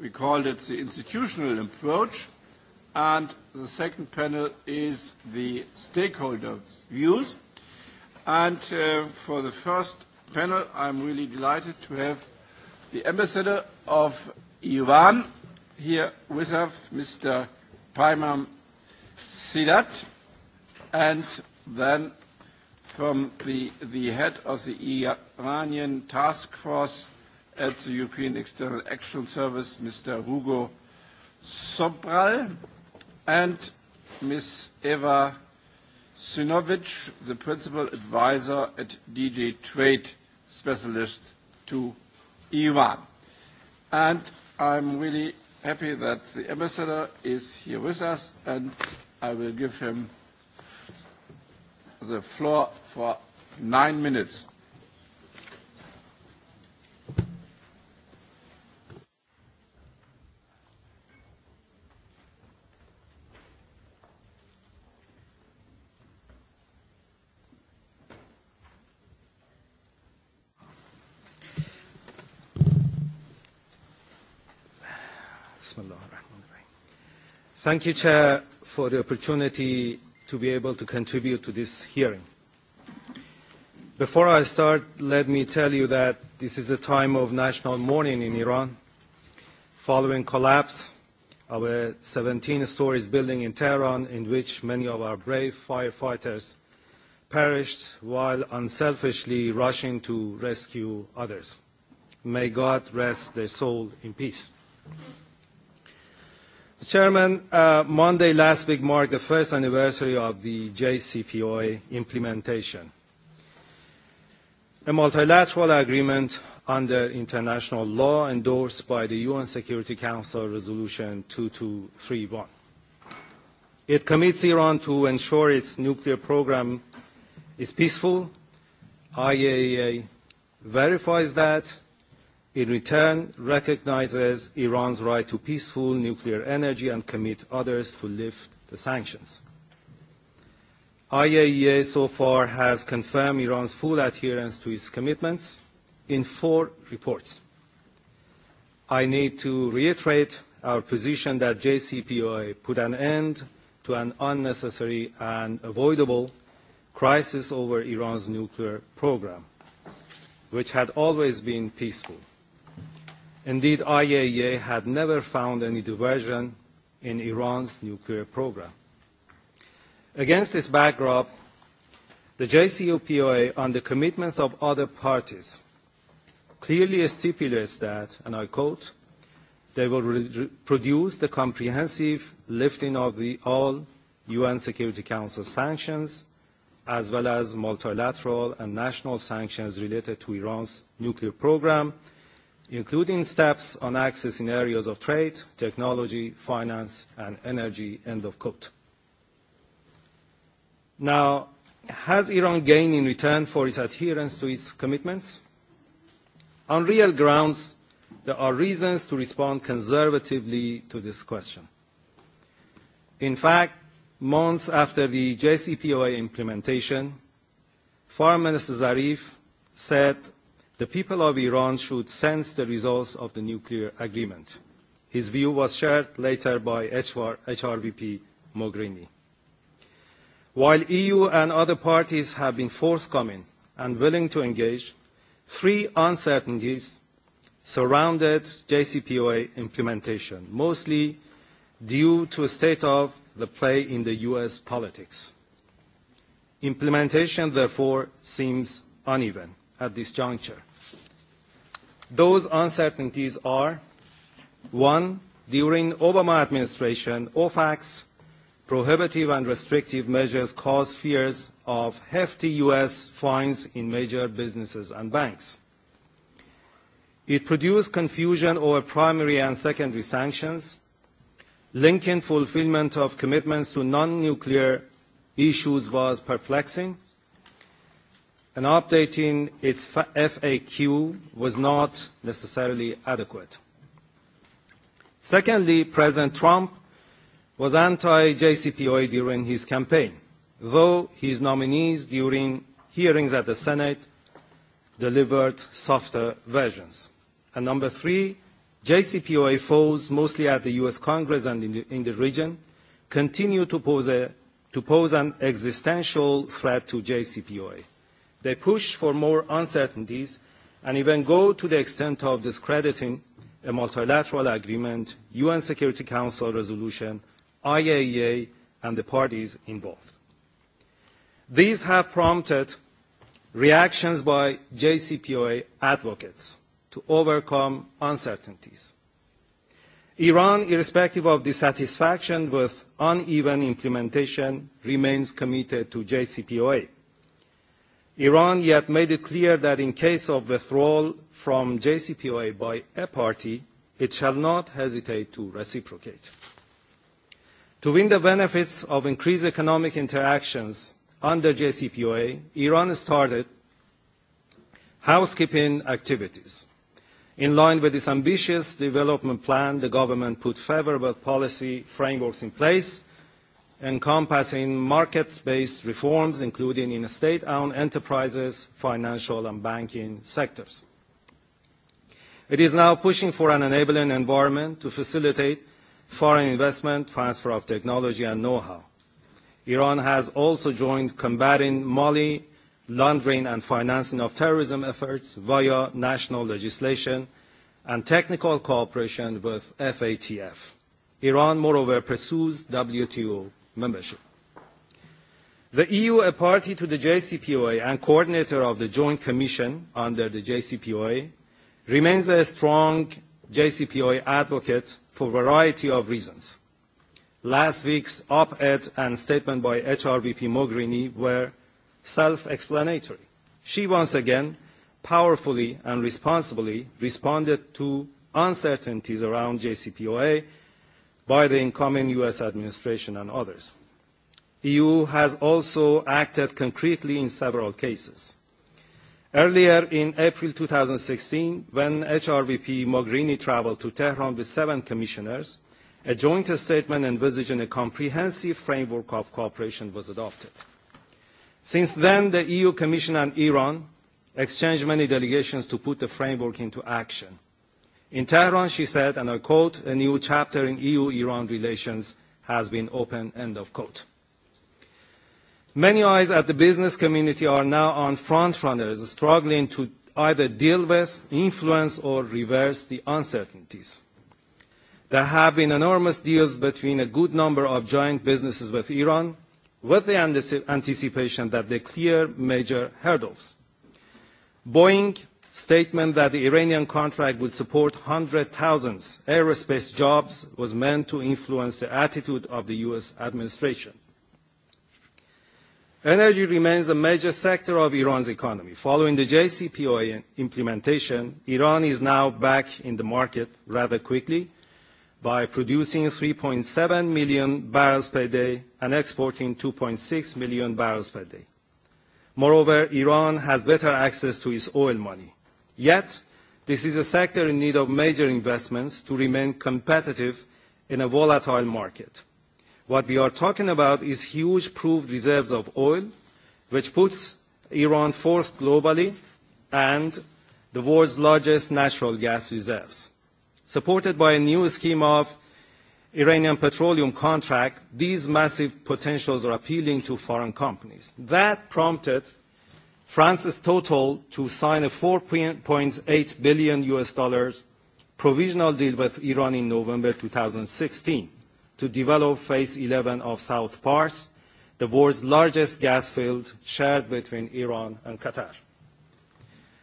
we called it the institutional approach, and the second panel is the stakeholder views. And uh, for the first panel, I'm really delighted to have the ambassador of Iran here with us, Mr. Paimam Sidat, and then from the, the head of the Iranian task force at the European External Action Service, Mr. Hugo Sobral, and Ms. Eva Sinovich, the principal advisor at DG Trade Specialist to Iran. And I'm really happy that the ambassador is here with us, and I will give him the floor for nine minutes. Thank you, Chair, for the opportunity to be able to contribute to this hearing. Before I start, let me tell you that this is a time of national mourning in Iran. Following collapse of a 17-story building in Tehran in which many of our brave firefighters perished while unselfishly rushing to rescue others. May God rest their soul in peace. Chairman, uh, Monday last week marked the first anniversary of the JCPOA implementation a multilateral agreement under international law endorsed by the UN Security Council Resolution 2231. It commits Iran to ensure its nuclear program is peaceful. IAEA verifies that. In return, recognizes Iran's right to peaceful nuclear energy and commit others to lift the sanctions. IAEA e so far has confirmed Iran's full adherence to its commitments in four reports. I need to reiterate our position that JCPOA put an end to an unnecessary and avoidable crisis over Iran's nuclear program, which had always been peaceful. Indeed, IAEA e had never found any diversion in Iran's nuclear program. Against this backdrop, the JCUPOA on the commitments of other parties clearly stipulates that, and I quote, they will produce the comprehensive lifting of the all UN Security Council sanctions as well as multilateral and national sanctions related to Iran's nuclear program, including steps on access in areas of trade, technology, finance, and energy, end of quote. Now, has Iran gained in return for its adherence to its commitments? On real grounds, there are reasons to respond conservatively to this question. In fact, months after the JCPOA implementation, Foreign Minister Zarif said the people of Iran should sense the results of the nuclear agreement. His view was shared later by HR, HRVP Mogherini. While EU and other parties have been forthcoming and willing to engage, three uncertainties surrounded JCPOA implementation, mostly due to a state of the play in the US politics. Implementation, therefore, seems uneven at this juncture. Those uncertainties are, one, during Obama administration, OFAC's Prohibitive and restrictive measures cause fears of hefty U.S. fines in major businesses and banks. It produced confusion over primary and secondary sanctions, linking fulfillment of commitments to non-nuclear issues was perplexing, and updating its FAQ was not necessarily adequate. Secondly, President Trump was anti-JCPOA during his campaign, though his nominees during hearings at the Senate delivered softer versions. And number three, JCPOA foes, mostly at the US Congress and in the, in the region, continue to pose, a, to pose an existential threat to JCPOA. They push for more uncertainties and even go to the extent of discrediting a multilateral agreement, UN Security Council resolution, IAEA e and the parties involved. These have prompted reactions by JCPOA advocates to overcome uncertainties. Iran, irrespective of dissatisfaction with uneven implementation, remains committed to JCPOA. Iran yet made it clear that in case of withdrawal from JCPOA by a party, it shall not hesitate to reciprocate. To win the benefits of increased economic interactions under JCPOA, Iran started housekeeping activities. In line with this ambitious development plan, the government put favorable policy frameworks in place encompassing market-based reforms, including in state-owned enterprises, financial and banking sectors. It is now pushing for an enabling environment to facilitate foreign investment, transfer of technology and know-how. Iran has also joined combating Mali laundering and financing of terrorism efforts via national legislation and technical cooperation with FATF. Iran, moreover, pursues WTO membership. The EU, a party to the JCPOA and coordinator of the Joint Commission under the JCPOA, remains a strong JCPOA advocate for a variety of reasons. Last week's op-ed and statement by HRVP Mogherini were self-explanatory. She once again powerfully and responsibly responded to uncertainties around JCPOA by the incoming U.S. administration and others. The EU has also acted concretely in several cases. Earlier in April 2016, when HRVP Mogherini traveled to Tehran with seven commissioners, a joint statement envisaging a comprehensive framework of cooperation was adopted. Since then, the EU Commission and Iran exchanged many delegations to put the framework into action. In Tehran, she said, and I quote, a new chapter in EU-Iran relations has been opened, end of quote. Many eyes at the business community are now on front runners struggling to either deal with, influence or reverse the uncertainties. There have been enormous deals between a good number of joint businesses with Iran with the anticipation that they clear major hurdles. Boeing statement that the Iranian contract would support hundred thousands aerospace jobs was meant to influence the attitude of the US administration. Energy remains a major sector of Iran's economy. Following the JCPOA implementation, Iran is now back in the market rather quickly by producing 3.7 million barrels per day and exporting 2.6 million barrels per day. Moreover, Iran has better access to its oil money. Yet, this is a sector in need of major investments to remain competitive in a volatile market. What we are talking about is huge proved reserves of oil, which puts Iran fourth globally and the world's largest natural gas reserves. Supported by a new scheme of Iranian petroleum contract, these massive potentials are appealing to foreign companies. That prompted France's total to sign a 4.8 billion US dollars provisional deal with Iran in November 2016 to develop Phase 11 of South Pars, the world's largest gas field shared between Iran and Qatar.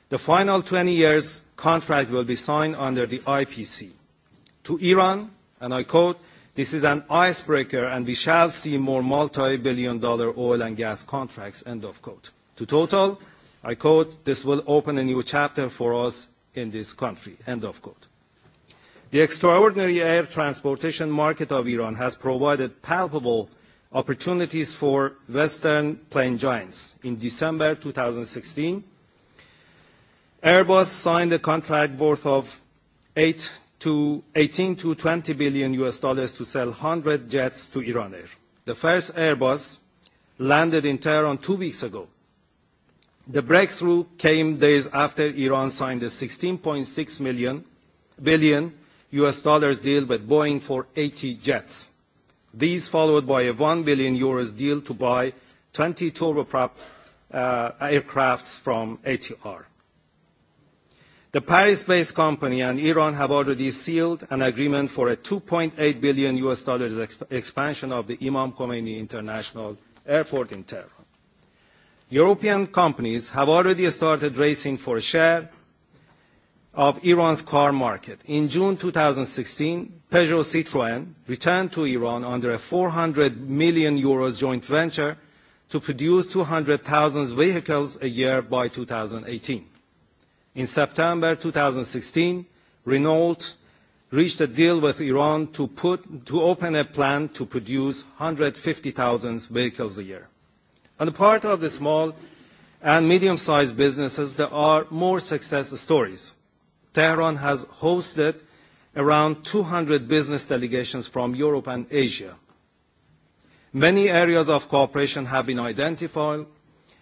The final 20 years contract will be signed under the IPC. To Iran, and I quote, this is an icebreaker and we shall see more multi-billion dollar oil and gas contracts, end of quote. To total, I quote, this will open a new chapter for us in this country, end of quote. The extraordinary air transportation market of Iran has provided palpable opportunities for Western plane giants. In December 2016, Airbus signed a contract worth of 8 to 18 to 20 billion US dollars to sell 100 jets to Iran Air. The first Airbus landed in Tehran two weeks ago. The breakthrough came days after Iran signed a 16.6 million billion US dollars deal with Boeing for 80 jets. These followed by a 1 billion euros deal to buy 20 turboprop uh, aircrafts from ATR. The Paris-based company and Iran have already sealed an agreement for a 2.8 billion US dollars exp expansion of the Imam Khomeini International Airport in Tehran. European companies have already started racing for a share of Iran's car market. In June 2016, Peugeot Citroën returned to Iran under a 400 million euros joint venture to produce 200,000 vehicles a year by 2018. In September 2016, Renault reached a deal with Iran to, put, to open a plant to produce 150,000 vehicles a year. On the part of the small and medium-sized businesses, there are more success stories. Tehran has hosted around 200 business delegations from Europe and Asia. Many areas of cooperation have been identified,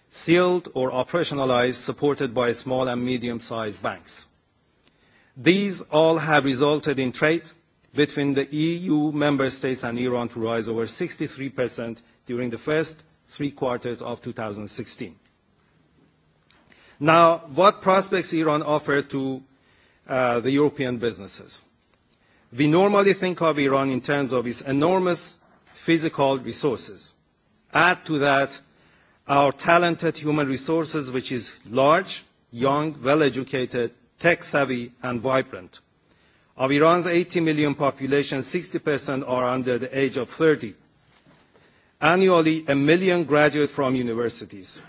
sealed or operationalized, supported by small and medium-sized banks. These all have resulted in trade between the EU member states and Iran to rise over 63% during the first three quarters of 2016. Now, what prospects Iran offer to Uh, the European businesses. We normally think of Iran in terms of its enormous physical resources. Add to that our talented human resources, which is large, young, well-educated, tech-savvy, and vibrant. Of Iran's 80 million population, 60% are under the age of 30. Annually, a million graduate from universities.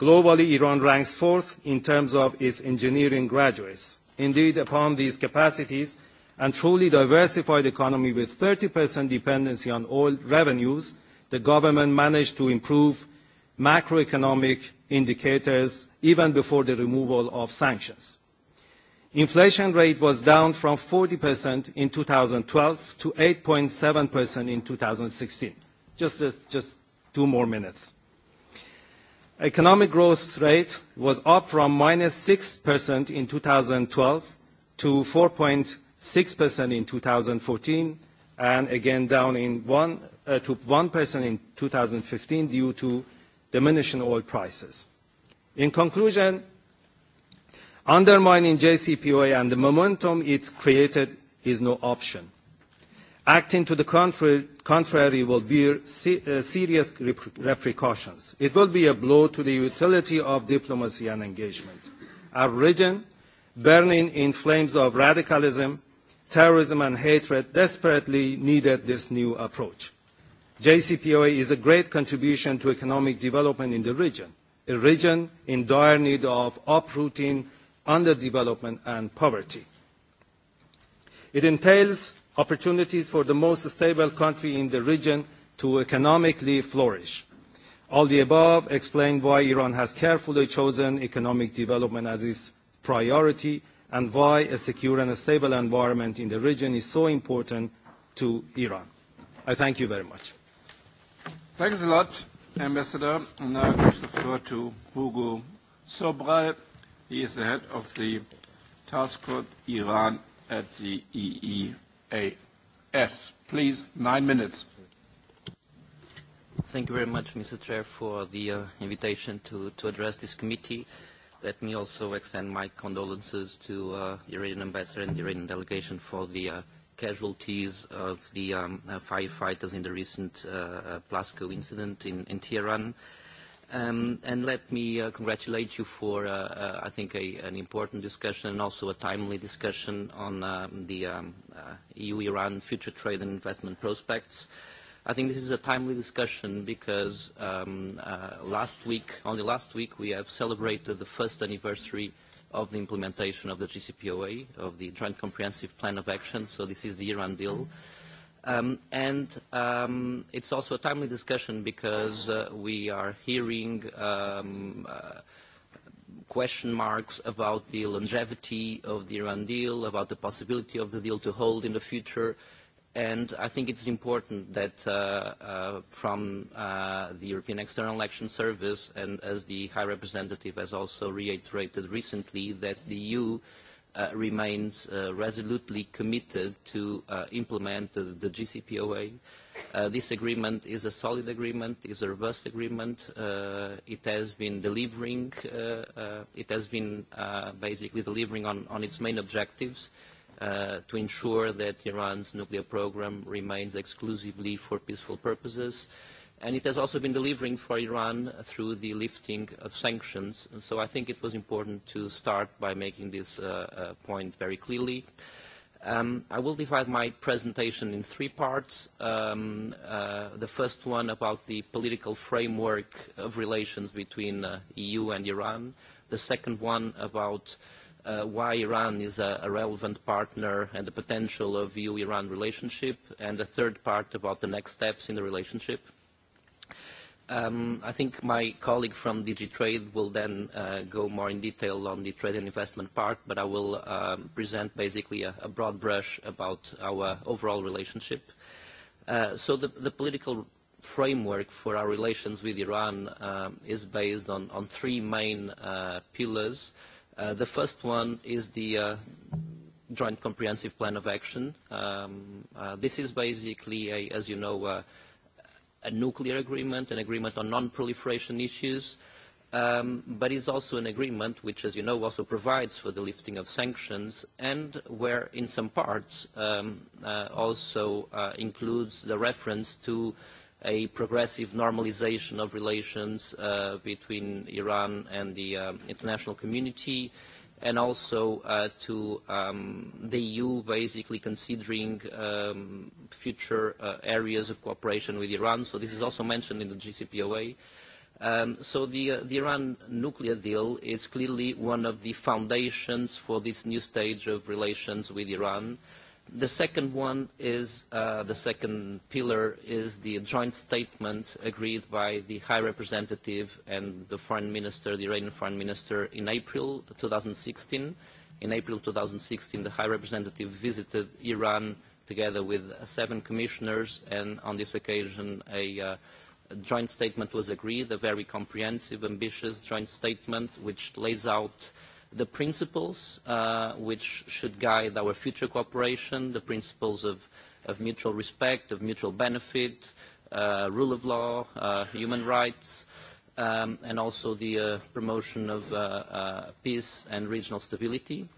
Globally, Iran ranks fourth in terms of its engineering graduates. Indeed, upon these capacities, and truly diversified economy with 30% dependency on oil revenues, the government managed to improve macroeconomic indicators even before the removal of sanctions. Inflation rate was down from 40% in 2012 to 8.7% in 2016. Just, just two more minutes. Economic growth rate was up from minus 6% in 2012 to 4.6% in 2014, and again down one, uh, to 1% in 2015 due to diminishing oil prices. In conclusion, undermining JCPOA and the momentum it's created is no option. Acting to the contrary, contrary will bear se uh, serious repercussions. It will be a blow to the utility of diplomacy and engagement. Our region, burning in flames of radicalism, terrorism and hatred, desperately needed this new approach. JCPOA is a great contribution to economic development in the region, a region in dire need of uprooting underdevelopment and poverty. It entails opportunities for the most stable country in the region to economically flourish. All the above explain why Iran has carefully chosen economic development as its priority and why a secure and a stable environment in the region is so important to Iran. I thank you very much. Thanks a lot, Ambassador. And now I give the floor to Hugo Sobral. He is the head of the task force Iran at the EE e. S. Please, nine minutes. Thank you very much, Mr. Chair, for the uh, invitation to, to address this committee. Let me also extend my condolences to uh, the Iranian ambassador and the Iranian delegation for the uh, casualties of the um, uh, firefighters in the recent uh, uh, Plasco incident in, in Tehran. Uh, Um, and let me uh, congratulate you for, uh, uh, I think, a, an important discussion and also a timely discussion on um, the um, uh, EU-Iran future trade and investment prospects. I think this is a timely discussion because um, uh, last week, only last week, we have celebrated the first anniversary of the implementation of the GCPOA, of the Joint Comprehensive Plan of Action, so this is the Iran deal. Mm -hmm. Um, and um, it's also a timely discussion because uh, we are hearing um, uh, question marks about the longevity of the Iran deal, about the possibility of the deal to hold in the future. And I think it's important that uh, uh, from uh, the European External Action Service and as the High Representative has also reiterated recently that the EU uh, remains uh, resolutely committed to uh, implement the, the GCPOA. Uh, this agreement is a solid agreement, is a robust agreement. Uh, it has been delivering, uh, uh, it has been uh, basically delivering on, on its main objectives uh, to ensure that Iran's nuclear program remains exclusively for peaceful purposes. Uh, and it has also been delivering for Iran through the lifting of sanctions. And so I think it was important to start by making this uh, uh, point very clearly. Um, I will divide my presentation in three parts. Um, uh, the first one about the political framework of relations between uh, EU and Iran. The second one about uh, why Iran is a, a relevant partner and the potential of EU-Iran relationship. And the third part about the next steps in the relationship. Um, I think my colleague from DigiTrade will then uh, go more in detail on the trade and investment part, but I will um, present basically a, a broad brush about our overall relationship. Uh, so the, the political framework for our relations with Iran um, is based on, on three main uh, pillars. Uh, the first one is the uh, Joint Comprehensive Plan of Action. Um, uh, this is basically, a, as you know, uh a nuclear agreement, an agreement on non-proliferation issues, um, but is also an agreement which, as you know, also provides for the lifting of sanctions and where, in some parts, um, uh, also uh, includes the reference to a progressive normalization of relations uh, between Iran and the uh, international community, and also uh, to um, the EU basically considering um, future uh, areas of cooperation with Iran. So this is also mentioned in the GCPOA. Um, so the, uh, the Iran nuclear deal is clearly one of the foundations for this new stage of relations with Iran. The second one is, uh, the second pillar is the joint statement agreed by the High Representative and the Foreign Minister, the Iranian Foreign Minister, in April 2016. In April 2016, the High Representative visited Iran together with seven commissioners, and on this occasion, a, uh, a joint statement was agreed, a very comprehensive, ambitious joint statement, which lays out uh, the principles uh, which should guide our future cooperation, the principles of, of mutual respect, of mutual benefit, uh, rule of law, uh, human rights, um, and also the uh, promotion of uh, uh, peace and regional stability.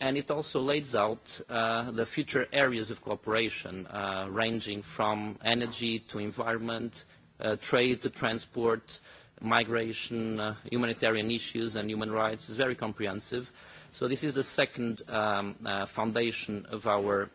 And it also lays out uh, the future areas of cooperation, uh, ranging from energy to environment, uh, trade to transport, uh, migration, uh, humanitarian issues and human rights is very comprehensive. So this is the second um, uh, foundation of our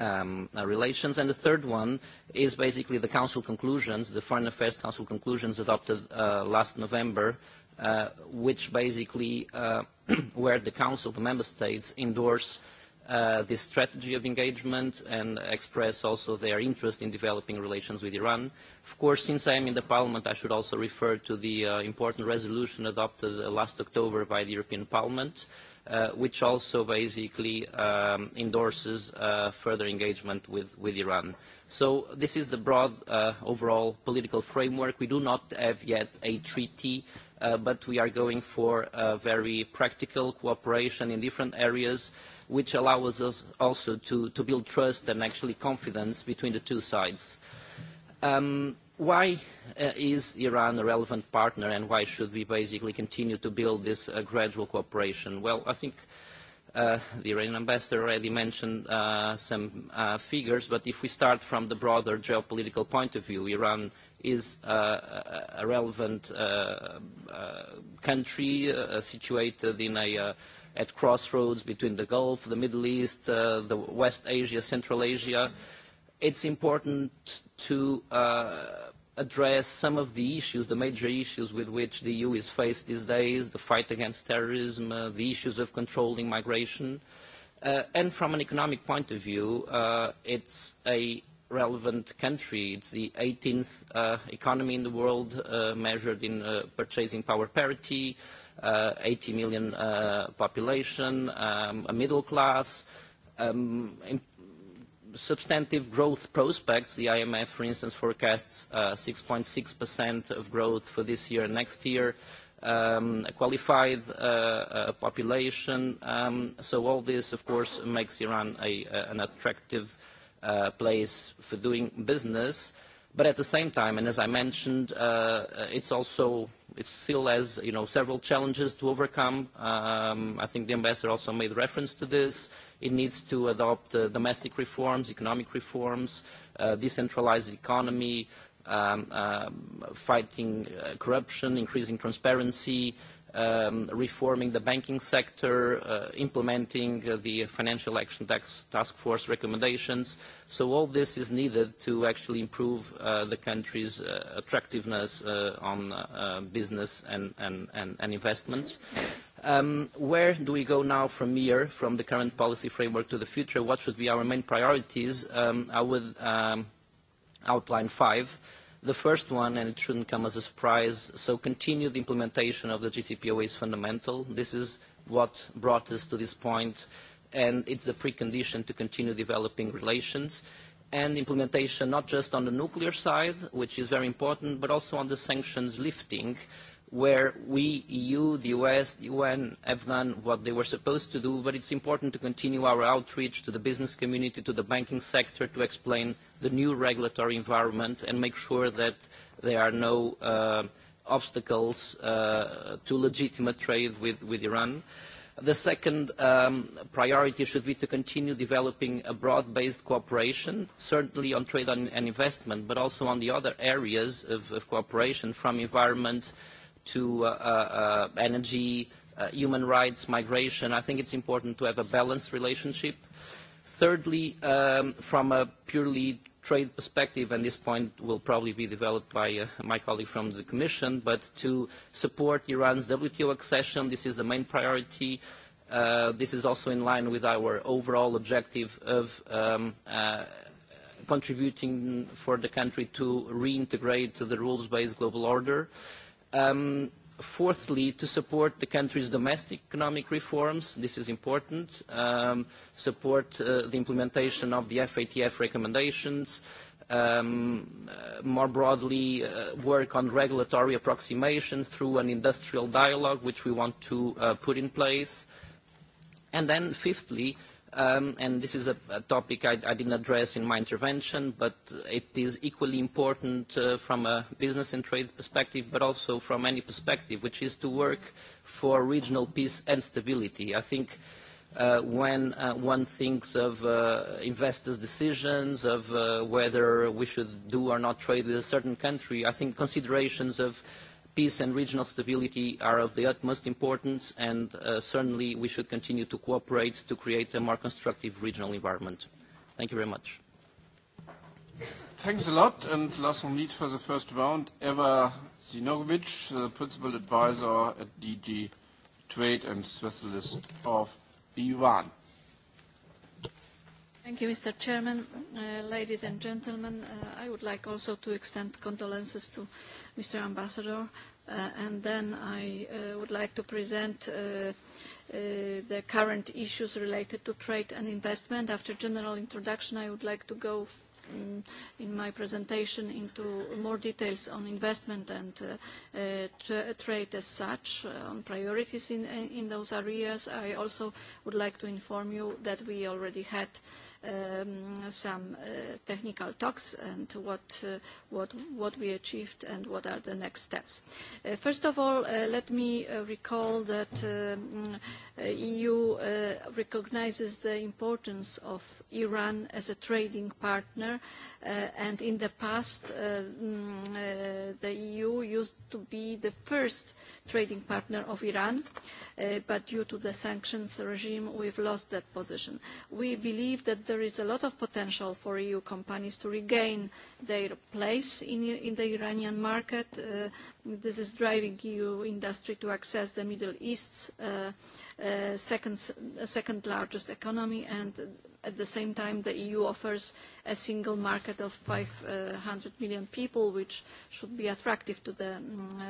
um, uh, relations. And the third one is basically the Council conclusions, the Foreign Affairs Council conclusions adopted uh, last November, uh, which basically uh, where the Council, the Member States, endorse uh, this strategy of engagement and express also their interest in developing relations with Iran. Of course, since I am in the Parliament, I should also refer to the uh, important resolution adopted uh, last October by the European Parliament, uh, which also basically um, endorses uh, further engagement with, with Iran. So this is the broad uh, overall political framework. We do not have yet a treaty uh, but we are going for a very practical cooperation in different areas which allows us also to, to build trust and actually confidence between the two sides. Um, why uh, is Iran a relevant partner and why should we basically continue to build this uh, gradual cooperation? Well, I think uh, the Iranian ambassador already mentioned uh, some uh, figures, but if we start from the broader geopolitical point of view, Iran is uh, a relevant uh, uh, country uh, situated in a uh, at crossroads between the Gulf, the Middle East, uh, the West Asia, Central Asia. It's important to uh, address some of the issues, the major issues with which the EU is faced these days, the fight against terrorism, uh, the issues of controlling migration. Uh, and from an economic point of view, uh, it's a relevant country. It's the 18th uh, economy in the world uh, measured in uh, purchasing power parity. Uh, uh, 80 million uh, population, um, a middle class, um, substantive growth prospects. The IMF, for instance, forecasts 6.6% uh, of growth for this year and next year, um, a qualified uh, uh, population. Um, so all this, of course, makes Iran a, a, an attractive uh, place for doing business. But at the same time, and as I mentioned, uh, it's also it still has you know, several challenges to overcome. Um, I think the ambassador also made reference to this. It needs to adopt uh, domestic reforms, economic reforms, uh, decentralized economy, um, uh, fighting uh, corruption, increasing transparency, um, reforming the banking sector, uh, implementing uh, the Financial Action tax, Task Force recommendations. So all this is needed to actually improve uh, the country's uh, attractiveness uh, on uh, business and, and, and, and investments. Um, where do we go now from here, from the current policy framework to the future? What should be our main priorities? Um, I would um, outline five. The first one, and it shouldn't come as a surprise, so continue the implementation of the GCPOA is fundamental. This is what brought us to this point, and it's the precondition to continue developing relations and implementation not just on the nuclear side, which is very important, but also on the sanctions lifting where we, EU, the US, the UN, have done what they were supposed to do, but it's important to continue our outreach to the business community, to the banking sector, to explain the new regulatory environment and make sure that there are no uh, obstacles uh, to legitimate trade with, with Iran. The second um, priority should be to continue developing a broad-based cooperation, certainly on trade and investment, but also on the other areas of, of cooperation, from environment to uh, uh, energy, uh, human rights, migration. I think it's important to have a balanced relationship. Thirdly, um, from a purely trade perspective, and this point will probably be developed by uh, my colleague from the Commission, but to support Iran's WTO accession, this is the main priority. Uh, this is also in line with our overall objective of um, uh, contributing for the country to reintegrate to the rules-based global order. Uh, Um, fourthly, to support the country's domestic economic reforms. This is important. Um, support uh, the implementation of the FATF recommendations. Um, uh, more broadly, uh, work on regulatory approximation through an industrial dialogue, which we want to uh, put in place. And then, fifthly, uh, Um, and this is a, a topic I, I didn't address in my intervention, but it is equally important uh, from a business and trade perspective, but also from any perspective, which is to work for regional peace and stability. I think uh, when uh, one thinks of uh, investors' decisions, of uh, whether we should do or not trade with a certain country, I think considerations of uh, peace and regional stability are of the utmost importance, and uh, certainly we should continue to cooperate to create a more constructive regional environment. Thank you very much. Thanks a lot, and last one need for the first round, Eva Sinovic, the Principal Advisor at DG Trade and Specialist of Iran. E Thank you, Mr. Chairman. Uh, ladies and gentlemen, uh, I would like also to extend condolences to Mr. Ambassador, uh, and then I uh, would like to present uh, Uh, the current issues related to trade and investment. After general introduction, I would like to go um, in my presentation into more details on investment and uh, uh, tra trade as such, uh, on priorities in, in those areas. I also would like to inform you that we already had uh, um, some uh, technical talks and what, uh, what, what we achieved and what are the next steps. Uh, first of all, uh, let me uh, recall that um, uh, EU uh, recognizes the importance of Iran as a trading partner uh, and in the past uh, mm, uh, the EU used to be the first trading partner of Iran. Uh, uh, but due to the sanctions regime, we've lost that position. We believe that there is a lot of potential for EU companies to regain their place in, in the Iranian market. Uh, this is driving EU industry to access the Middle East's uh, uh, second, second largest economy and At the same time, the EU offers a single market of 500 uh, million people, which should be attractive to the mm, uh,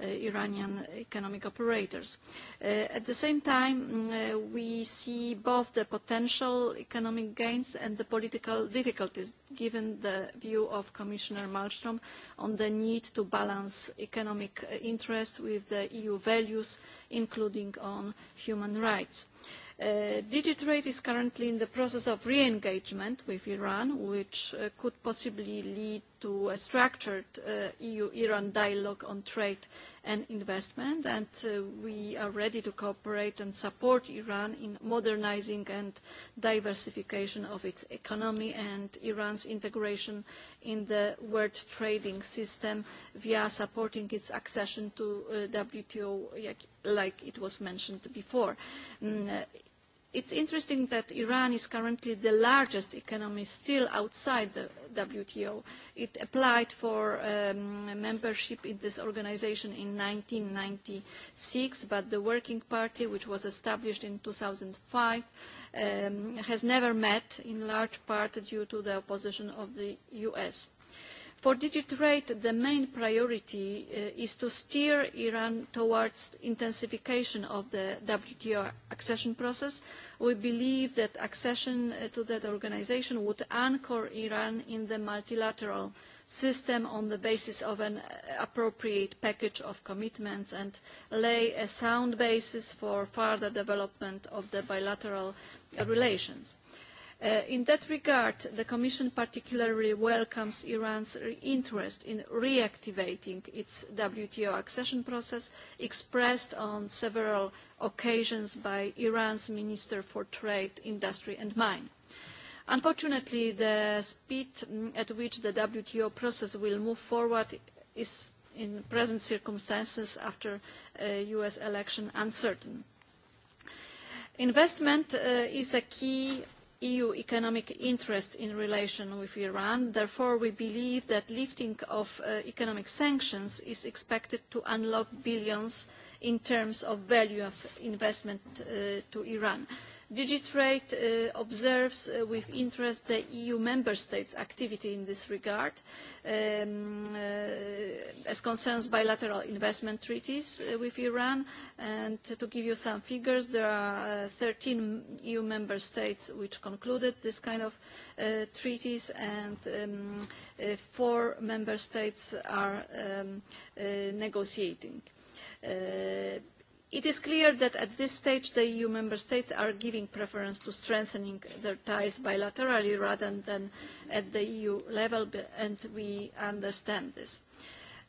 uh, Iranian economic operators. Uh, at the same time, mm, uh, we see both the potential economic gains and the political difficulties, given the view of Commissioner Malmström on the need to balance economic uh, interest with the EU values, including on human rights. Uh, Uh, Digitrade is currently in the process of re-engagement with Iran, which uh, could possibly lead to a structured uh, EU-Iran dialogue on trade and investment, and uh, we are ready to cooperate and support Iran in modernizing and diversification of its economy and Iran's integration in the world trading system via supporting its accession to uh, WTO, like it was mentioned before. Mm, uh, It's interesting that Iran is currently the largest economy still outside the WTO. It applied for um, membership in this organization in 1996, but the Working Party, which was established in 2005, um, has never met in large part due to the opposition of the U.S. For Digitrade, the main priority uh, is to steer Iran towards intensification of the WTO accession process. We believe that accession uh, to that organization would anchor Iran in the multilateral system on the basis of an uh, appropriate package of commitments and lay a sound basis for further development of the bilateral relations. Uh, in that regard, the Commission particularly welcomes Iran's interest in reactivating its WTO accession process, expressed on several occasions by Iran's Minister for Trade, Industry and Mine. Unfortunately, the speed mm, at which the WTO process will move forward is, in present circumstances after a US election, uncertain. Investment uh, is a key EU economic interest in relation with Iran. Therefore, we believe that lifting of uh, economic sanctions is expected to unlock billions in terms of value of investment uh, to Iran. Uh, Digitrade uh, observes uh, with interest the EU member states' activity in this regard um, uh, as concerns bilateral investment treaties uh, with Iran. And to give you some figures, there are uh, 13 EU member states which concluded this kind of uh, treaties and um, uh, four member states are um, uh, negotiating. Uh, It is clear that at this stage the EU member states are giving preference to strengthening their ties bilaterally rather than at the EU level, and we understand this.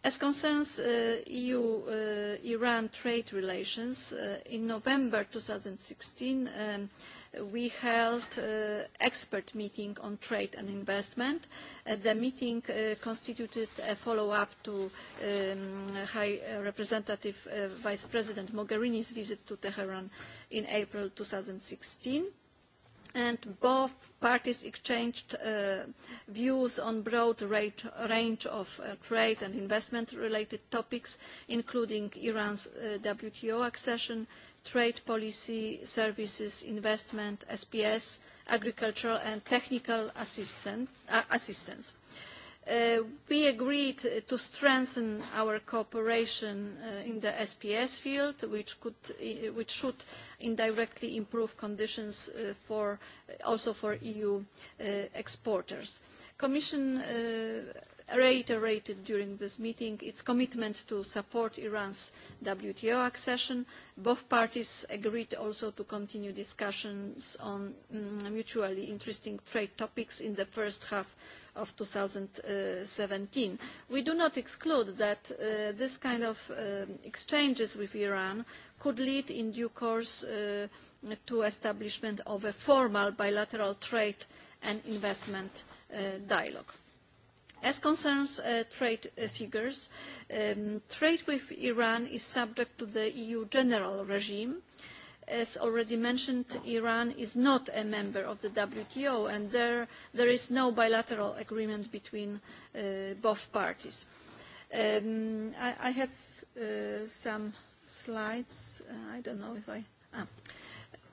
As concerns uh, EU-Iran uh, trade relations, uh, in November 2016, um, we held uh, expert meeting on trade and investment. Uh, the meeting uh, constituted a follow-up to um, High Representative uh, Vice President Mogherini's visit to Tehran in April 2016 and both parties exchanged uh, views on broad rate, range of uh, trade and investment related topics, including Iran's uh, WTO accession, trade policy services, investment, SPS, agricultural and technical assistant, uh, assistance. Uh, we agreed to strengthen our cooperation uh, in the SPS field, which, could, uh, which should indirectly improve conditions uh, for, also for EU uh, exporters. Commission uh, reiterated during this meeting its commitment to support Iran's WTO accession. Both parties agreed also to continue discussions on mm, mutually interesting trade topics in the first half of 2017. We do not exclude that uh, this kind of uh, exchanges with Iran could lead in due course uh, to establishment of a formal bilateral trade and investment uh, dialogue. As concerns uh, trade uh, figures, um, trade with Iran is subject to the EU general regime. As already mentioned, Iran is not a member of the WTO and there, there is no bilateral agreement between uh, both parties. Um, I, I have uh, some slides. Uh, I don't know if I... Ah.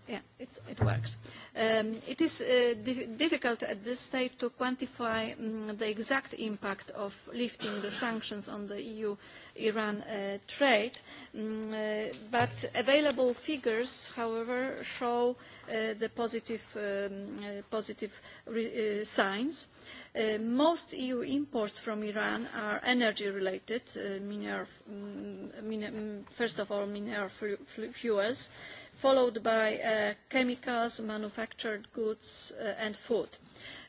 Yeah, it's, it works. Um, it is uh, di difficult at this stage to quantify um, the exact impact of lifting the sanctions on the EU-Iran uh, trade, um, uh, but available figures, however, show uh, the positive, um, uh, positive re uh, signs. Uh, most EU imports from Iran are energy-related, uh, um, first of all, mineral fuels, uh, followed by uh, chemicals, manufactured goods, uh, and food.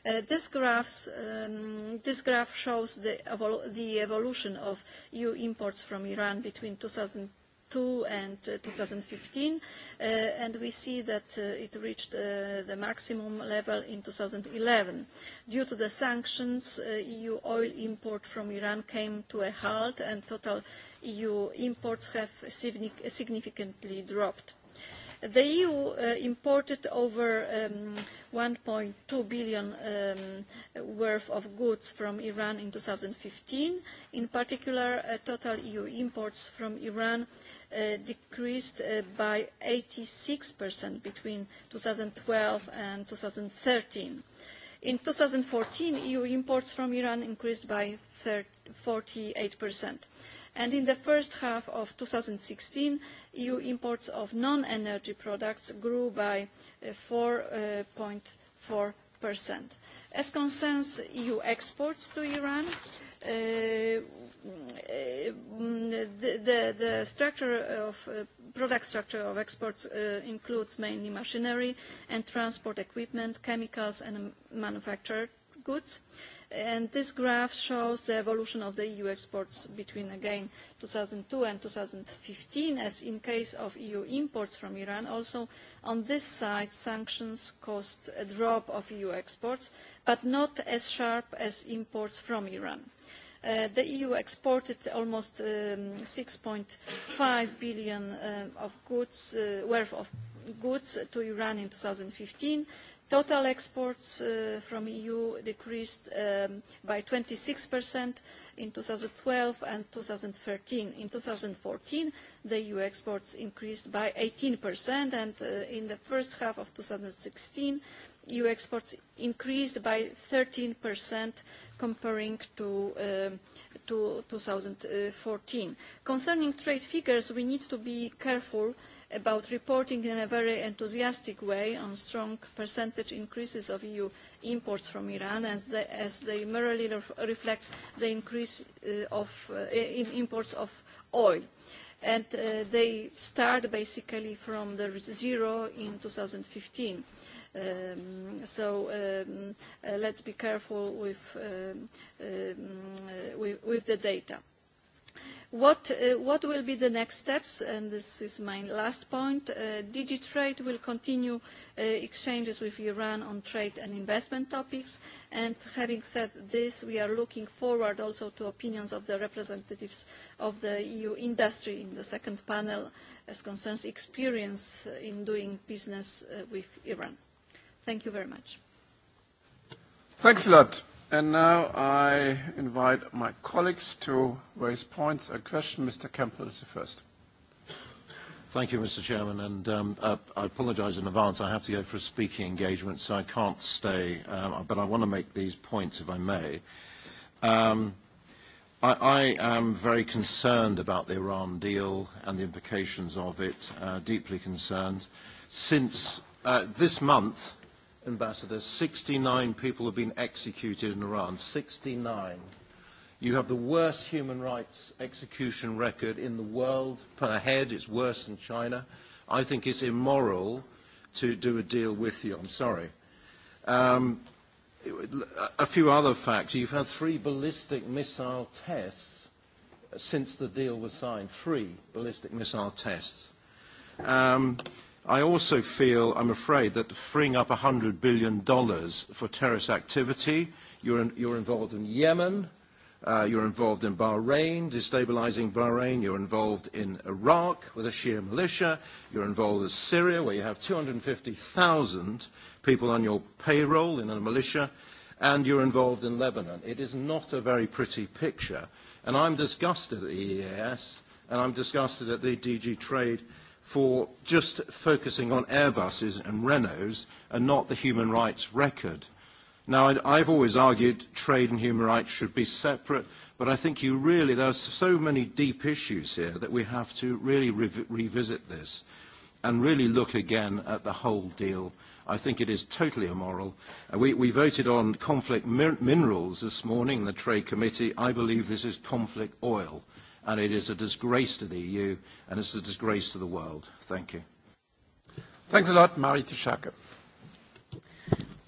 Uh, this, graphs, um, this graph shows the, evol the evolution of EU imports from Iran between 2000 2002 and uh, 2015, uh, and we see that uh, it reached uh, the maximum level in 2011. Due to the sanctions, uh, EU oil import from Iran came to a halt, and total EU imports have significantly dropped. The EU uh, imported over um, 1.2 billion um, worth of goods from Iran in 2015. In particular, uh, total EU imports from Iran uh, decreased uh, by 86% between 2012 and 2013. In 2014, EU imports from Iran increased by 30, 48%. And in the first half of 2016, EU imports of non-energy products grew by 4.4%. Uh, uh, As concerns EU exports to Iran, uh, mm, the, the, the structure of uh, product structure of exports uh, includes mainly machinery and transport equipment, chemicals and manufactured goods. Uh, And this graph shows the evolution of the EU exports between, again, 2002 and 2015, as in case of EU imports from Iran. Also, on this side, sanctions caused a drop of EU exports, but not as sharp as imports from Iran. Uh, the EU exported almost um, 6.5 billion uh, of goods, uh, worth of goods to Iran in 2015, Total exports uh, from EU decreased um, by 26% in 2012 and 2013. In 2014, the EU exports increased by 18%, and uh, in the first half of 2016, EU exports increased by 13% comparing to, um, to 2014. Concerning trade figures, we need to be careful uh, about reporting in a very enthusiastic way on strong percentage increases of EU imports from Iran as they, as they merely reflect the increase uh, of, uh, in imports of oil. And uh, they start basically from the zero in 2015. Um, so um, uh, let's be careful with, um, um uh, with, with the data. What, uh, what will be the next steps? And this is my last point. Uh, DigiTrade will continue uh, exchanges with Iran on trade and investment topics. And having said this, we are looking forward also to opinions of the representatives of the EU industry in the second panel as concerns experience uh, in doing business uh, with Iran. Thank you very much. Thanks a lot. And now I invite my colleagues to raise points and question, Mr. Campbell is the first. Thank you, Mr. Chairman, and um, uh, I apologise in advance. I have to go for a speaking engagement, so I can't stay, um, but I want to make these points, if I may. Um, I, I am very concerned about the Iran deal and the implications of it, uh, deeply concerned. Since uh, this month, Ambassador, 69 people have been executed in Iran. 69. You have the worst human rights execution record in the world per head. It's worse than China. I think it's immoral to do a deal with you. I'm sorry. Um, a few other facts. You've had three ballistic missile tests since the deal was signed. Three ballistic missile tests. Um, I also feel, I'm afraid, that freeing up $100 billion for terrorist activity, you're, in, you're involved in Yemen, uh, you're involved in Bahrain, destabilizing Bahrain, you're involved in Iraq with a Shia militia, you're involved in Syria, where you have 250,000 people on your payroll in a militia, and you're involved in Lebanon. It is not a very pretty picture. And I'm disgusted at the EAS, and I'm disgusted at the DG Trade for just focusing on Airbuses and Renaults and not the human rights record. Now, I've always argued trade and human rights should be separate, but I think you really, there are so many deep issues here that we have to really re revisit this and really look again at the whole deal. I think it is totally immoral. Uh, we, we voted on conflict min minerals this morning in the Trade Committee. I believe this is conflict oil and it is a disgrace to the EU and it's a disgrace to the world. Thank you. Thanks a lot, Marie Tishaka.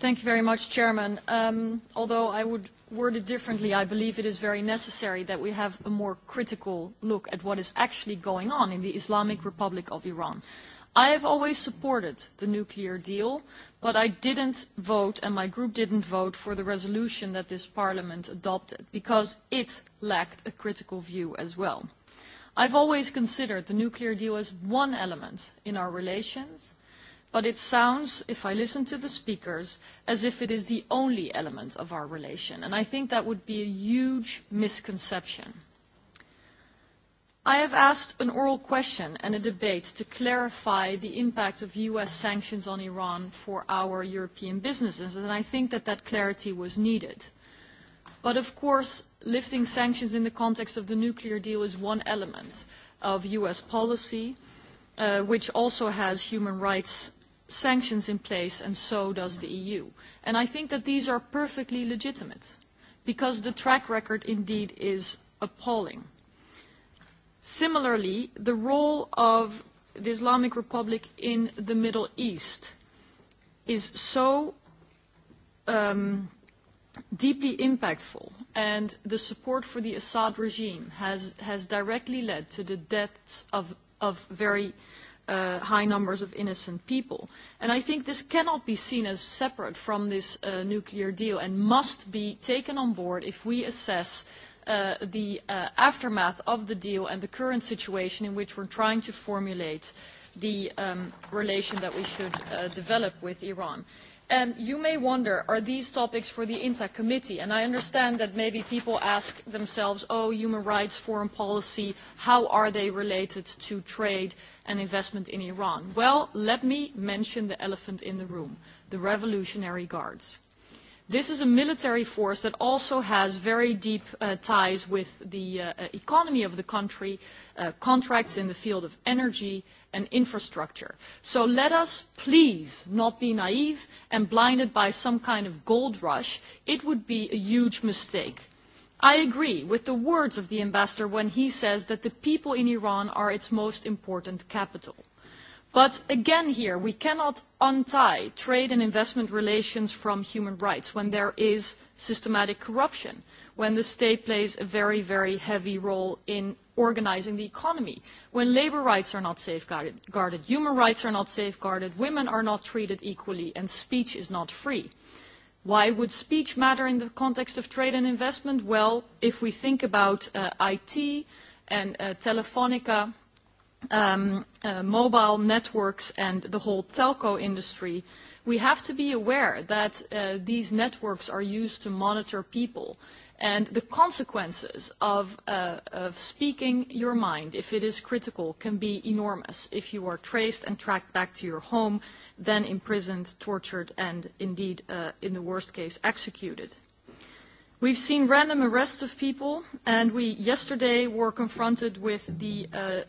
Thank you very much, Chairman. Um, although I would word it differently, I believe it is very necessary that we have a more critical look at what is actually going on in the Islamic Republic of Iran. I have always supported the nuclear deal, but I didn't vote and my group didn't vote for the resolution that this parliament adopted because it lacked a critical view as well. I've always considered the nuclear deal as one element in our relations, but it sounds, if I listen to the speakers, as if it is the only element of our relation, and I think that would be a huge misconception. I have asked an oral question and a debate to clarify the impact of U.S. sanctions on Iran for our European businesses, and I think that that clarity was needed. But of course, lifting sanctions in the context of the nuclear deal is one element of U.S. policy, uh, which also has human rights sanctions in place, and so does the EU. And I think that these are perfectly legitimate, because the track record indeed is appalling. Similarly, the role of the Islamic Republic in the Middle East is so um, deeply impactful, and the support for the Assad regime has, has directly led to the deaths of, of very uh, high numbers of innocent people. And I think this cannot be seen as separate from this uh, nuclear deal and must be taken on board if we assess uh, uh, the uh, aftermath of the deal and the current situation in which we're trying to formulate the um, relation that we should uh, develop with Iran. And you may wonder, are these topics for the INTA committee? And I understand that maybe people ask themselves, oh, human rights, foreign policy, how are they related to trade and investment in Iran? Well, let me mention the elephant in the room, the Revolutionary Guards. This is a military force that also has very deep uh, ties with the uh, economy of the country, uh, contracts in the field of energy and infrastructure. So let us please not be naive and blinded by some kind of gold rush. It would be a huge mistake. I agree with the words of the ambassador when he says that the people in Iran are its most important capital. But again here, we cannot untie trade and investment relations from human rights when there is systematic corruption, when the state plays a very, very heavy role in organizing the economy, when labor rights are not safeguarded, human rights are not safeguarded, women are not treated equally, and speech is not free. Why would speech matter in the context of trade and investment? Well, if we think about uh, IT and uh, Telefonica, um, uh, mobile networks and the whole telco industry, we have to be aware that uh, these networks are used to monitor people and the consequences of, uh, of speaking your mind, if it is critical, can be enormous. If you are traced and tracked back to your home, then imprisoned, tortured, and indeed, uh, in the worst case, executed. We've seen random arrests of people, and we yesterday were confronted with the uh,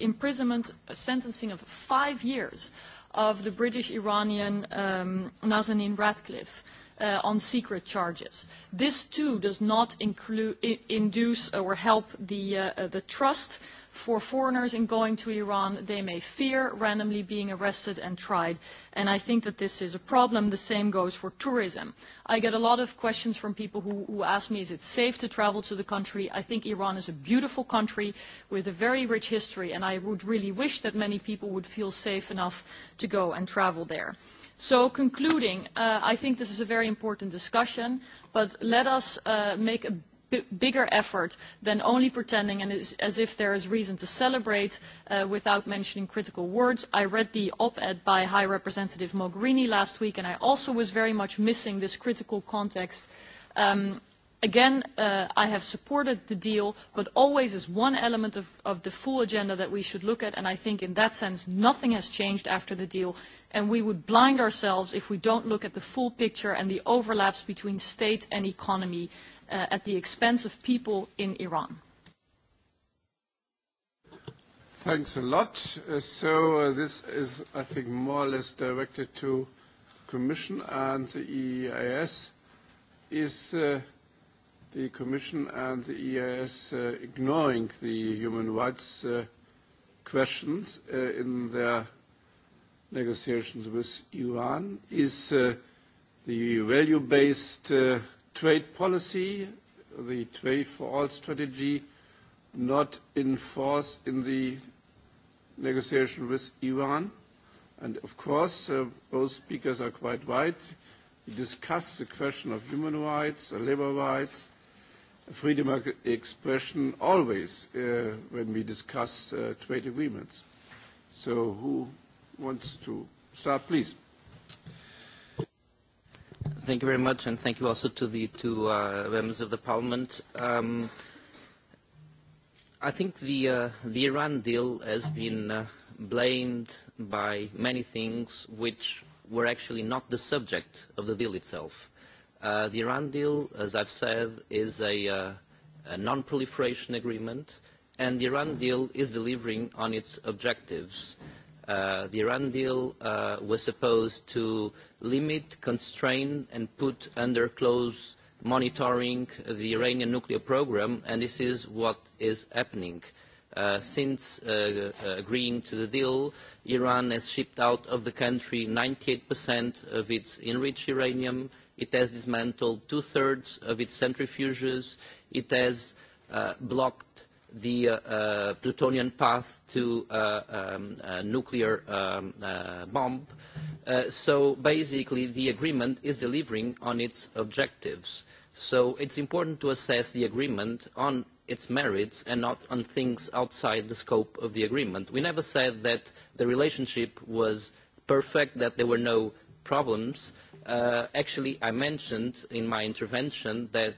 imprisonment uh, sentencing of five years of the British-Iranian um, Nazanin Ratcliffe uh, on secret charges. This too does not include, induce or help the, uh, uh, the trust for foreigners in going to Iran. They may fear randomly being arrested and tried. And I think that this is a problem. The same goes for tourism. I get a lot of questions from people who, who ask me, is it safe to travel to the country? I think Iran is a beautiful country with a very rich history, and I would really wish that many people would feel safe enough to go and travel there. So concluding, uh, I think this is a very important discussion, but let us uh, make a bigger effort than only pretending and as if there is reason to celebrate uh, without mentioning critical words. I read the op-ed by High Representative Mogherini last week, and I also was very much missing this critical context um, Again, uh, I have supported the deal, but always as one element of, of the full agenda that we should look at, and I think in that sense nothing has changed after the deal, and we would blind ourselves if we don't look at the full picture and the overlaps between state and economy uh, at the expense of people in Iran. Thanks a lot. Uh, so uh, this is, I think, more or less directed to Commission and the EEAS. Is... Uh, the Commission and the EAS uh, ignoring the human rights uh, questions uh, in their negotiations with Iran? Is uh, the value-based uh, trade policy, the trade for all strategy, not in force in the negotiation with Iran? And of course, uh, both speakers are quite right. We discuss the question of human rights, labor rights, freedom of expression always uh, when we discuss uh, trade agreements. So who wants to start, please? Thank you very much, and thank you also to the two uh, members of the Parliament. Um, I think the, uh, the Iran deal has been uh, blamed by many things which were actually not the subject of the deal itself. Uh, the Iran deal, as I've said, is a, uh, a non-proliferation agreement, and the Iran deal is delivering on its objectives. Uh, the Iran deal uh, was supposed to limit, constrain, and put under close monitoring the Iranian nuclear program, and this is what is happening. Uh, since uh, uh agreeing to the deal, Iran has shipped out of the country 98% of its enriched uranium, It has dismantled two-thirds of its centrifuges. It has uh, blocked the uh, uh, plutonian path to uh, um, a nuclear um, uh, bomb. Uh, so basically the agreement is delivering on its objectives. So it's important to assess the agreement on its merits and not on things outside the scope of the agreement. We never said that the relationship was perfect, that there were no problems uh, actually I mentioned in my intervention that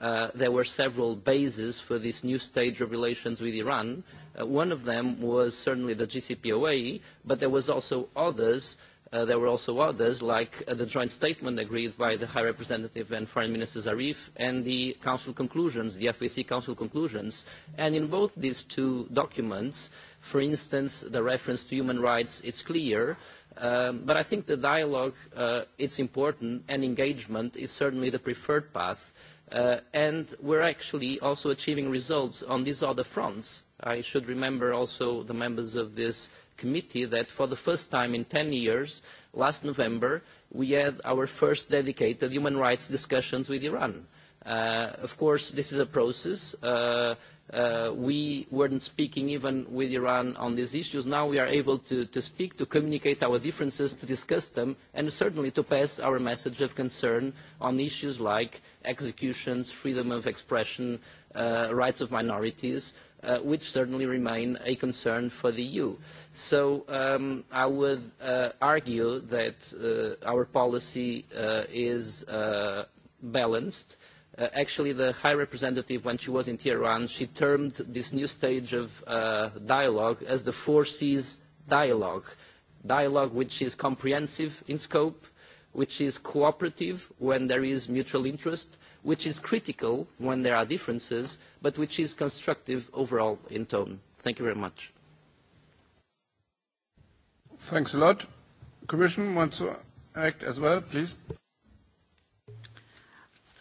uh, there were several bases for this new stage of relations with Iran. Uh, one of them was certainly the GCPOA, but there was also others. Uh, there were also others, like uh, the joint statement agreed by the High Representative and Foreign Minister Zarif and the Council conclusions, the FAC e Council conclusions. And in both these two documents, for instance, the reference to human rights, it's clear Um, but I think the dialogue, uh, it's important, and engagement is certainly the preferred path. Uh, and we're actually also achieving results on these other fronts. I should remember also the members of this committee that for the first time in 10 years, last November, we had our first dedicated human rights discussions with Iran. Uh, of course, this is a process. Uh, uh, we weren't speaking even with Iran on these issues. Now we are able to, to speak, to communicate our differences, to discuss them, and certainly to pass our message of concern on issues like executions, freedom of expression, uh, rights of minorities, uh, which certainly remain a concern for the EU. So um, I would uh, argue that uh, our policy uh, is uh, balanced, uh, Uh, actually, the High Representative, when she was in Tehran, she termed this new stage of uh, dialogue as the Four Cs dialogue. Dialogue which is comprehensive in scope, which is cooperative when there is mutual interest, which is critical when there are differences, but which is constructive overall in tone. Thank you very much. Thanks a lot. Commission wants to act as well, please.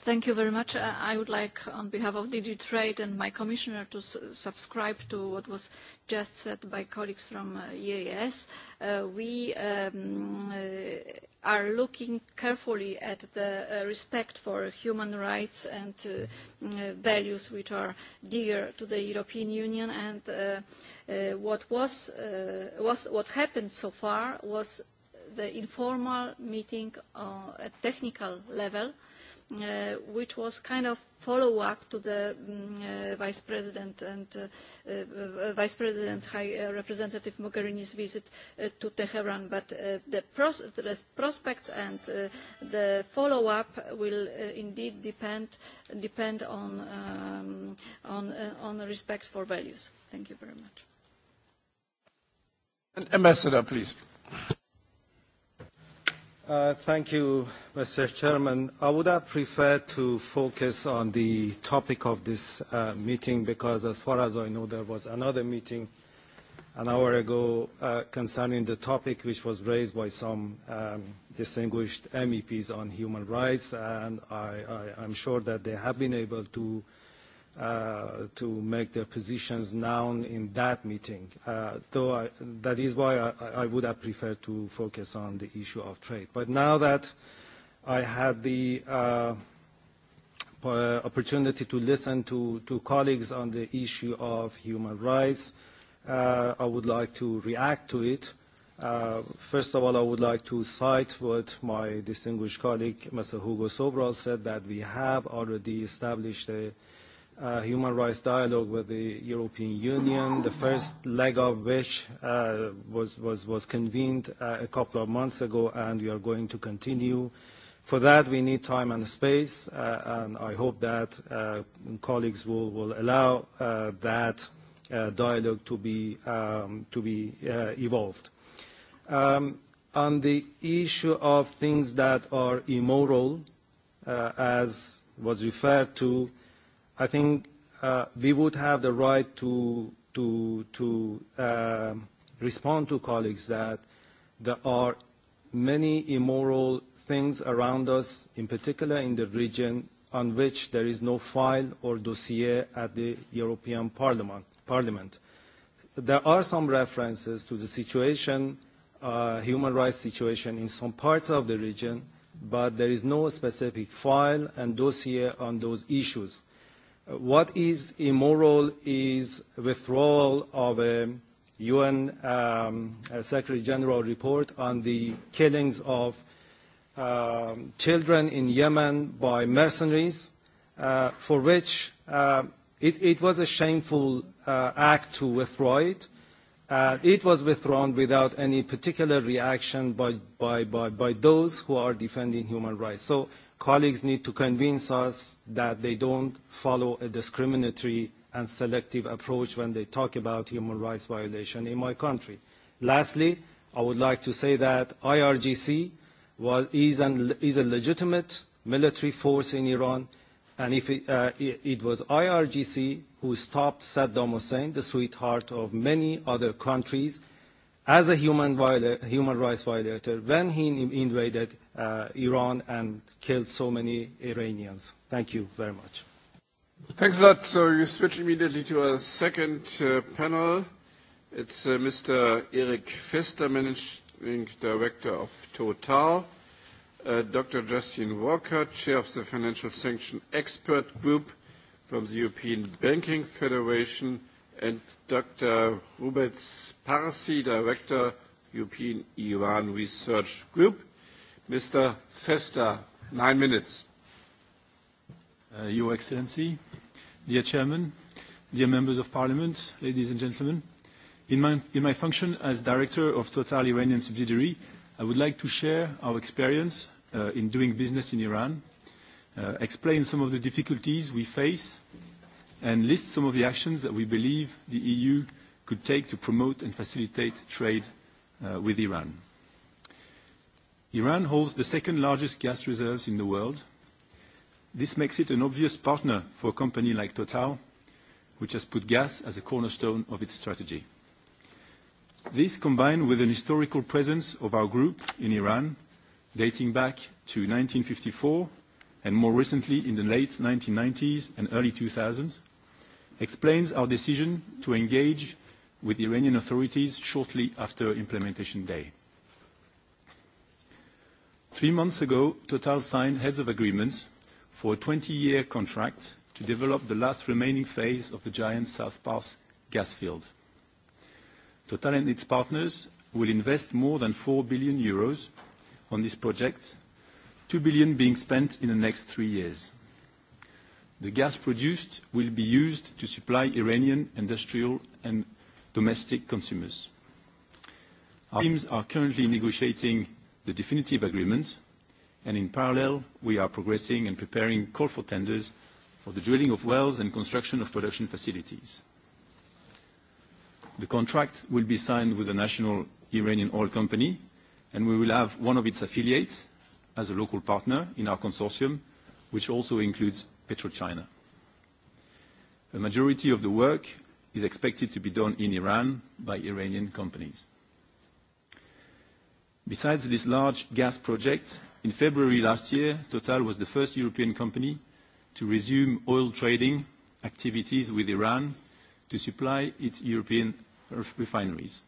Thank you very much. Uh, I would like, on behalf of DG Trade and my commissioner, to subscribe to what was just said by colleagues from uh, EAS. Uh, we um, uh, are looking carefully at the uh, respect for human rights and uh, uh, values which are dear to the European Union and uh, uh, what, was, uh, was, what happened so far was the informal meeting uh, at technical level – uh, which was kind of follow-up to the um, uh, Vice President and uh, uh, uh, Vice President High uh, Representative Mogherini's visit uh, to Tehran. But uh, the, pros the prospects and uh, the follow-up will uh, indeed depend, depend on, um, on, uh, on respect for values. Thank you very much. And Ambassador, please. Uh, thank you, Mr. Chairman. I would have preferred to focus on the topic of this uh, meeting because as far as I know, there was another meeting an hour ago uh, concerning the topic which was raised by some um, distinguished MEPs on human rights, and I, I, I'm sure that they have been able to uh, uh, to make their positions known in that meeting. Uh, though I, that is why I, I would have preferred to focus on the issue of trade. But now that I had the uh, uh opportunity to listen to, to colleagues on the issue of human rights, uh, I would like to react to it. Uh, first of all, I would like to cite what my distinguished colleague, Mr. Hugo Sobral, said that we have already established a uh, human rights dialogue with the European Union, the first leg of which uh, was, was, was convened uh, a couple of months ago and we are going to continue. For that, we need time and space, uh, and I hope that uh, colleagues will, will allow uh, that uh, dialogue to be, um, to be uh, evolved. Um, on the issue of things that are immoral, uh, as was referred to, uh, I think uh, we would have the right to, to, to uh, respond to colleagues that there are many immoral things around us, in particular in the region, on which there is no file or dossier at the European Parliament. Parliament. There are some references to the situation, uh, human rights situation in some parts of the region, but there is no specific file and dossier on those issues. What is immoral is withdrawal of a UN um, a Secretary General report on the killings of um, children in Yemen by mercenaries, uh, for which uh, it, it was a shameful uh, act to withdraw it. Uh, it was withdrawn without any particular reaction by, by, by, by those who are defending human rights. So colleagues need to convince us that they don't follow a discriminatory and selective approach when they talk about human rights violation in my country. Lastly, I would like to say that IRGC was, is, an, is a legitimate military force in Iran, and if it, uh, it, it was IRGC who stopped Saddam Hussein, the sweetheart of many other countries, as a human, viola human rights violator when he invaded uh, Iran and killed so many Iranians. Thank you very much. Thanks a lot. So you switch immediately to our second uh, panel. It's uh, Mr. Erik Fester, Managing Director of Total, uh, Dr. Justin Walker, Chair of the Financial Sanction Expert Group from the European Banking Federation, and Dr. Rubets Parsi, Director, European Iran Research Group. Mr. Festa, nine minutes. Uh, Your Excellency, dear Chairman, dear Members of Parliament, ladies and gentlemen, in my, in my function as Director of Total Iranian Subsidiary, I would like to share our experience uh, in doing business in Iran, uh, explain some of the difficulties we face, uh, and lists some of the actions that we believe the EU could take to promote and facilitate trade uh, with Iran. Iran holds the second largest gas reserves in the world. This makes it an obvious partner for a company like Total, which has put gas as a cornerstone of its strategy. This, combined with an historical presence of our group in Iran, dating back to 1954 and more recently in the late 1990s and early 2000s, explains our decision to engage with the Iranian authorities shortly after implementation day. Three months ago, Total signed heads of agreements for a 20-year contract to develop the last remaining phase of the giant South Pass gas field. Total and its partners will invest more than 4 billion euros on this project, 2 billion being spent in the next three years the gas produced will be used to supply Iranian industrial and domestic consumers. Our teams are currently negotiating the definitive agreements, and in parallel, we are progressing and preparing call for tenders for the drilling of wells and construction of production facilities. The contract will be signed with the national Iranian oil company, and we will have one of its affiliates as a local partner in our consortium, which also includes PetroChina. A majority of the work is expected to be done in Iran by Iranian companies. Besides this large gas project, in February last year, Total was the first European company to resume oil trading activities with Iran to supply its European refineries.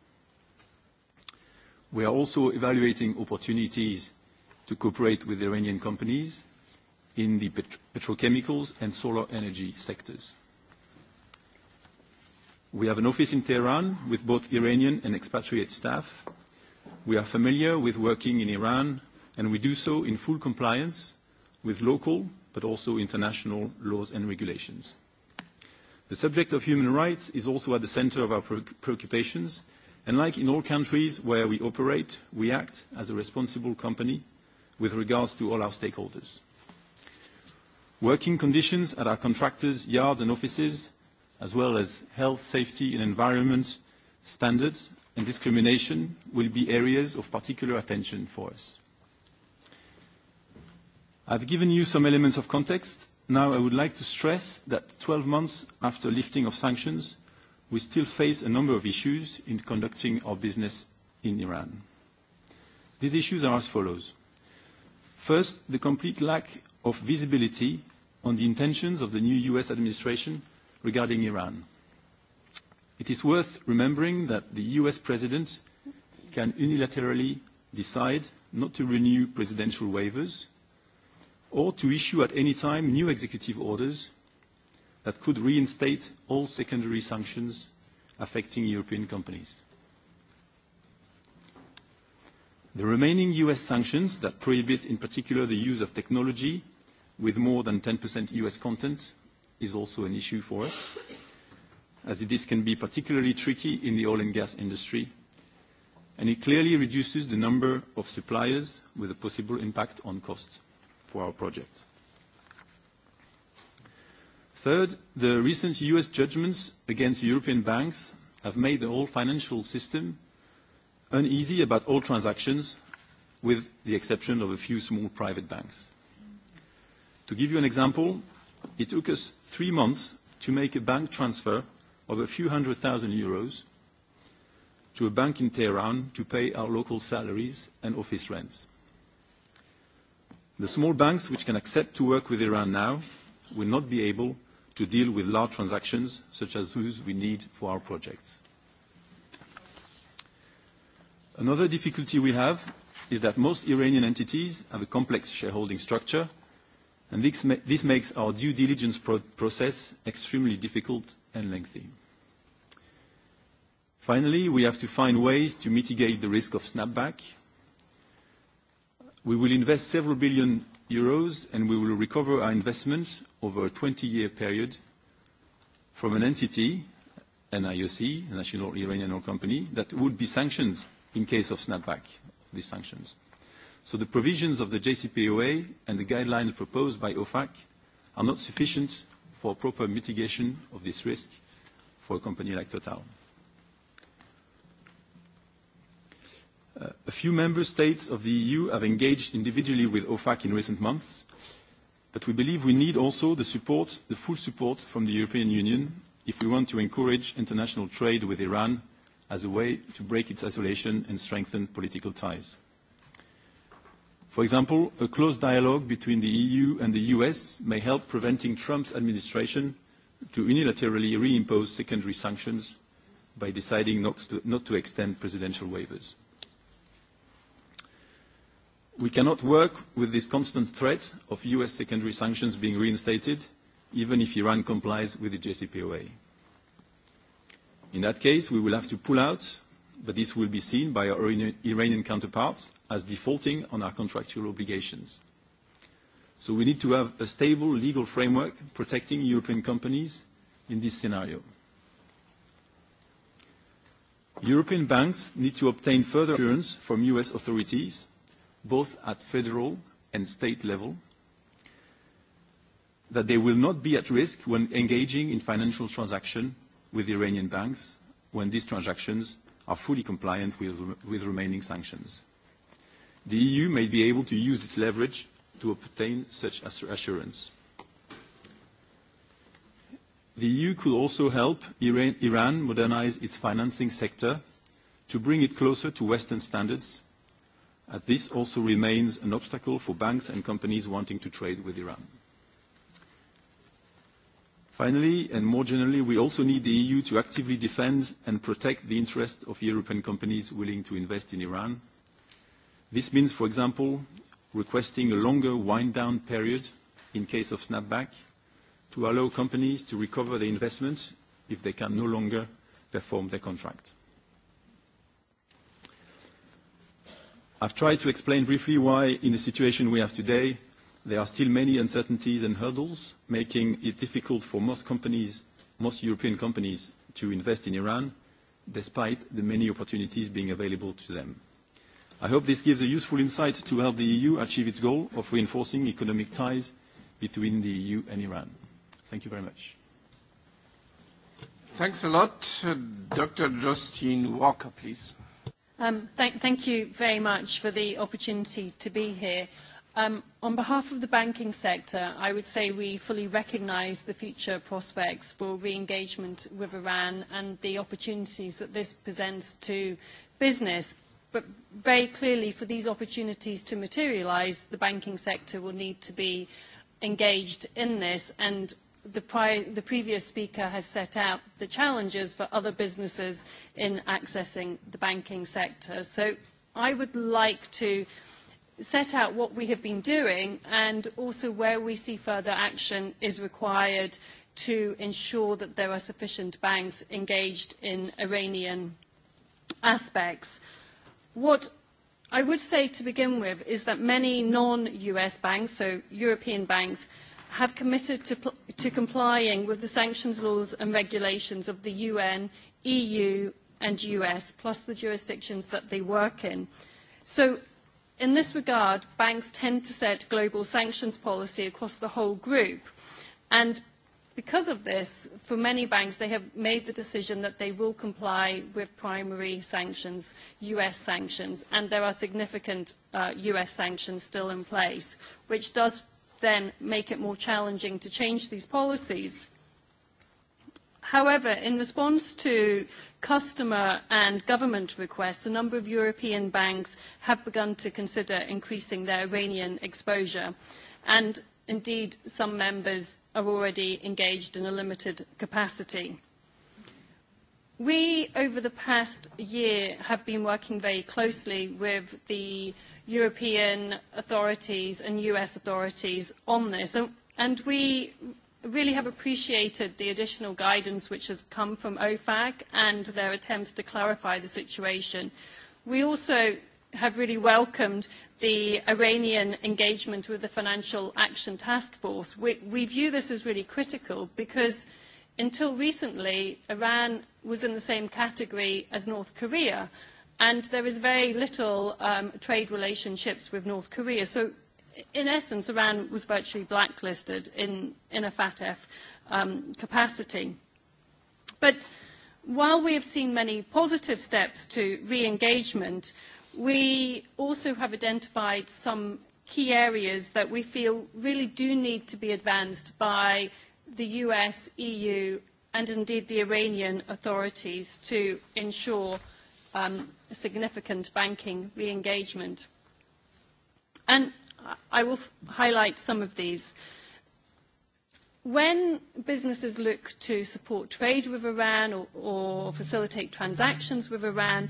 We are also evaluating opportunities to cooperate with Iranian companies in the petrochemicals and solar energy sectors. We have an office in Tehran with both Iranian and expatriate staff. We are familiar with working in Iran, and we do so in full compliance with local but also international laws and regulations. The subject of human rights is also at the center of our preoccupations, and like in all countries where we operate, we act as a responsible company with regards to all our stakeholders working conditions at our contractors, yards and offices, as well as health, safety and environment standards and discrimination will be areas of particular attention for us. I've given you some elements of context. Now I would like to stress that 12 months after lifting of sanctions, we still face a number of issues in conducting our business in Iran. These issues are as follows. First, the complete lack of visibility on the intentions of the new U.S. administration regarding Iran. It is worth remembering that the U.S. president can unilaterally decide not to renew presidential waivers or to issue at any time new executive orders that could reinstate all secondary sanctions affecting European companies. The remaining U.S. sanctions that prohibit in particular the use of technology with more than 10% US content is also an issue for us, as this can be particularly tricky in the oil and gas industry, and it clearly reduces the number of suppliers with a possible impact on costs for our project. Third, the recent U.S. judgments against European banks have made the whole financial system uneasy about all transactions, with the exception of a few small private banks. To give you an example, it took us three months to make a bank transfer of a few hundred thousand euros to a bank in Tehran to pay our local salaries and office rents. The small banks which can accept to work with Iran now will not be able to deal with large transactions such as those we need for our projects. Another difficulty we have is that most Iranian entities have a complex shareholding structure and this, ma this makes our due diligence pro process extremely difficult and lengthy. Finally, we have to find ways to mitigate the risk of snapback. We will invest several billion euros, and we will recover our investment over a 20-year period from an entity, NIOC, National Iranian Oil Company, that would be sanctioned in case of snapback, these sanctions. So the provisions of the JCPOA and the guidelines proposed by OFAC are not sufficient for proper mitigation of this risk for a company like Total. Uh, a few member states of the EU have engaged individually with OFAC in recent months, but we believe we need also the support, the full support from the European Union if we want to encourage international trade with Iran as a way to break its isolation and strengthen political ties. For example, a close dialogue between the EU and the US may help preventing Trump's administration to unilaterally reimpose secondary sanctions by deciding not to, not to extend presidential waivers. We cannot work with this constant threat of US secondary sanctions being reinstated, even if Iran complies with the JCPOA. In that case, we will have to pull out but this will be seen by our Iranian counterparts as defaulting on our contractual obligations. So we need to have a stable legal framework protecting European companies in this scenario. European banks need to obtain further assurance from U.S. authorities, both at federal and state level, that they will not be at risk when engaging in financial transactions with Iranian banks when these transactions are fully compliant with, with remaining sanctions. The EU may be able to use its leverage to obtain such assurance. The EU could also help Iran, Iran modernize its financing sector to bring it closer to Western standards, as this also remains an obstacle for banks and companies wanting to trade with Iran. Finally, and more generally, we also need the EU to actively defend and protect the interests of European companies willing to invest in Iran. This means, for example, requesting a longer wind-down period in case of snapback to allow companies to recover their investments if they can no longer perform their contract. I've tried to explain briefly why, in the situation we have today, There are still many uncertainties and hurdles, making it difficult for most companies, most European companies, to invest in Iran, despite the many opportunities being available to them. I hope this gives a useful insight to help the EU achieve its goal of reinforcing economic ties between the EU and Iran. Thank you very much. Thanks a lot. Dr. Justine Walker, please. Um, thank you very much for the opportunity to be here. Um, on behalf of the banking sector, I would say we fully recognise the future prospects for re-engagement with Iran and the opportunities that this presents to business. But very clearly, for these opportunities to materialise, the banking sector will need to be engaged in this. And the, prior, the previous speaker has set out the challenges for other businesses in accessing the banking sector. So I would like to set out what we have been doing and also where we see further action is required to ensure that there are sufficient banks engaged in Iranian aspects. What I would say to begin with is that many non-US banks, so European banks, have committed to, to complying with the sanctions laws and regulations of the UN, EU and US, plus the jurisdictions that they work in. So In this regard, banks tend to set global sanctions policy across the whole group. And because of this, for many banks, they have made the decision that they will comply with primary sanctions, US sanctions, and there are significant uh, US sanctions still in place, which does then make it more challenging to change these policies. However, in response to customer and government requests, a number of European banks have begun to consider increasing their Iranian exposure. And indeed, some members are already engaged in a limited capacity. We, over the past year, have been working very closely with the European authorities and US authorities on this. And, and we really have appreciated the additional guidance which has come from OFAC and their attempts to clarify the situation. We also have really welcomed the Iranian engagement with the Financial Action Task Force. We, we view this as really critical because until recently, Iran was in the same category as North Korea, and there is very little um, trade relationships with North Korea. So in essence, Iran was virtually blacklisted in, in a FATF um, capacity. But while we have seen many positive steps to re-engagement, we also have identified some key areas that we feel really do need to be advanced by the US, EU, and indeed the Iranian authorities to ensure um, significant banking re-engagement. And I will highlight some of these. When businesses look to support trade with Iran or, or facilitate transactions with Iran,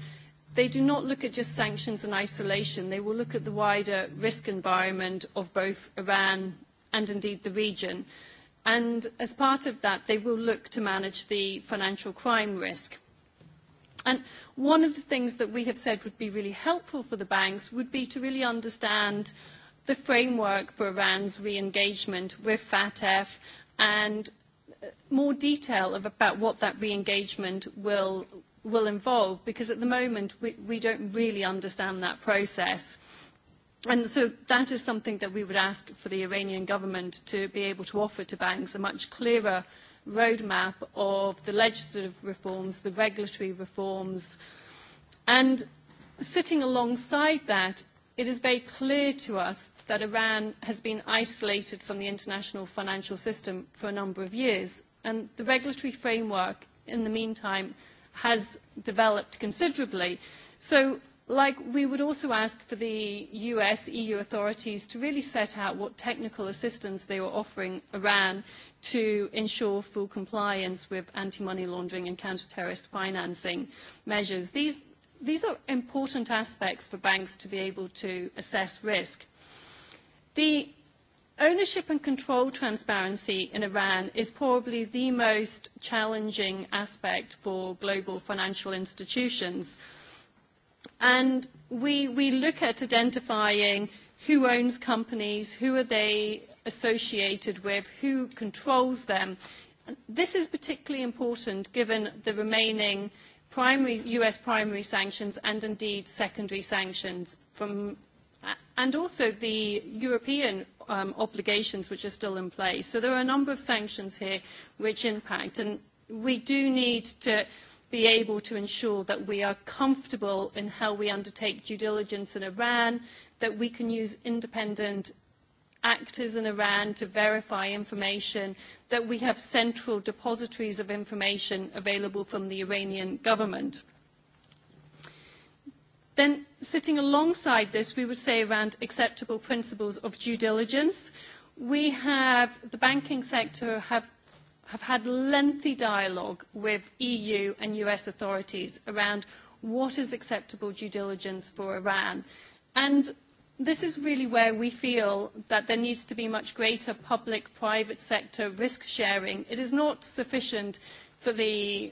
they do not look at just sanctions in isolation. They will look at the wider risk environment of both Iran and indeed the region. And as part of that, they will look to manage the financial crime risk. And one of the things that we have said would be really helpful for the banks would be to really understand the framework for Iran's re-engagement with FATF and more detail of, about what that re-engagement will, will involve, because at the moment we, we don't really understand that process. And so that is something that we would ask for the Iranian government to be able to offer to banks, a much clearer roadmap of the legislative reforms, the regulatory reforms. And sitting alongside that It is very clear to us that Iran has been isolated from the international financial system for a number of years, and the regulatory framework in the meantime has developed considerably. So like we would also ask for the US EU authorities to really set out what technical assistance they were offering Iran to ensure full compliance with anti-money laundering and counter-terrorist financing measures. These these are important aspects for banks to be able to assess risk. The ownership and control transparency in Iran is probably the most challenging aspect for global financial institutions. And we, we look at identifying who owns companies, who are they associated with, who controls them. This is particularly important given the remaining – primary, US primary sanctions and indeed secondary sanctions from, and also the European um, obligations which are still in place. So there are a number of sanctions here which impact and we do need to be able to ensure that we are comfortable in how we undertake due diligence in Iran, that we can use independent actors in Iran to verify information, that we have central depositories of information available from the Iranian government. Then, sitting alongside this, we would say around acceptable principles of due diligence. We have, the banking sector have have had lengthy dialogue with EU and US authorities around what is acceptable due diligence for Iran. And This is really where we feel that there needs to be much greater public-private sector risk sharing. It is not sufficient for the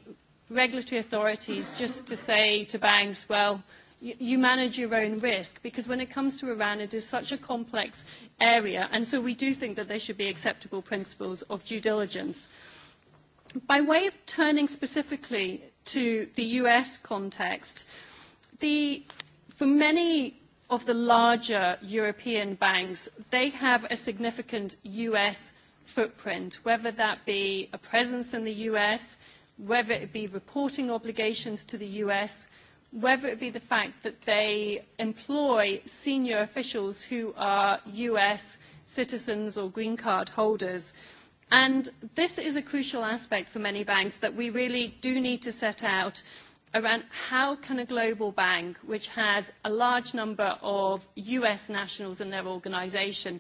regulatory authorities just to say to banks, well, you manage your own risk because when it comes to Iran, it is such a complex area. And so we do think that there should be acceptable principles of due diligence. By way of turning specifically to the US context, the, for many of the larger European banks, they have a significant US footprint, whether that be a presence in the US, whether it be reporting obligations to the US, whether it be the fact that they employ senior officials who are US citizens or green card holders. And this is a crucial aspect for many banks that we really do need to set out around how can a global bank, which has a large number of US nationals in their organization,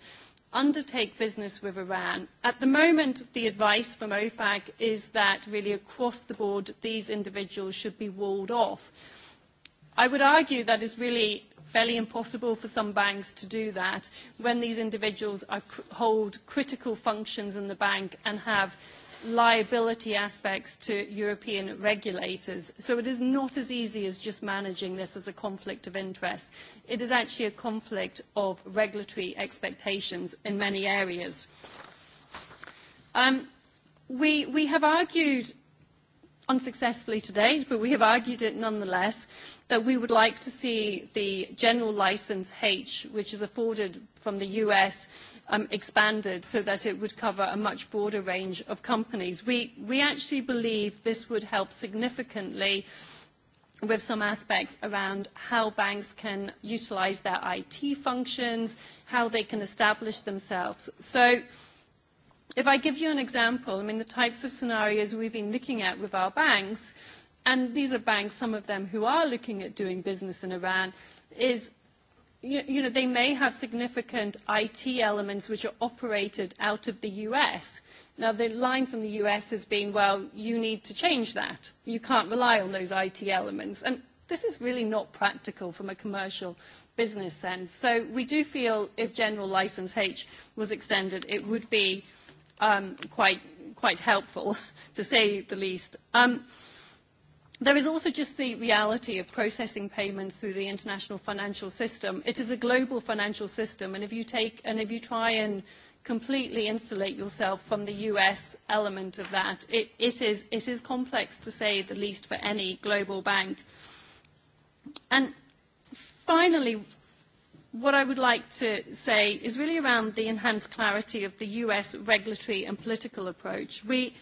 undertake business with Iran. At the moment, the advice from OFAC is that really across the board, these individuals should be walled off. I would argue that it's really fairly impossible for some banks to do that when these individuals are, hold critical functions in the bank and have liability aspects to European regulators. So it is not as easy as just managing this as a conflict of interest. It is actually a conflict of regulatory expectations in many areas. Um, we, we have argued unsuccessfully today, but we have argued it nonetheless, that we would like to see the general license H, which is afforded from the US, um, expanded so that it would cover a much broader range of companies. We, we actually believe this would help significantly with some aspects around how banks can utilize their IT functions, how they can establish themselves. So if I give you an example, I mean, the types of scenarios we've been looking at with our banks, and these are banks, some of them who are looking at doing business in Iran, is you, know, they may have significant IT elements which are operated out of the US. Now, the line from the US has been, well, you need to change that. You can't rely on those IT elements. And this is really not practical from a commercial business sense. So we do feel if general license H was extended, it would be um, quite, quite helpful, to say the least. Um, There is also just the reality of processing payments through the international financial system. It is a global financial system, and if you take and if you try and completely insulate yourself from the US element of that, it, it, is, it is complex to say the least for any global bank. And finally, what I would like to say is really around the enhanced clarity of the US regulatory and political approach. We,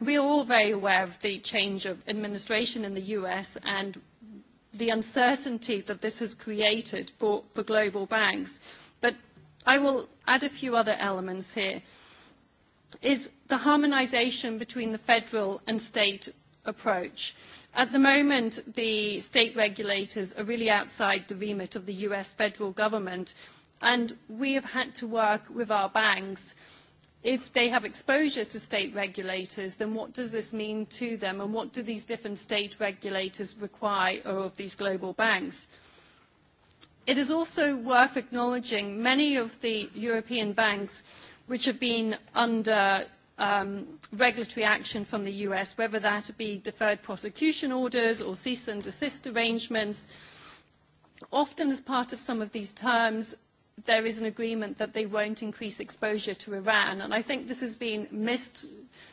we are all very aware of the change of administration in the US and the uncertainty that this has created for, for global banks. But I will add a few other elements here. Is the harmonization between the federal and state approach. At the moment, the state regulators are really outside the remit of the US federal government, and we have had to work with our banks – if they have exposure to state regulators, then what does this mean to them and what do these different state regulators require of these global banks? It is also worth acknowledging many of the European banks which have been under um, regulatory action from the US, whether that be deferred prosecution orders or cease and desist arrangements. Often as part of some of these terms, there is an agreement that they won't increase exposure to Iran. And I think this has been missed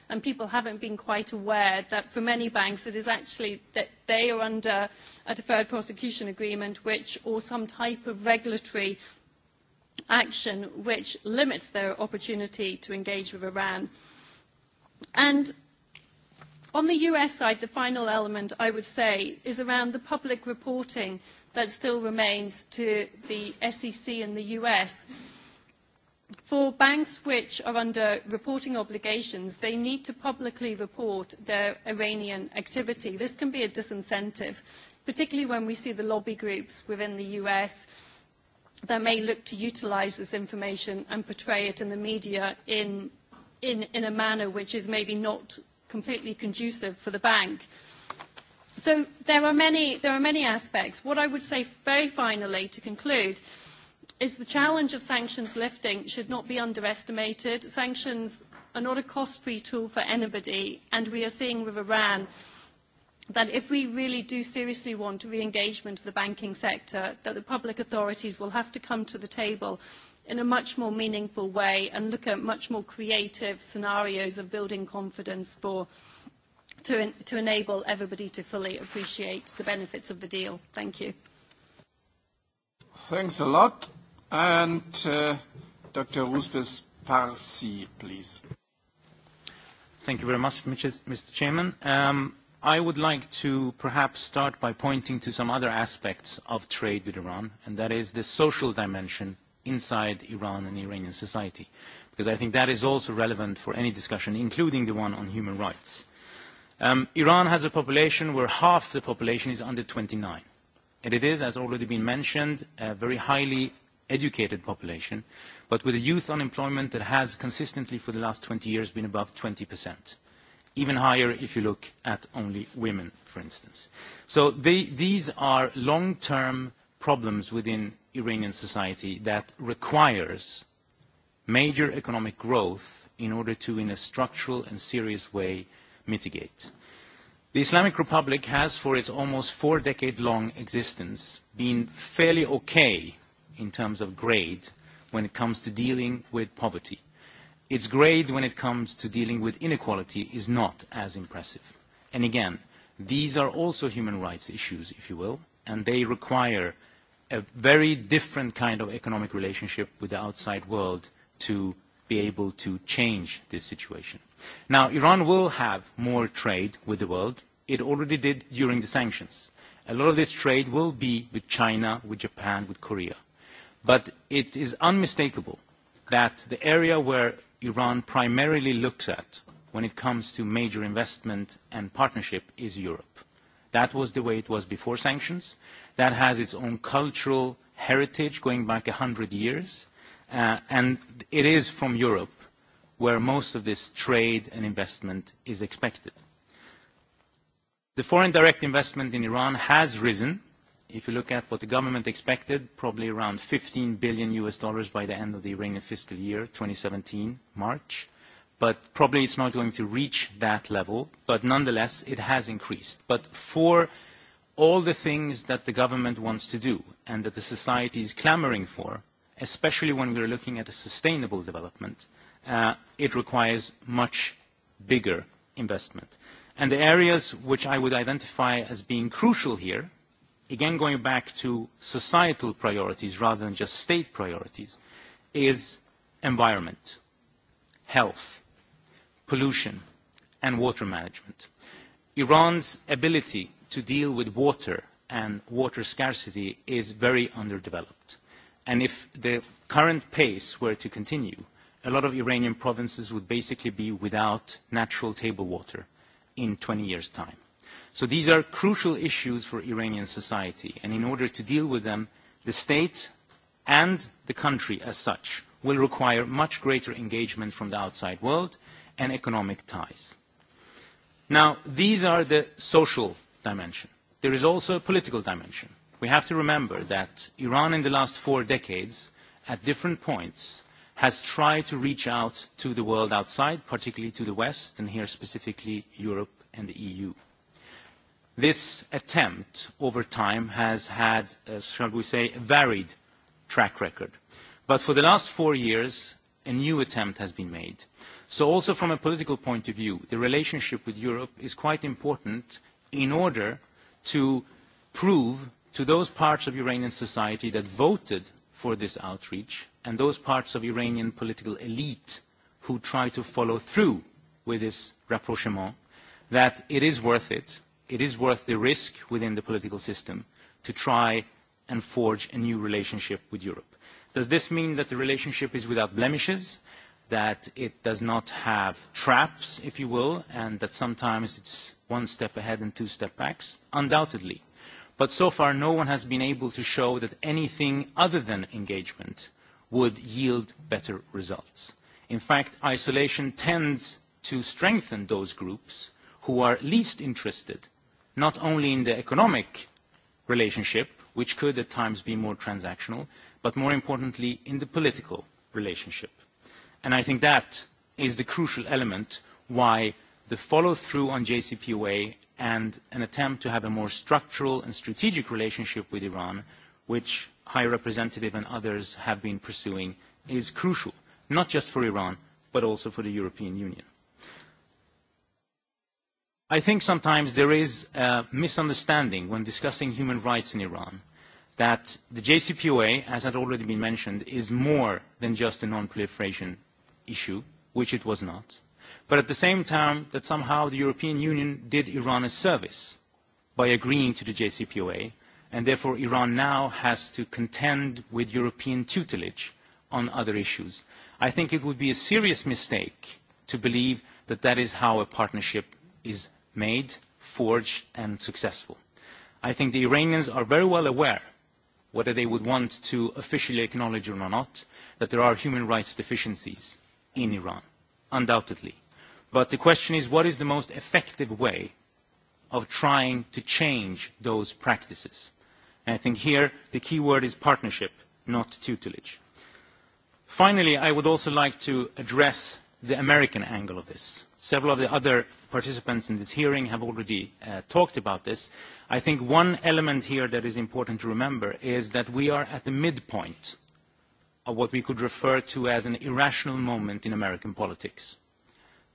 and people haven't been quite aware that for many banks it is actually that they are under a deferred prosecution agreement which or some type of regulatory action which limits their opportunity to engage with Iran. And on the US side, the final element I would say is around the public reporting that still remains to the SEC in the US. For banks which are under reporting obligations, they need to publicly report their Iranian activity. This can be a disincentive, particularly when we see the lobby groups within the US that may look to utilize this information and portray it in the media in, in, in a manner which is maybe not completely conducive for the bank. So there are, many, there are many aspects. What I would say very finally to conclude is the challenge of sanctions lifting should not be underestimated. Sanctions are not a cost-free tool for anybody, and we are seeing with Iran that if we really do seriously want re-engagement of the banking sector, that the public authorities will have to come to the table in a much more meaningful way and look at much more creative scenarios of building confidence for to, en to enable everybody to fully appreciate the benefits of the deal. Thank you. Thanks a lot. And uh, Dr. Rusbis Parsi, please. Thank you very much, Mr. Chairman. Um, I would like to perhaps start by pointing to some other aspects of trade with Iran, and that is the social dimension inside Iran and Iranian society, because I think that is also relevant for any discussion, including the one on human rights. Um, Iran has a population where half the population is under 29. And it is, as already been mentioned, a very highly educated population, but with a youth unemployment that has consistently for the last 20 years been above 20%, even higher if you look at only women, for instance. So they, these are long-term problems within Iranian society that requires major economic growth in order to, in a structural and serious way, mitigate. The Islamic Republic has, for its almost four-decade-long existence, been fairly okay in terms of grade when it comes to dealing with poverty. Its grade when it comes to dealing with inequality is not as impressive. And again, these are also human rights issues, if you will, and they require a very different kind of economic relationship with the outside world to be able to change this situation. Now, Iran will have more trade with the world. It already did during the sanctions. A lot of this trade will be with China, with Japan, with Korea. But it is unmistakable that the area where Iran primarily looks at when it comes to major investment and partnership is Europe. That was the way it was before sanctions. That has its own cultural heritage going back 100 years. Uh, and it is from Europe where most of this trade and investment is expected. The foreign direct investment in Iran has risen. If you look at what the government expected, probably around 15 billion US dollars by the end of the Iranian fiscal year, 2017, March. But probably it's not going to reach that level, but nonetheless, it has increased. But for all the things that the government wants to do and that the society is clamoring for, especially when we're looking at a sustainable development, uh, it requires much bigger investment. And the areas which I would identify as being crucial here, again going back to societal priorities rather than just state priorities, is environment, health, pollution, and water management. Iran's ability to deal with water and water scarcity is very underdeveloped. And if the current pace were to continue, a lot of Iranian provinces would basically be without natural table water in 20 years' time. So these are crucial issues for Iranian society, and in order to deal with them, the state and the country as such will require much greater engagement from the outside world and economic ties. Now, these are the social dimension. There is also a political dimension. We have to remember that Iran in the last four decades, at different points, has tried to reach out to the world outside, particularly to the West, and here specifically Europe and the EU. This attempt over time has had, uh, shall we say, a varied track record. But for the last four years, a new attempt has been made. So also from a political point of view, the relationship with Europe is quite important in order to prove to those parts of Iranian society that voted for this outreach and those parts of Iranian political elite who try to follow through with this rapprochement that it is worth it, it is worth the risk within the political system to try and forge a new relationship with Europe. Does this mean that the relationship is without blemishes, that it does not have traps, if you will, and that sometimes it's one step ahead and two step backs? Undoubtedly. But so far no one has been able to show that anything other than engagement would yield better results. In fact, isolation tends to strengthen those groups who are least interested, not only in the economic relationship, which could at times be more transactional, but more importantly, in the political relationship. And I think that is the crucial element why the follow-through on JCPOA and an attempt to have a more structural and strategic relationship with Iran, which High Representative and others have been pursuing is crucial, not just for Iran, but also for the European Union. I think sometimes there is a misunderstanding when discussing human rights in Iran that the JCPOA, as had already been mentioned, is more than just a non-proliferation issue, which it was not, but at the same time that somehow the European Union did Iran a service by agreeing to the JCPOA and therefore Iran now has to contend with European tutelage on other issues. I think it would be a serious mistake to believe that that is how a partnership is made, forged and successful. I think the Iranians are very well aware whether they would want to officially acknowledge or not that there are human rights deficiencies in Iran, undoubtedly. But the question is what is the most effective way of trying to change those practices? And I think here the key word is partnership, not tutelage. Finally, I would also like to address the American angle of this. Several of the other participants in this hearing have already uh, talked about this. I think one element here that is important to remember is that we are at the midpoint of what we could refer to as an irrational moment in American politics.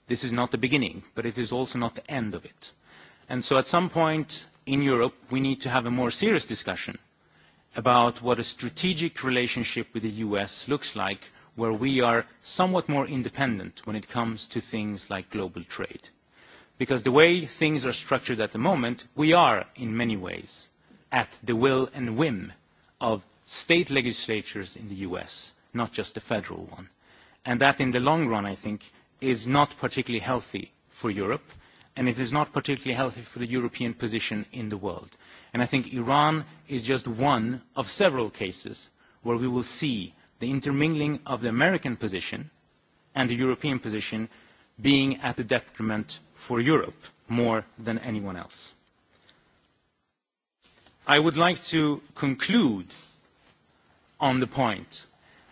This is not the beginning, but it is also not the end of it. And so at some point, in Europe, we need to have a more serious discussion about what a strategic relationship with the US looks like, where we are somewhat more independent when it comes to things like global trade. Because the way things are structured at the moment, we are, in many ways, at the will and whim of state legislatures in the US, not just the federal one. And that, in the long run, I think, is not particularly healthy for Europe and it is not particularly healthy for the European position in the world. And I think Iran is just one of several cases where we will see the intermingling of the American position and the European position being at the detriment for Europe more than anyone else. I would like to conclude on the point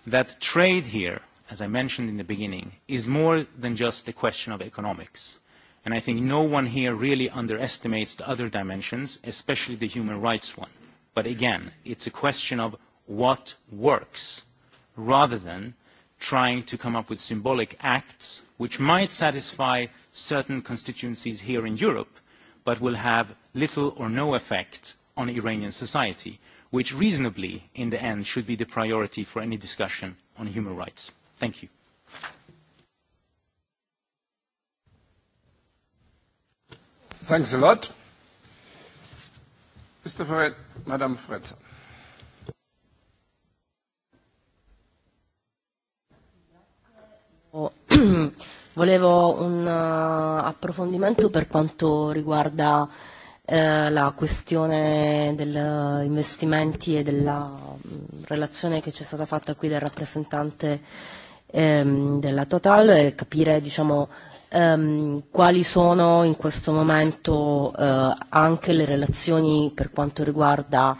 that trade here, as I mentioned in the beginning, is more than just a question of economics. And I think no one here really underestimates the other dimensions, especially the human rights one. But again, it's a question of what works rather than trying to come up with symbolic acts which might satisfy certain constituencies here in Europe but will have little or no effect on Iranian society, which reasonably in the end should be the priority for any discussion on human rights. Thank you. Thanks a lot. Mr. Fred, Madam Fred. Oh, volevo un uh, approfondimento per quanto riguarda eh, la questione degli uh, investimenti e della mm, relazione che ci è stata fatta qui dal rappresentante ehm, della Total e capire diciamo, um, quali sono in questo momento uh, anche le relazioni per quanto riguarda uh,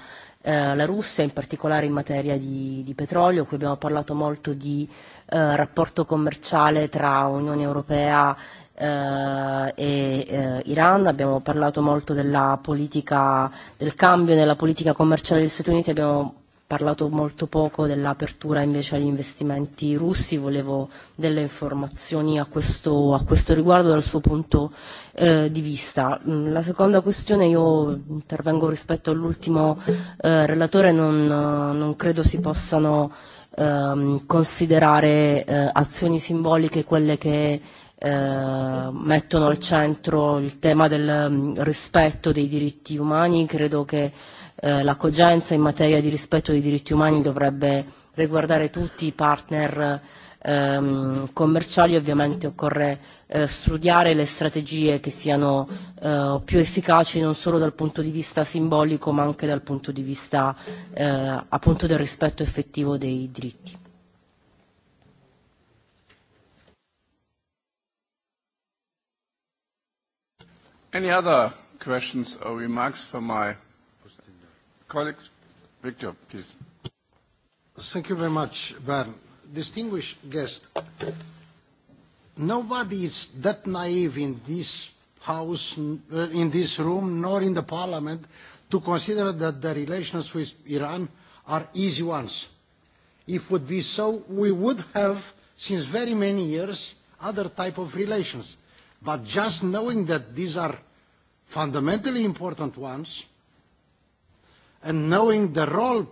la Russia, in particolare in materia di, di petrolio, qui abbiamo parlato molto di uh, rapporto commerciale tra Unione Europea Uh, e uh, Iran, abbiamo parlato molto della politica, del cambio nella politica commerciale degli Stati Uniti, abbiamo parlato molto poco dell'apertura invece agli investimenti russi, volevo delle informazioni a questo, a questo riguardo dal suo punto eh, di vista. Mm, la seconda questione, io intervengo rispetto all'ultimo eh, relatore, non, eh, non credo si possano eh, considerare eh, azioni simboliche quelle che eh, mettono al centro il tema del mm, rispetto dei diritti umani, credo che eh, l'accoglienza in materia di rispetto dei diritti umani dovrebbe riguardare tutti i partner ehm, commerciali, ovviamente occorre eh, studiare le strategie che siano eh, più efficaci non solo dal punto di vista simbolico ma anche dal punto di vista eh, appunto del rispetto effettivo dei diritti. Any other questions or remarks for my Colleagues, Victor, please. Thank you very much, Bern. Distinguished guest, nobody is that naive in this house, uh, in this room, nor in the parliament, to consider that the relations with Iran are easy ones. If it would be so, we would have, since very many years, other type of relations. But just knowing that these are fundamentally important ones, and knowing the role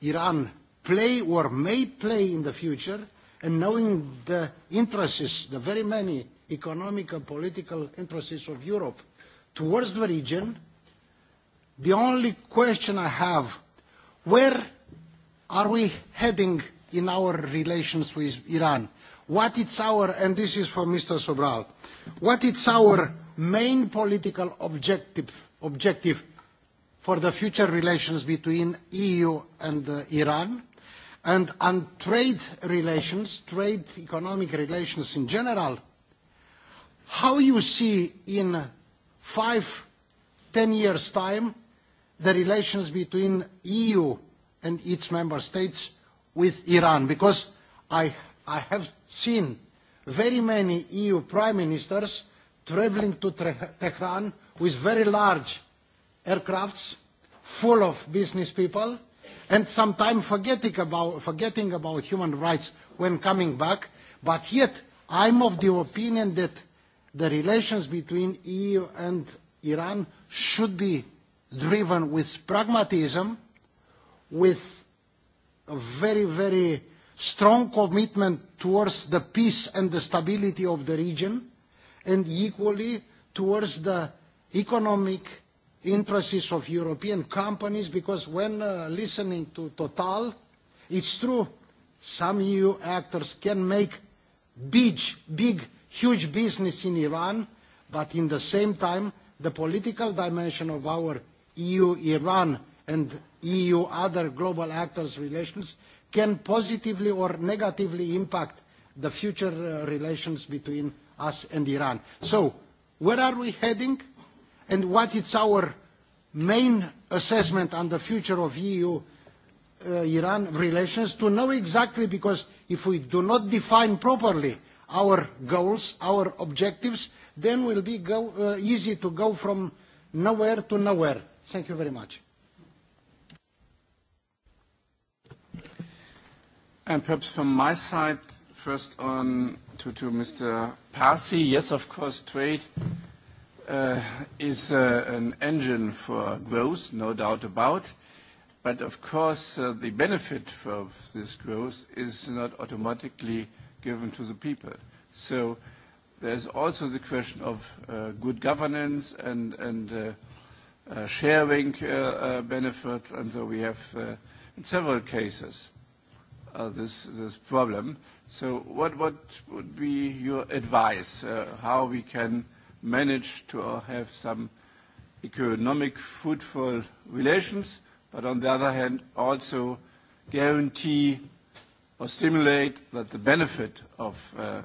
Iran play or may play in the future and knowing the interests, the very many economic and political interests of Europe towards the region, the only question I have, where are we heading in our relations with Iran? What is our, and this is for Mr. Sobral, what is our main political objective, objective for the future relations between EU and uh, Iran and on trade relations, trade economic relations in general, how you see in five, ten years' time the relations between EU and its member states with Iran? Because I, I have seen very many EU prime ministers traveling to Tehran with very large aircrafts full of business people and sometimes forgetting about, forgetting about human rights when coming back. But yet, I'm of the opinion that the relations between EU and Iran should be driven with pragmatism, with a very, very strong commitment towards the peace and the stability of the region, and equally towards the economic interests of European companies because when uh, listening to Total, it's true, some EU actors can make big, big, huge business in Iran, but in the same time, the political dimension of our EU-Iran and EU-other global actors' relations can positively or negatively impact the future uh, relations between us and Iran. So, where are we heading? and what is our main assessment on the future of EU-Iran uh, relations to know exactly because if we do not define properly our goals, our objectives, then it will be go, uh, easy to go from nowhere to nowhere. Thank you very much. And perhaps from my side, first on to, to Mr. Parsi, yes, of course, trade uh, is uh, an engine for growth, no doubt about. But of course, uh, the benefit of this growth is not automatically given to the people. So there's also the question of uh, good governance and, and uh, uh, sharing uh, uh, benefits, and so we have, uh, in several cases, uh, this, this problem. So what, what would be your advice, uh, how we can manage to have some economic fruitful relations, but on the other hand also guarantee or stimulate that the benefit of uh, uh,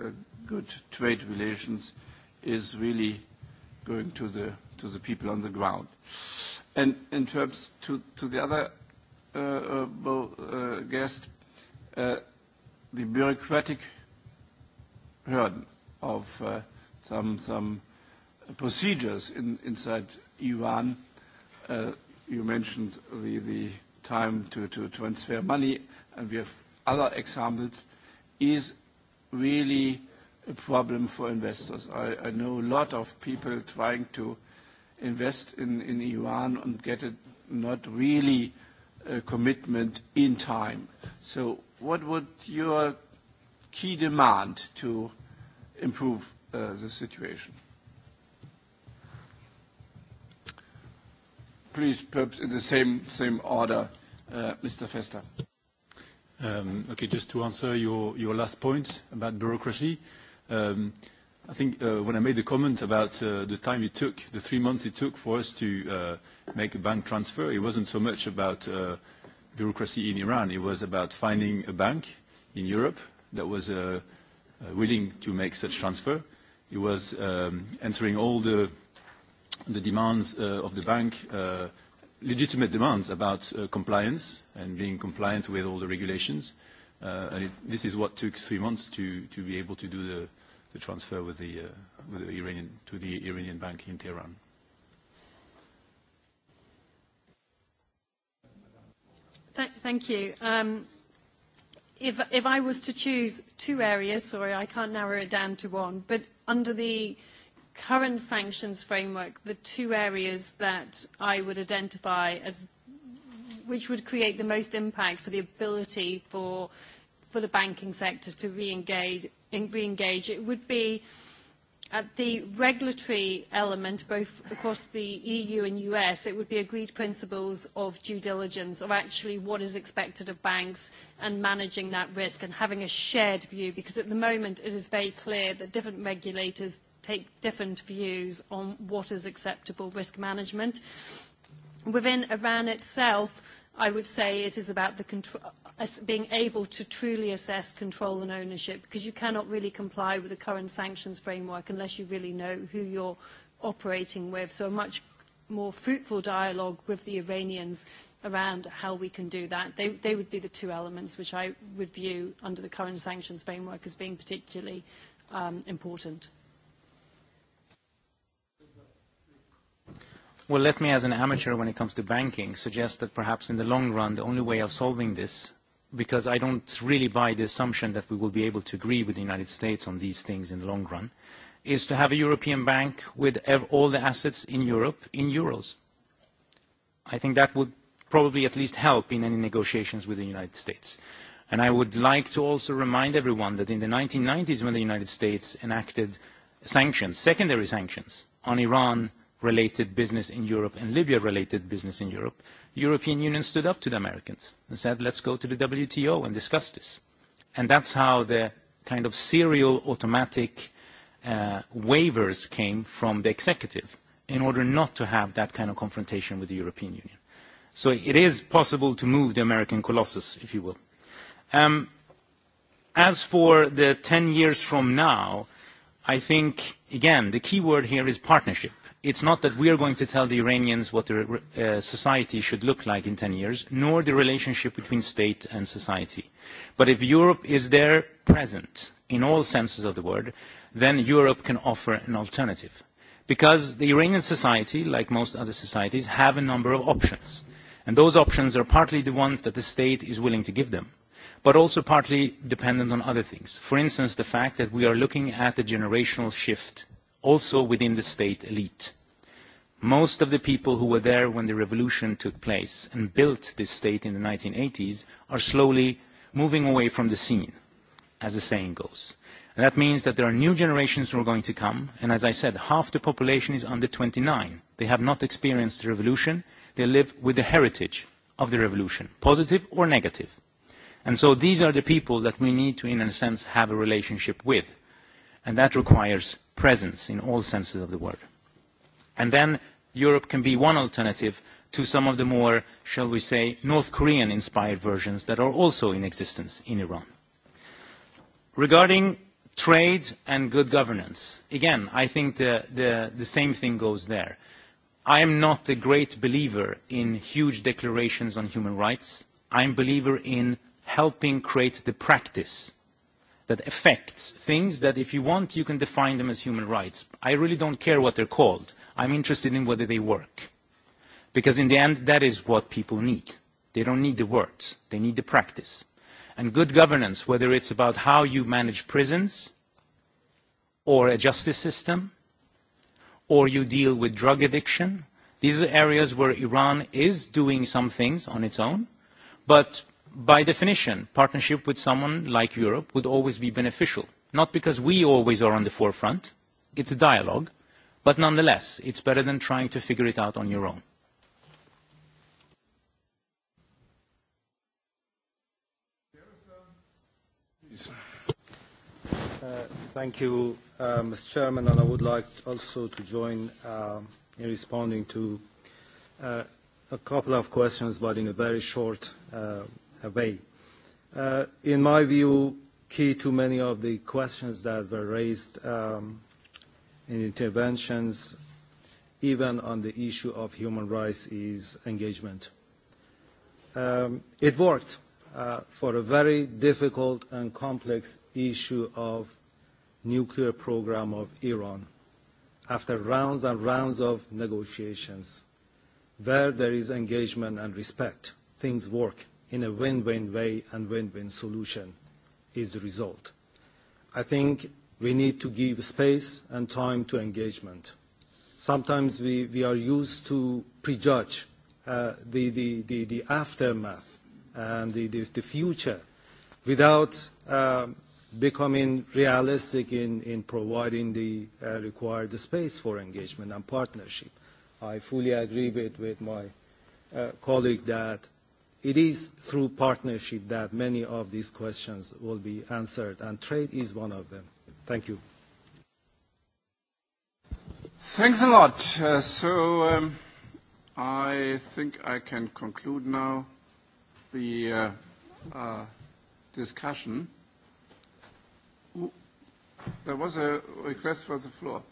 uh, good trade relations is really going to the, to the people on the ground. And in terms to, to the other uh, uh, uh guest, uh, the bureaucratic burden of uh, some, some procedures in, inside Iran. Uh, you mentioned the, the time to, to transfer money, and we have other examples, is really a problem for investors. I, I know a lot of people trying to invest in, in Iran and get it not really a commitment in time. So what would your key demand to improve Uh, the situation. Please, perhaps in the same, same order, uh, Mr. Fester. Um, okay, just to answer your, your last point about bureaucracy. Um, I think uh, when I made the comment about uh, the time it took, the three months it took for us to uh, make a bank transfer, it wasn't so much about uh, bureaucracy in Iran. It was about finding a bank in Europe that was uh, uh, willing to make such transfer He was um, answering all the, the demands uh, of the bank, uh, legitimate demands about uh, compliance and being compliant with all the regulations. Uh, and it, this is what took three months to, to be able to do the, the transfer with the, uh, with the Iranian, to the Iranian bank in Tehran. thank you. Um, if, if I was to choose two areas, sorry, I can't narrow it down to one, but under the current sanctions framework, the two areas that I would identify as which would create the most impact for the ability for, for the banking sector to re-engage, re-engage, it would be uh, At the regulatory element, both across the EU and US, it would be agreed principles of due diligence, of actually what is expected of banks and managing that risk and having a shared view, because at the moment it is very clear that different regulators take different views on what is acceptable risk management. Within Iran itself, I would say it is about the control as being able to truly assess control and ownership because you cannot really comply with the current sanctions framework unless you really know who you're operating with. So a much more fruitful dialogue with the Iranians around how we can do that. They, they would be the two elements which I would view under the current sanctions framework as being particularly um, important. Well, let me, as an amateur when it comes to banking, suggest that perhaps in the long run, the only way of solving this because I don't really buy the assumption that we will be able to agree with the United States on these things in the long run, is to have a European bank with ev all the assets in Europe in euros. I think that would probably at least help in any negotiations with the United States. And I would like to also remind everyone that in the 1990s when the United States enacted sanctions, secondary sanctions, on Iran-related business in Europe and Libya-related business in Europe, European Union stood up to the Americans and said, let's go to the WTO and discuss this. And that's how the kind of serial automatic uh, waivers came from the executive in order not to have that kind of confrontation with the European Union. So it is possible to move the American colossus, if you will. Um, as for the 10 years from now, I think, again, the key word here is partnership. It's not that we are going to tell the Iranians what their uh, society should look like in 10 years, nor the relationship between state and society. But if Europe is there present in all senses of the word, then Europe can offer an alternative. Because the Iranian society, like most other societies, have a number of options. And those options are partly the ones that the state is willing to give them but also partly dependent on other things. For instance, the fact that we are looking at a generational shift also within the state elite. Most of the people who were there when the revolution took place and built this state in the 1980s are slowly moving away from the scene, as the saying goes. And that means that there are new generations who are going to come, and as I said, half the population is under 29. They have not experienced the revolution. They live with the heritage of the revolution, positive or negative. And so these are the people that we need to, in a sense, have a relationship with. And that requires presence in all senses of the word. And then Europe can be one alternative to some of the more, shall we say, North Korean-inspired versions that are also in existence in Iran. Regarding trade and good governance, again, I think the, the, the same thing goes there. I am not a great believer in huge declarations on human rights. I am a believer in helping create the practice that affects things that if you want, you can define them as human rights. I really don't care what they're called. I'm interested in whether they work. Because in the end, that is what people need. They don't need the words. They need the practice. And good governance, whether it's about how you manage prisons or a justice system or you deal with drug addiction, these are areas where Iran is doing some things on its own, but by definition, partnership with someone like Europe would always be beneficial, not because we always are on the forefront, it's a dialogue, but nonetheless, it's better than trying to figure it out on your own. Uh, thank you, uh, Mr. Chairman, and I would like also to join uh, in responding to uh, a couple of questions, but in a very short uh, away. Uh, in my view, key to many of the questions that were raised um, in interventions, even on the issue of human rights, is engagement. Um, it worked uh, for a very difficult and complex issue of nuclear program of Iran after rounds and rounds of negotiations. Where there is engagement and respect, things work in a win-win way and win-win solution is the result. I think we need to give space and time to engagement. Sometimes we, we are used to prejudge uh, the, the, the, the aftermath and the, the, the future without uh, becoming realistic in, in providing the uh, required space for engagement and partnership. I fully agree with, with my uh, colleague that It is through partnership that many of these questions will be answered, and trade is one of them. Thank you. Thanks a lot. Uh, so um, I think I can conclude now the uh, uh, discussion. Ooh, there was a request for the floor.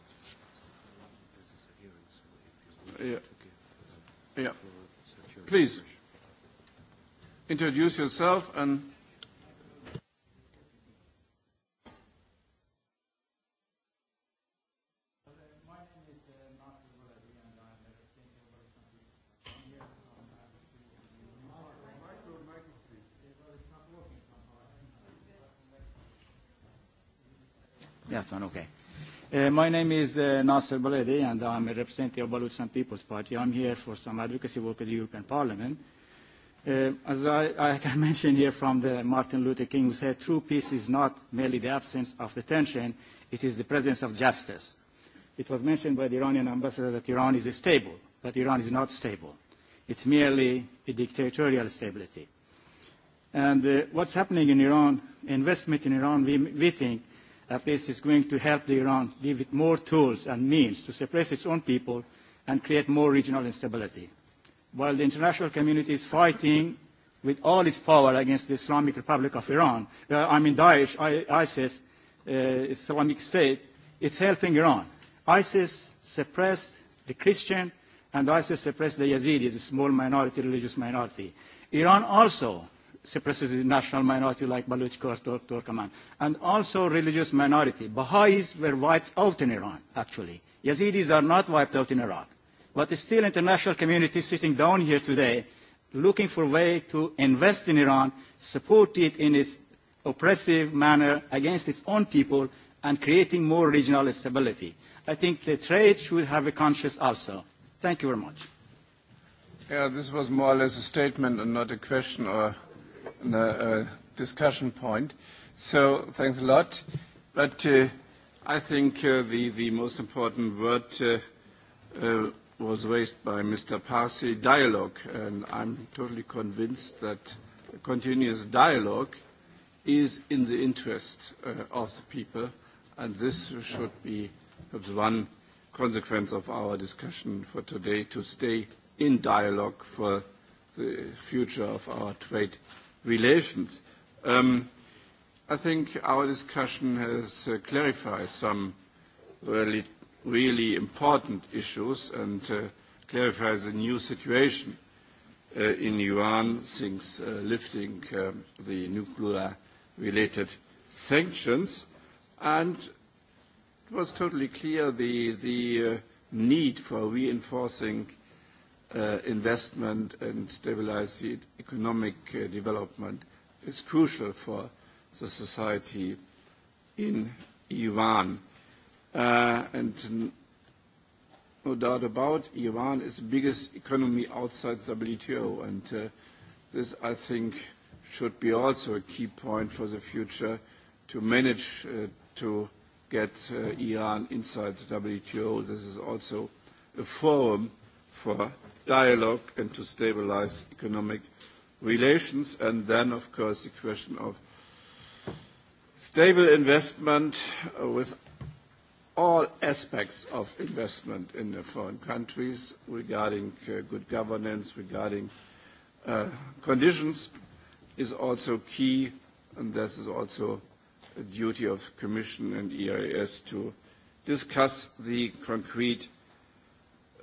Yeah. Uh, yeah. Please introduce yourself and Yes, one, okay. Uh, my name is uh, Nasser Baledi, and I'm a representative of Baluchistan People's Party. I'm here for some advocacy work at the European Parliament. Uh, Uh, as I, I can mention here from the Martin Luther King, who said, true peace is not merely the absence of the tension, it is the presence of justice. It was mentioned by the Iranian ambassador that Iran is stable, but Iran is not stable. It's merely a dictatorial stability. And uh, what's happening in Iran, investment in Iran, we, we think at least is going to help the Iran give it more tools and means to suppress its own people and create more regional instability while the international community is fighting with all its power against the Islamic Republic of Iran. Uh, I mean Daesh, I, ISIS, uh, Islamic State, it's helping Iran. ISIS suppressed the Christian and ISIS suppressed the Yazidis, a small minority, religious minority. Iran also suppresses the national minority like Baluch, Kurd, Tur Turkoman, and also religious minority. Baha'is were wiped out in Iran, actually. Yazidis are not wiped out in Iraq but it's still international community sitting down here today looking for a way to invest in Iran, support it in its oppressive manner against its own people, and creating more regional stability. I think the trade should have a conscience also. Thank you very much. Yeah, this was more or less a statement and not a question or a, a discussion point. So thanks a lot. But uh, I think uh, the, the most important word uh, uh, was raised by Mr. Parsi, dialogue, and I'm totally convinced that continuous dialogue is in the interest uh, of the people, and this should be perhaps one consequence of our discussion for today, to stay in dialogue for the future of our trade relations. Um, I think our discussion has uh, clarified some really really important issues and uh, clarify the new situation uh, in Iran since uh, lifting um, the nuclear-related sanctions. And it was totally clear the, the uh, need for reinforcing uh, investment and stabilize the economic uh, development is crucial for the society in Iran. Uh, and no doubt about, Iran is the biggest economy outside WTO, and uh, this, I think, should be also a key point for the future to manage uh, to get uh, Iran inside the WTO. This is also a forum for dialogue and to stabilize economic relations. And then, of course, the question of stable investment uh, without all aspects of investment in the foreign countries regarding uh, good governance, regarding uh, conditions is also key, and this is also a duty of Commission and EIS to discuss the concrete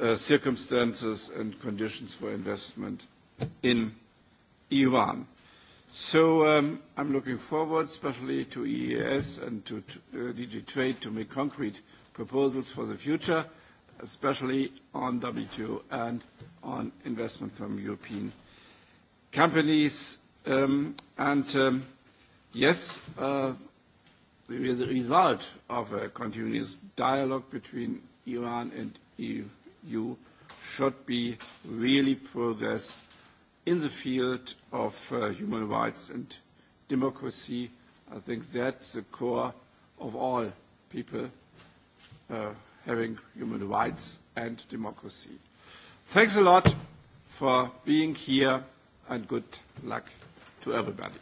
uh, circumstances and conditions for investment in Iran. So um, I'm looking forward, especially to EES and to uh, DG Trade, to make concrete proposals for the future, especially on WTO and on investment from European companies. Um, and um, yes, uh, the result of a continuous dialogue between Iran and EU should be really progress in the field of uh, human rights and democracy. I think that's the core of all people uh, having human rights and democracy. Thanks a lot for being here and good luck to everybody.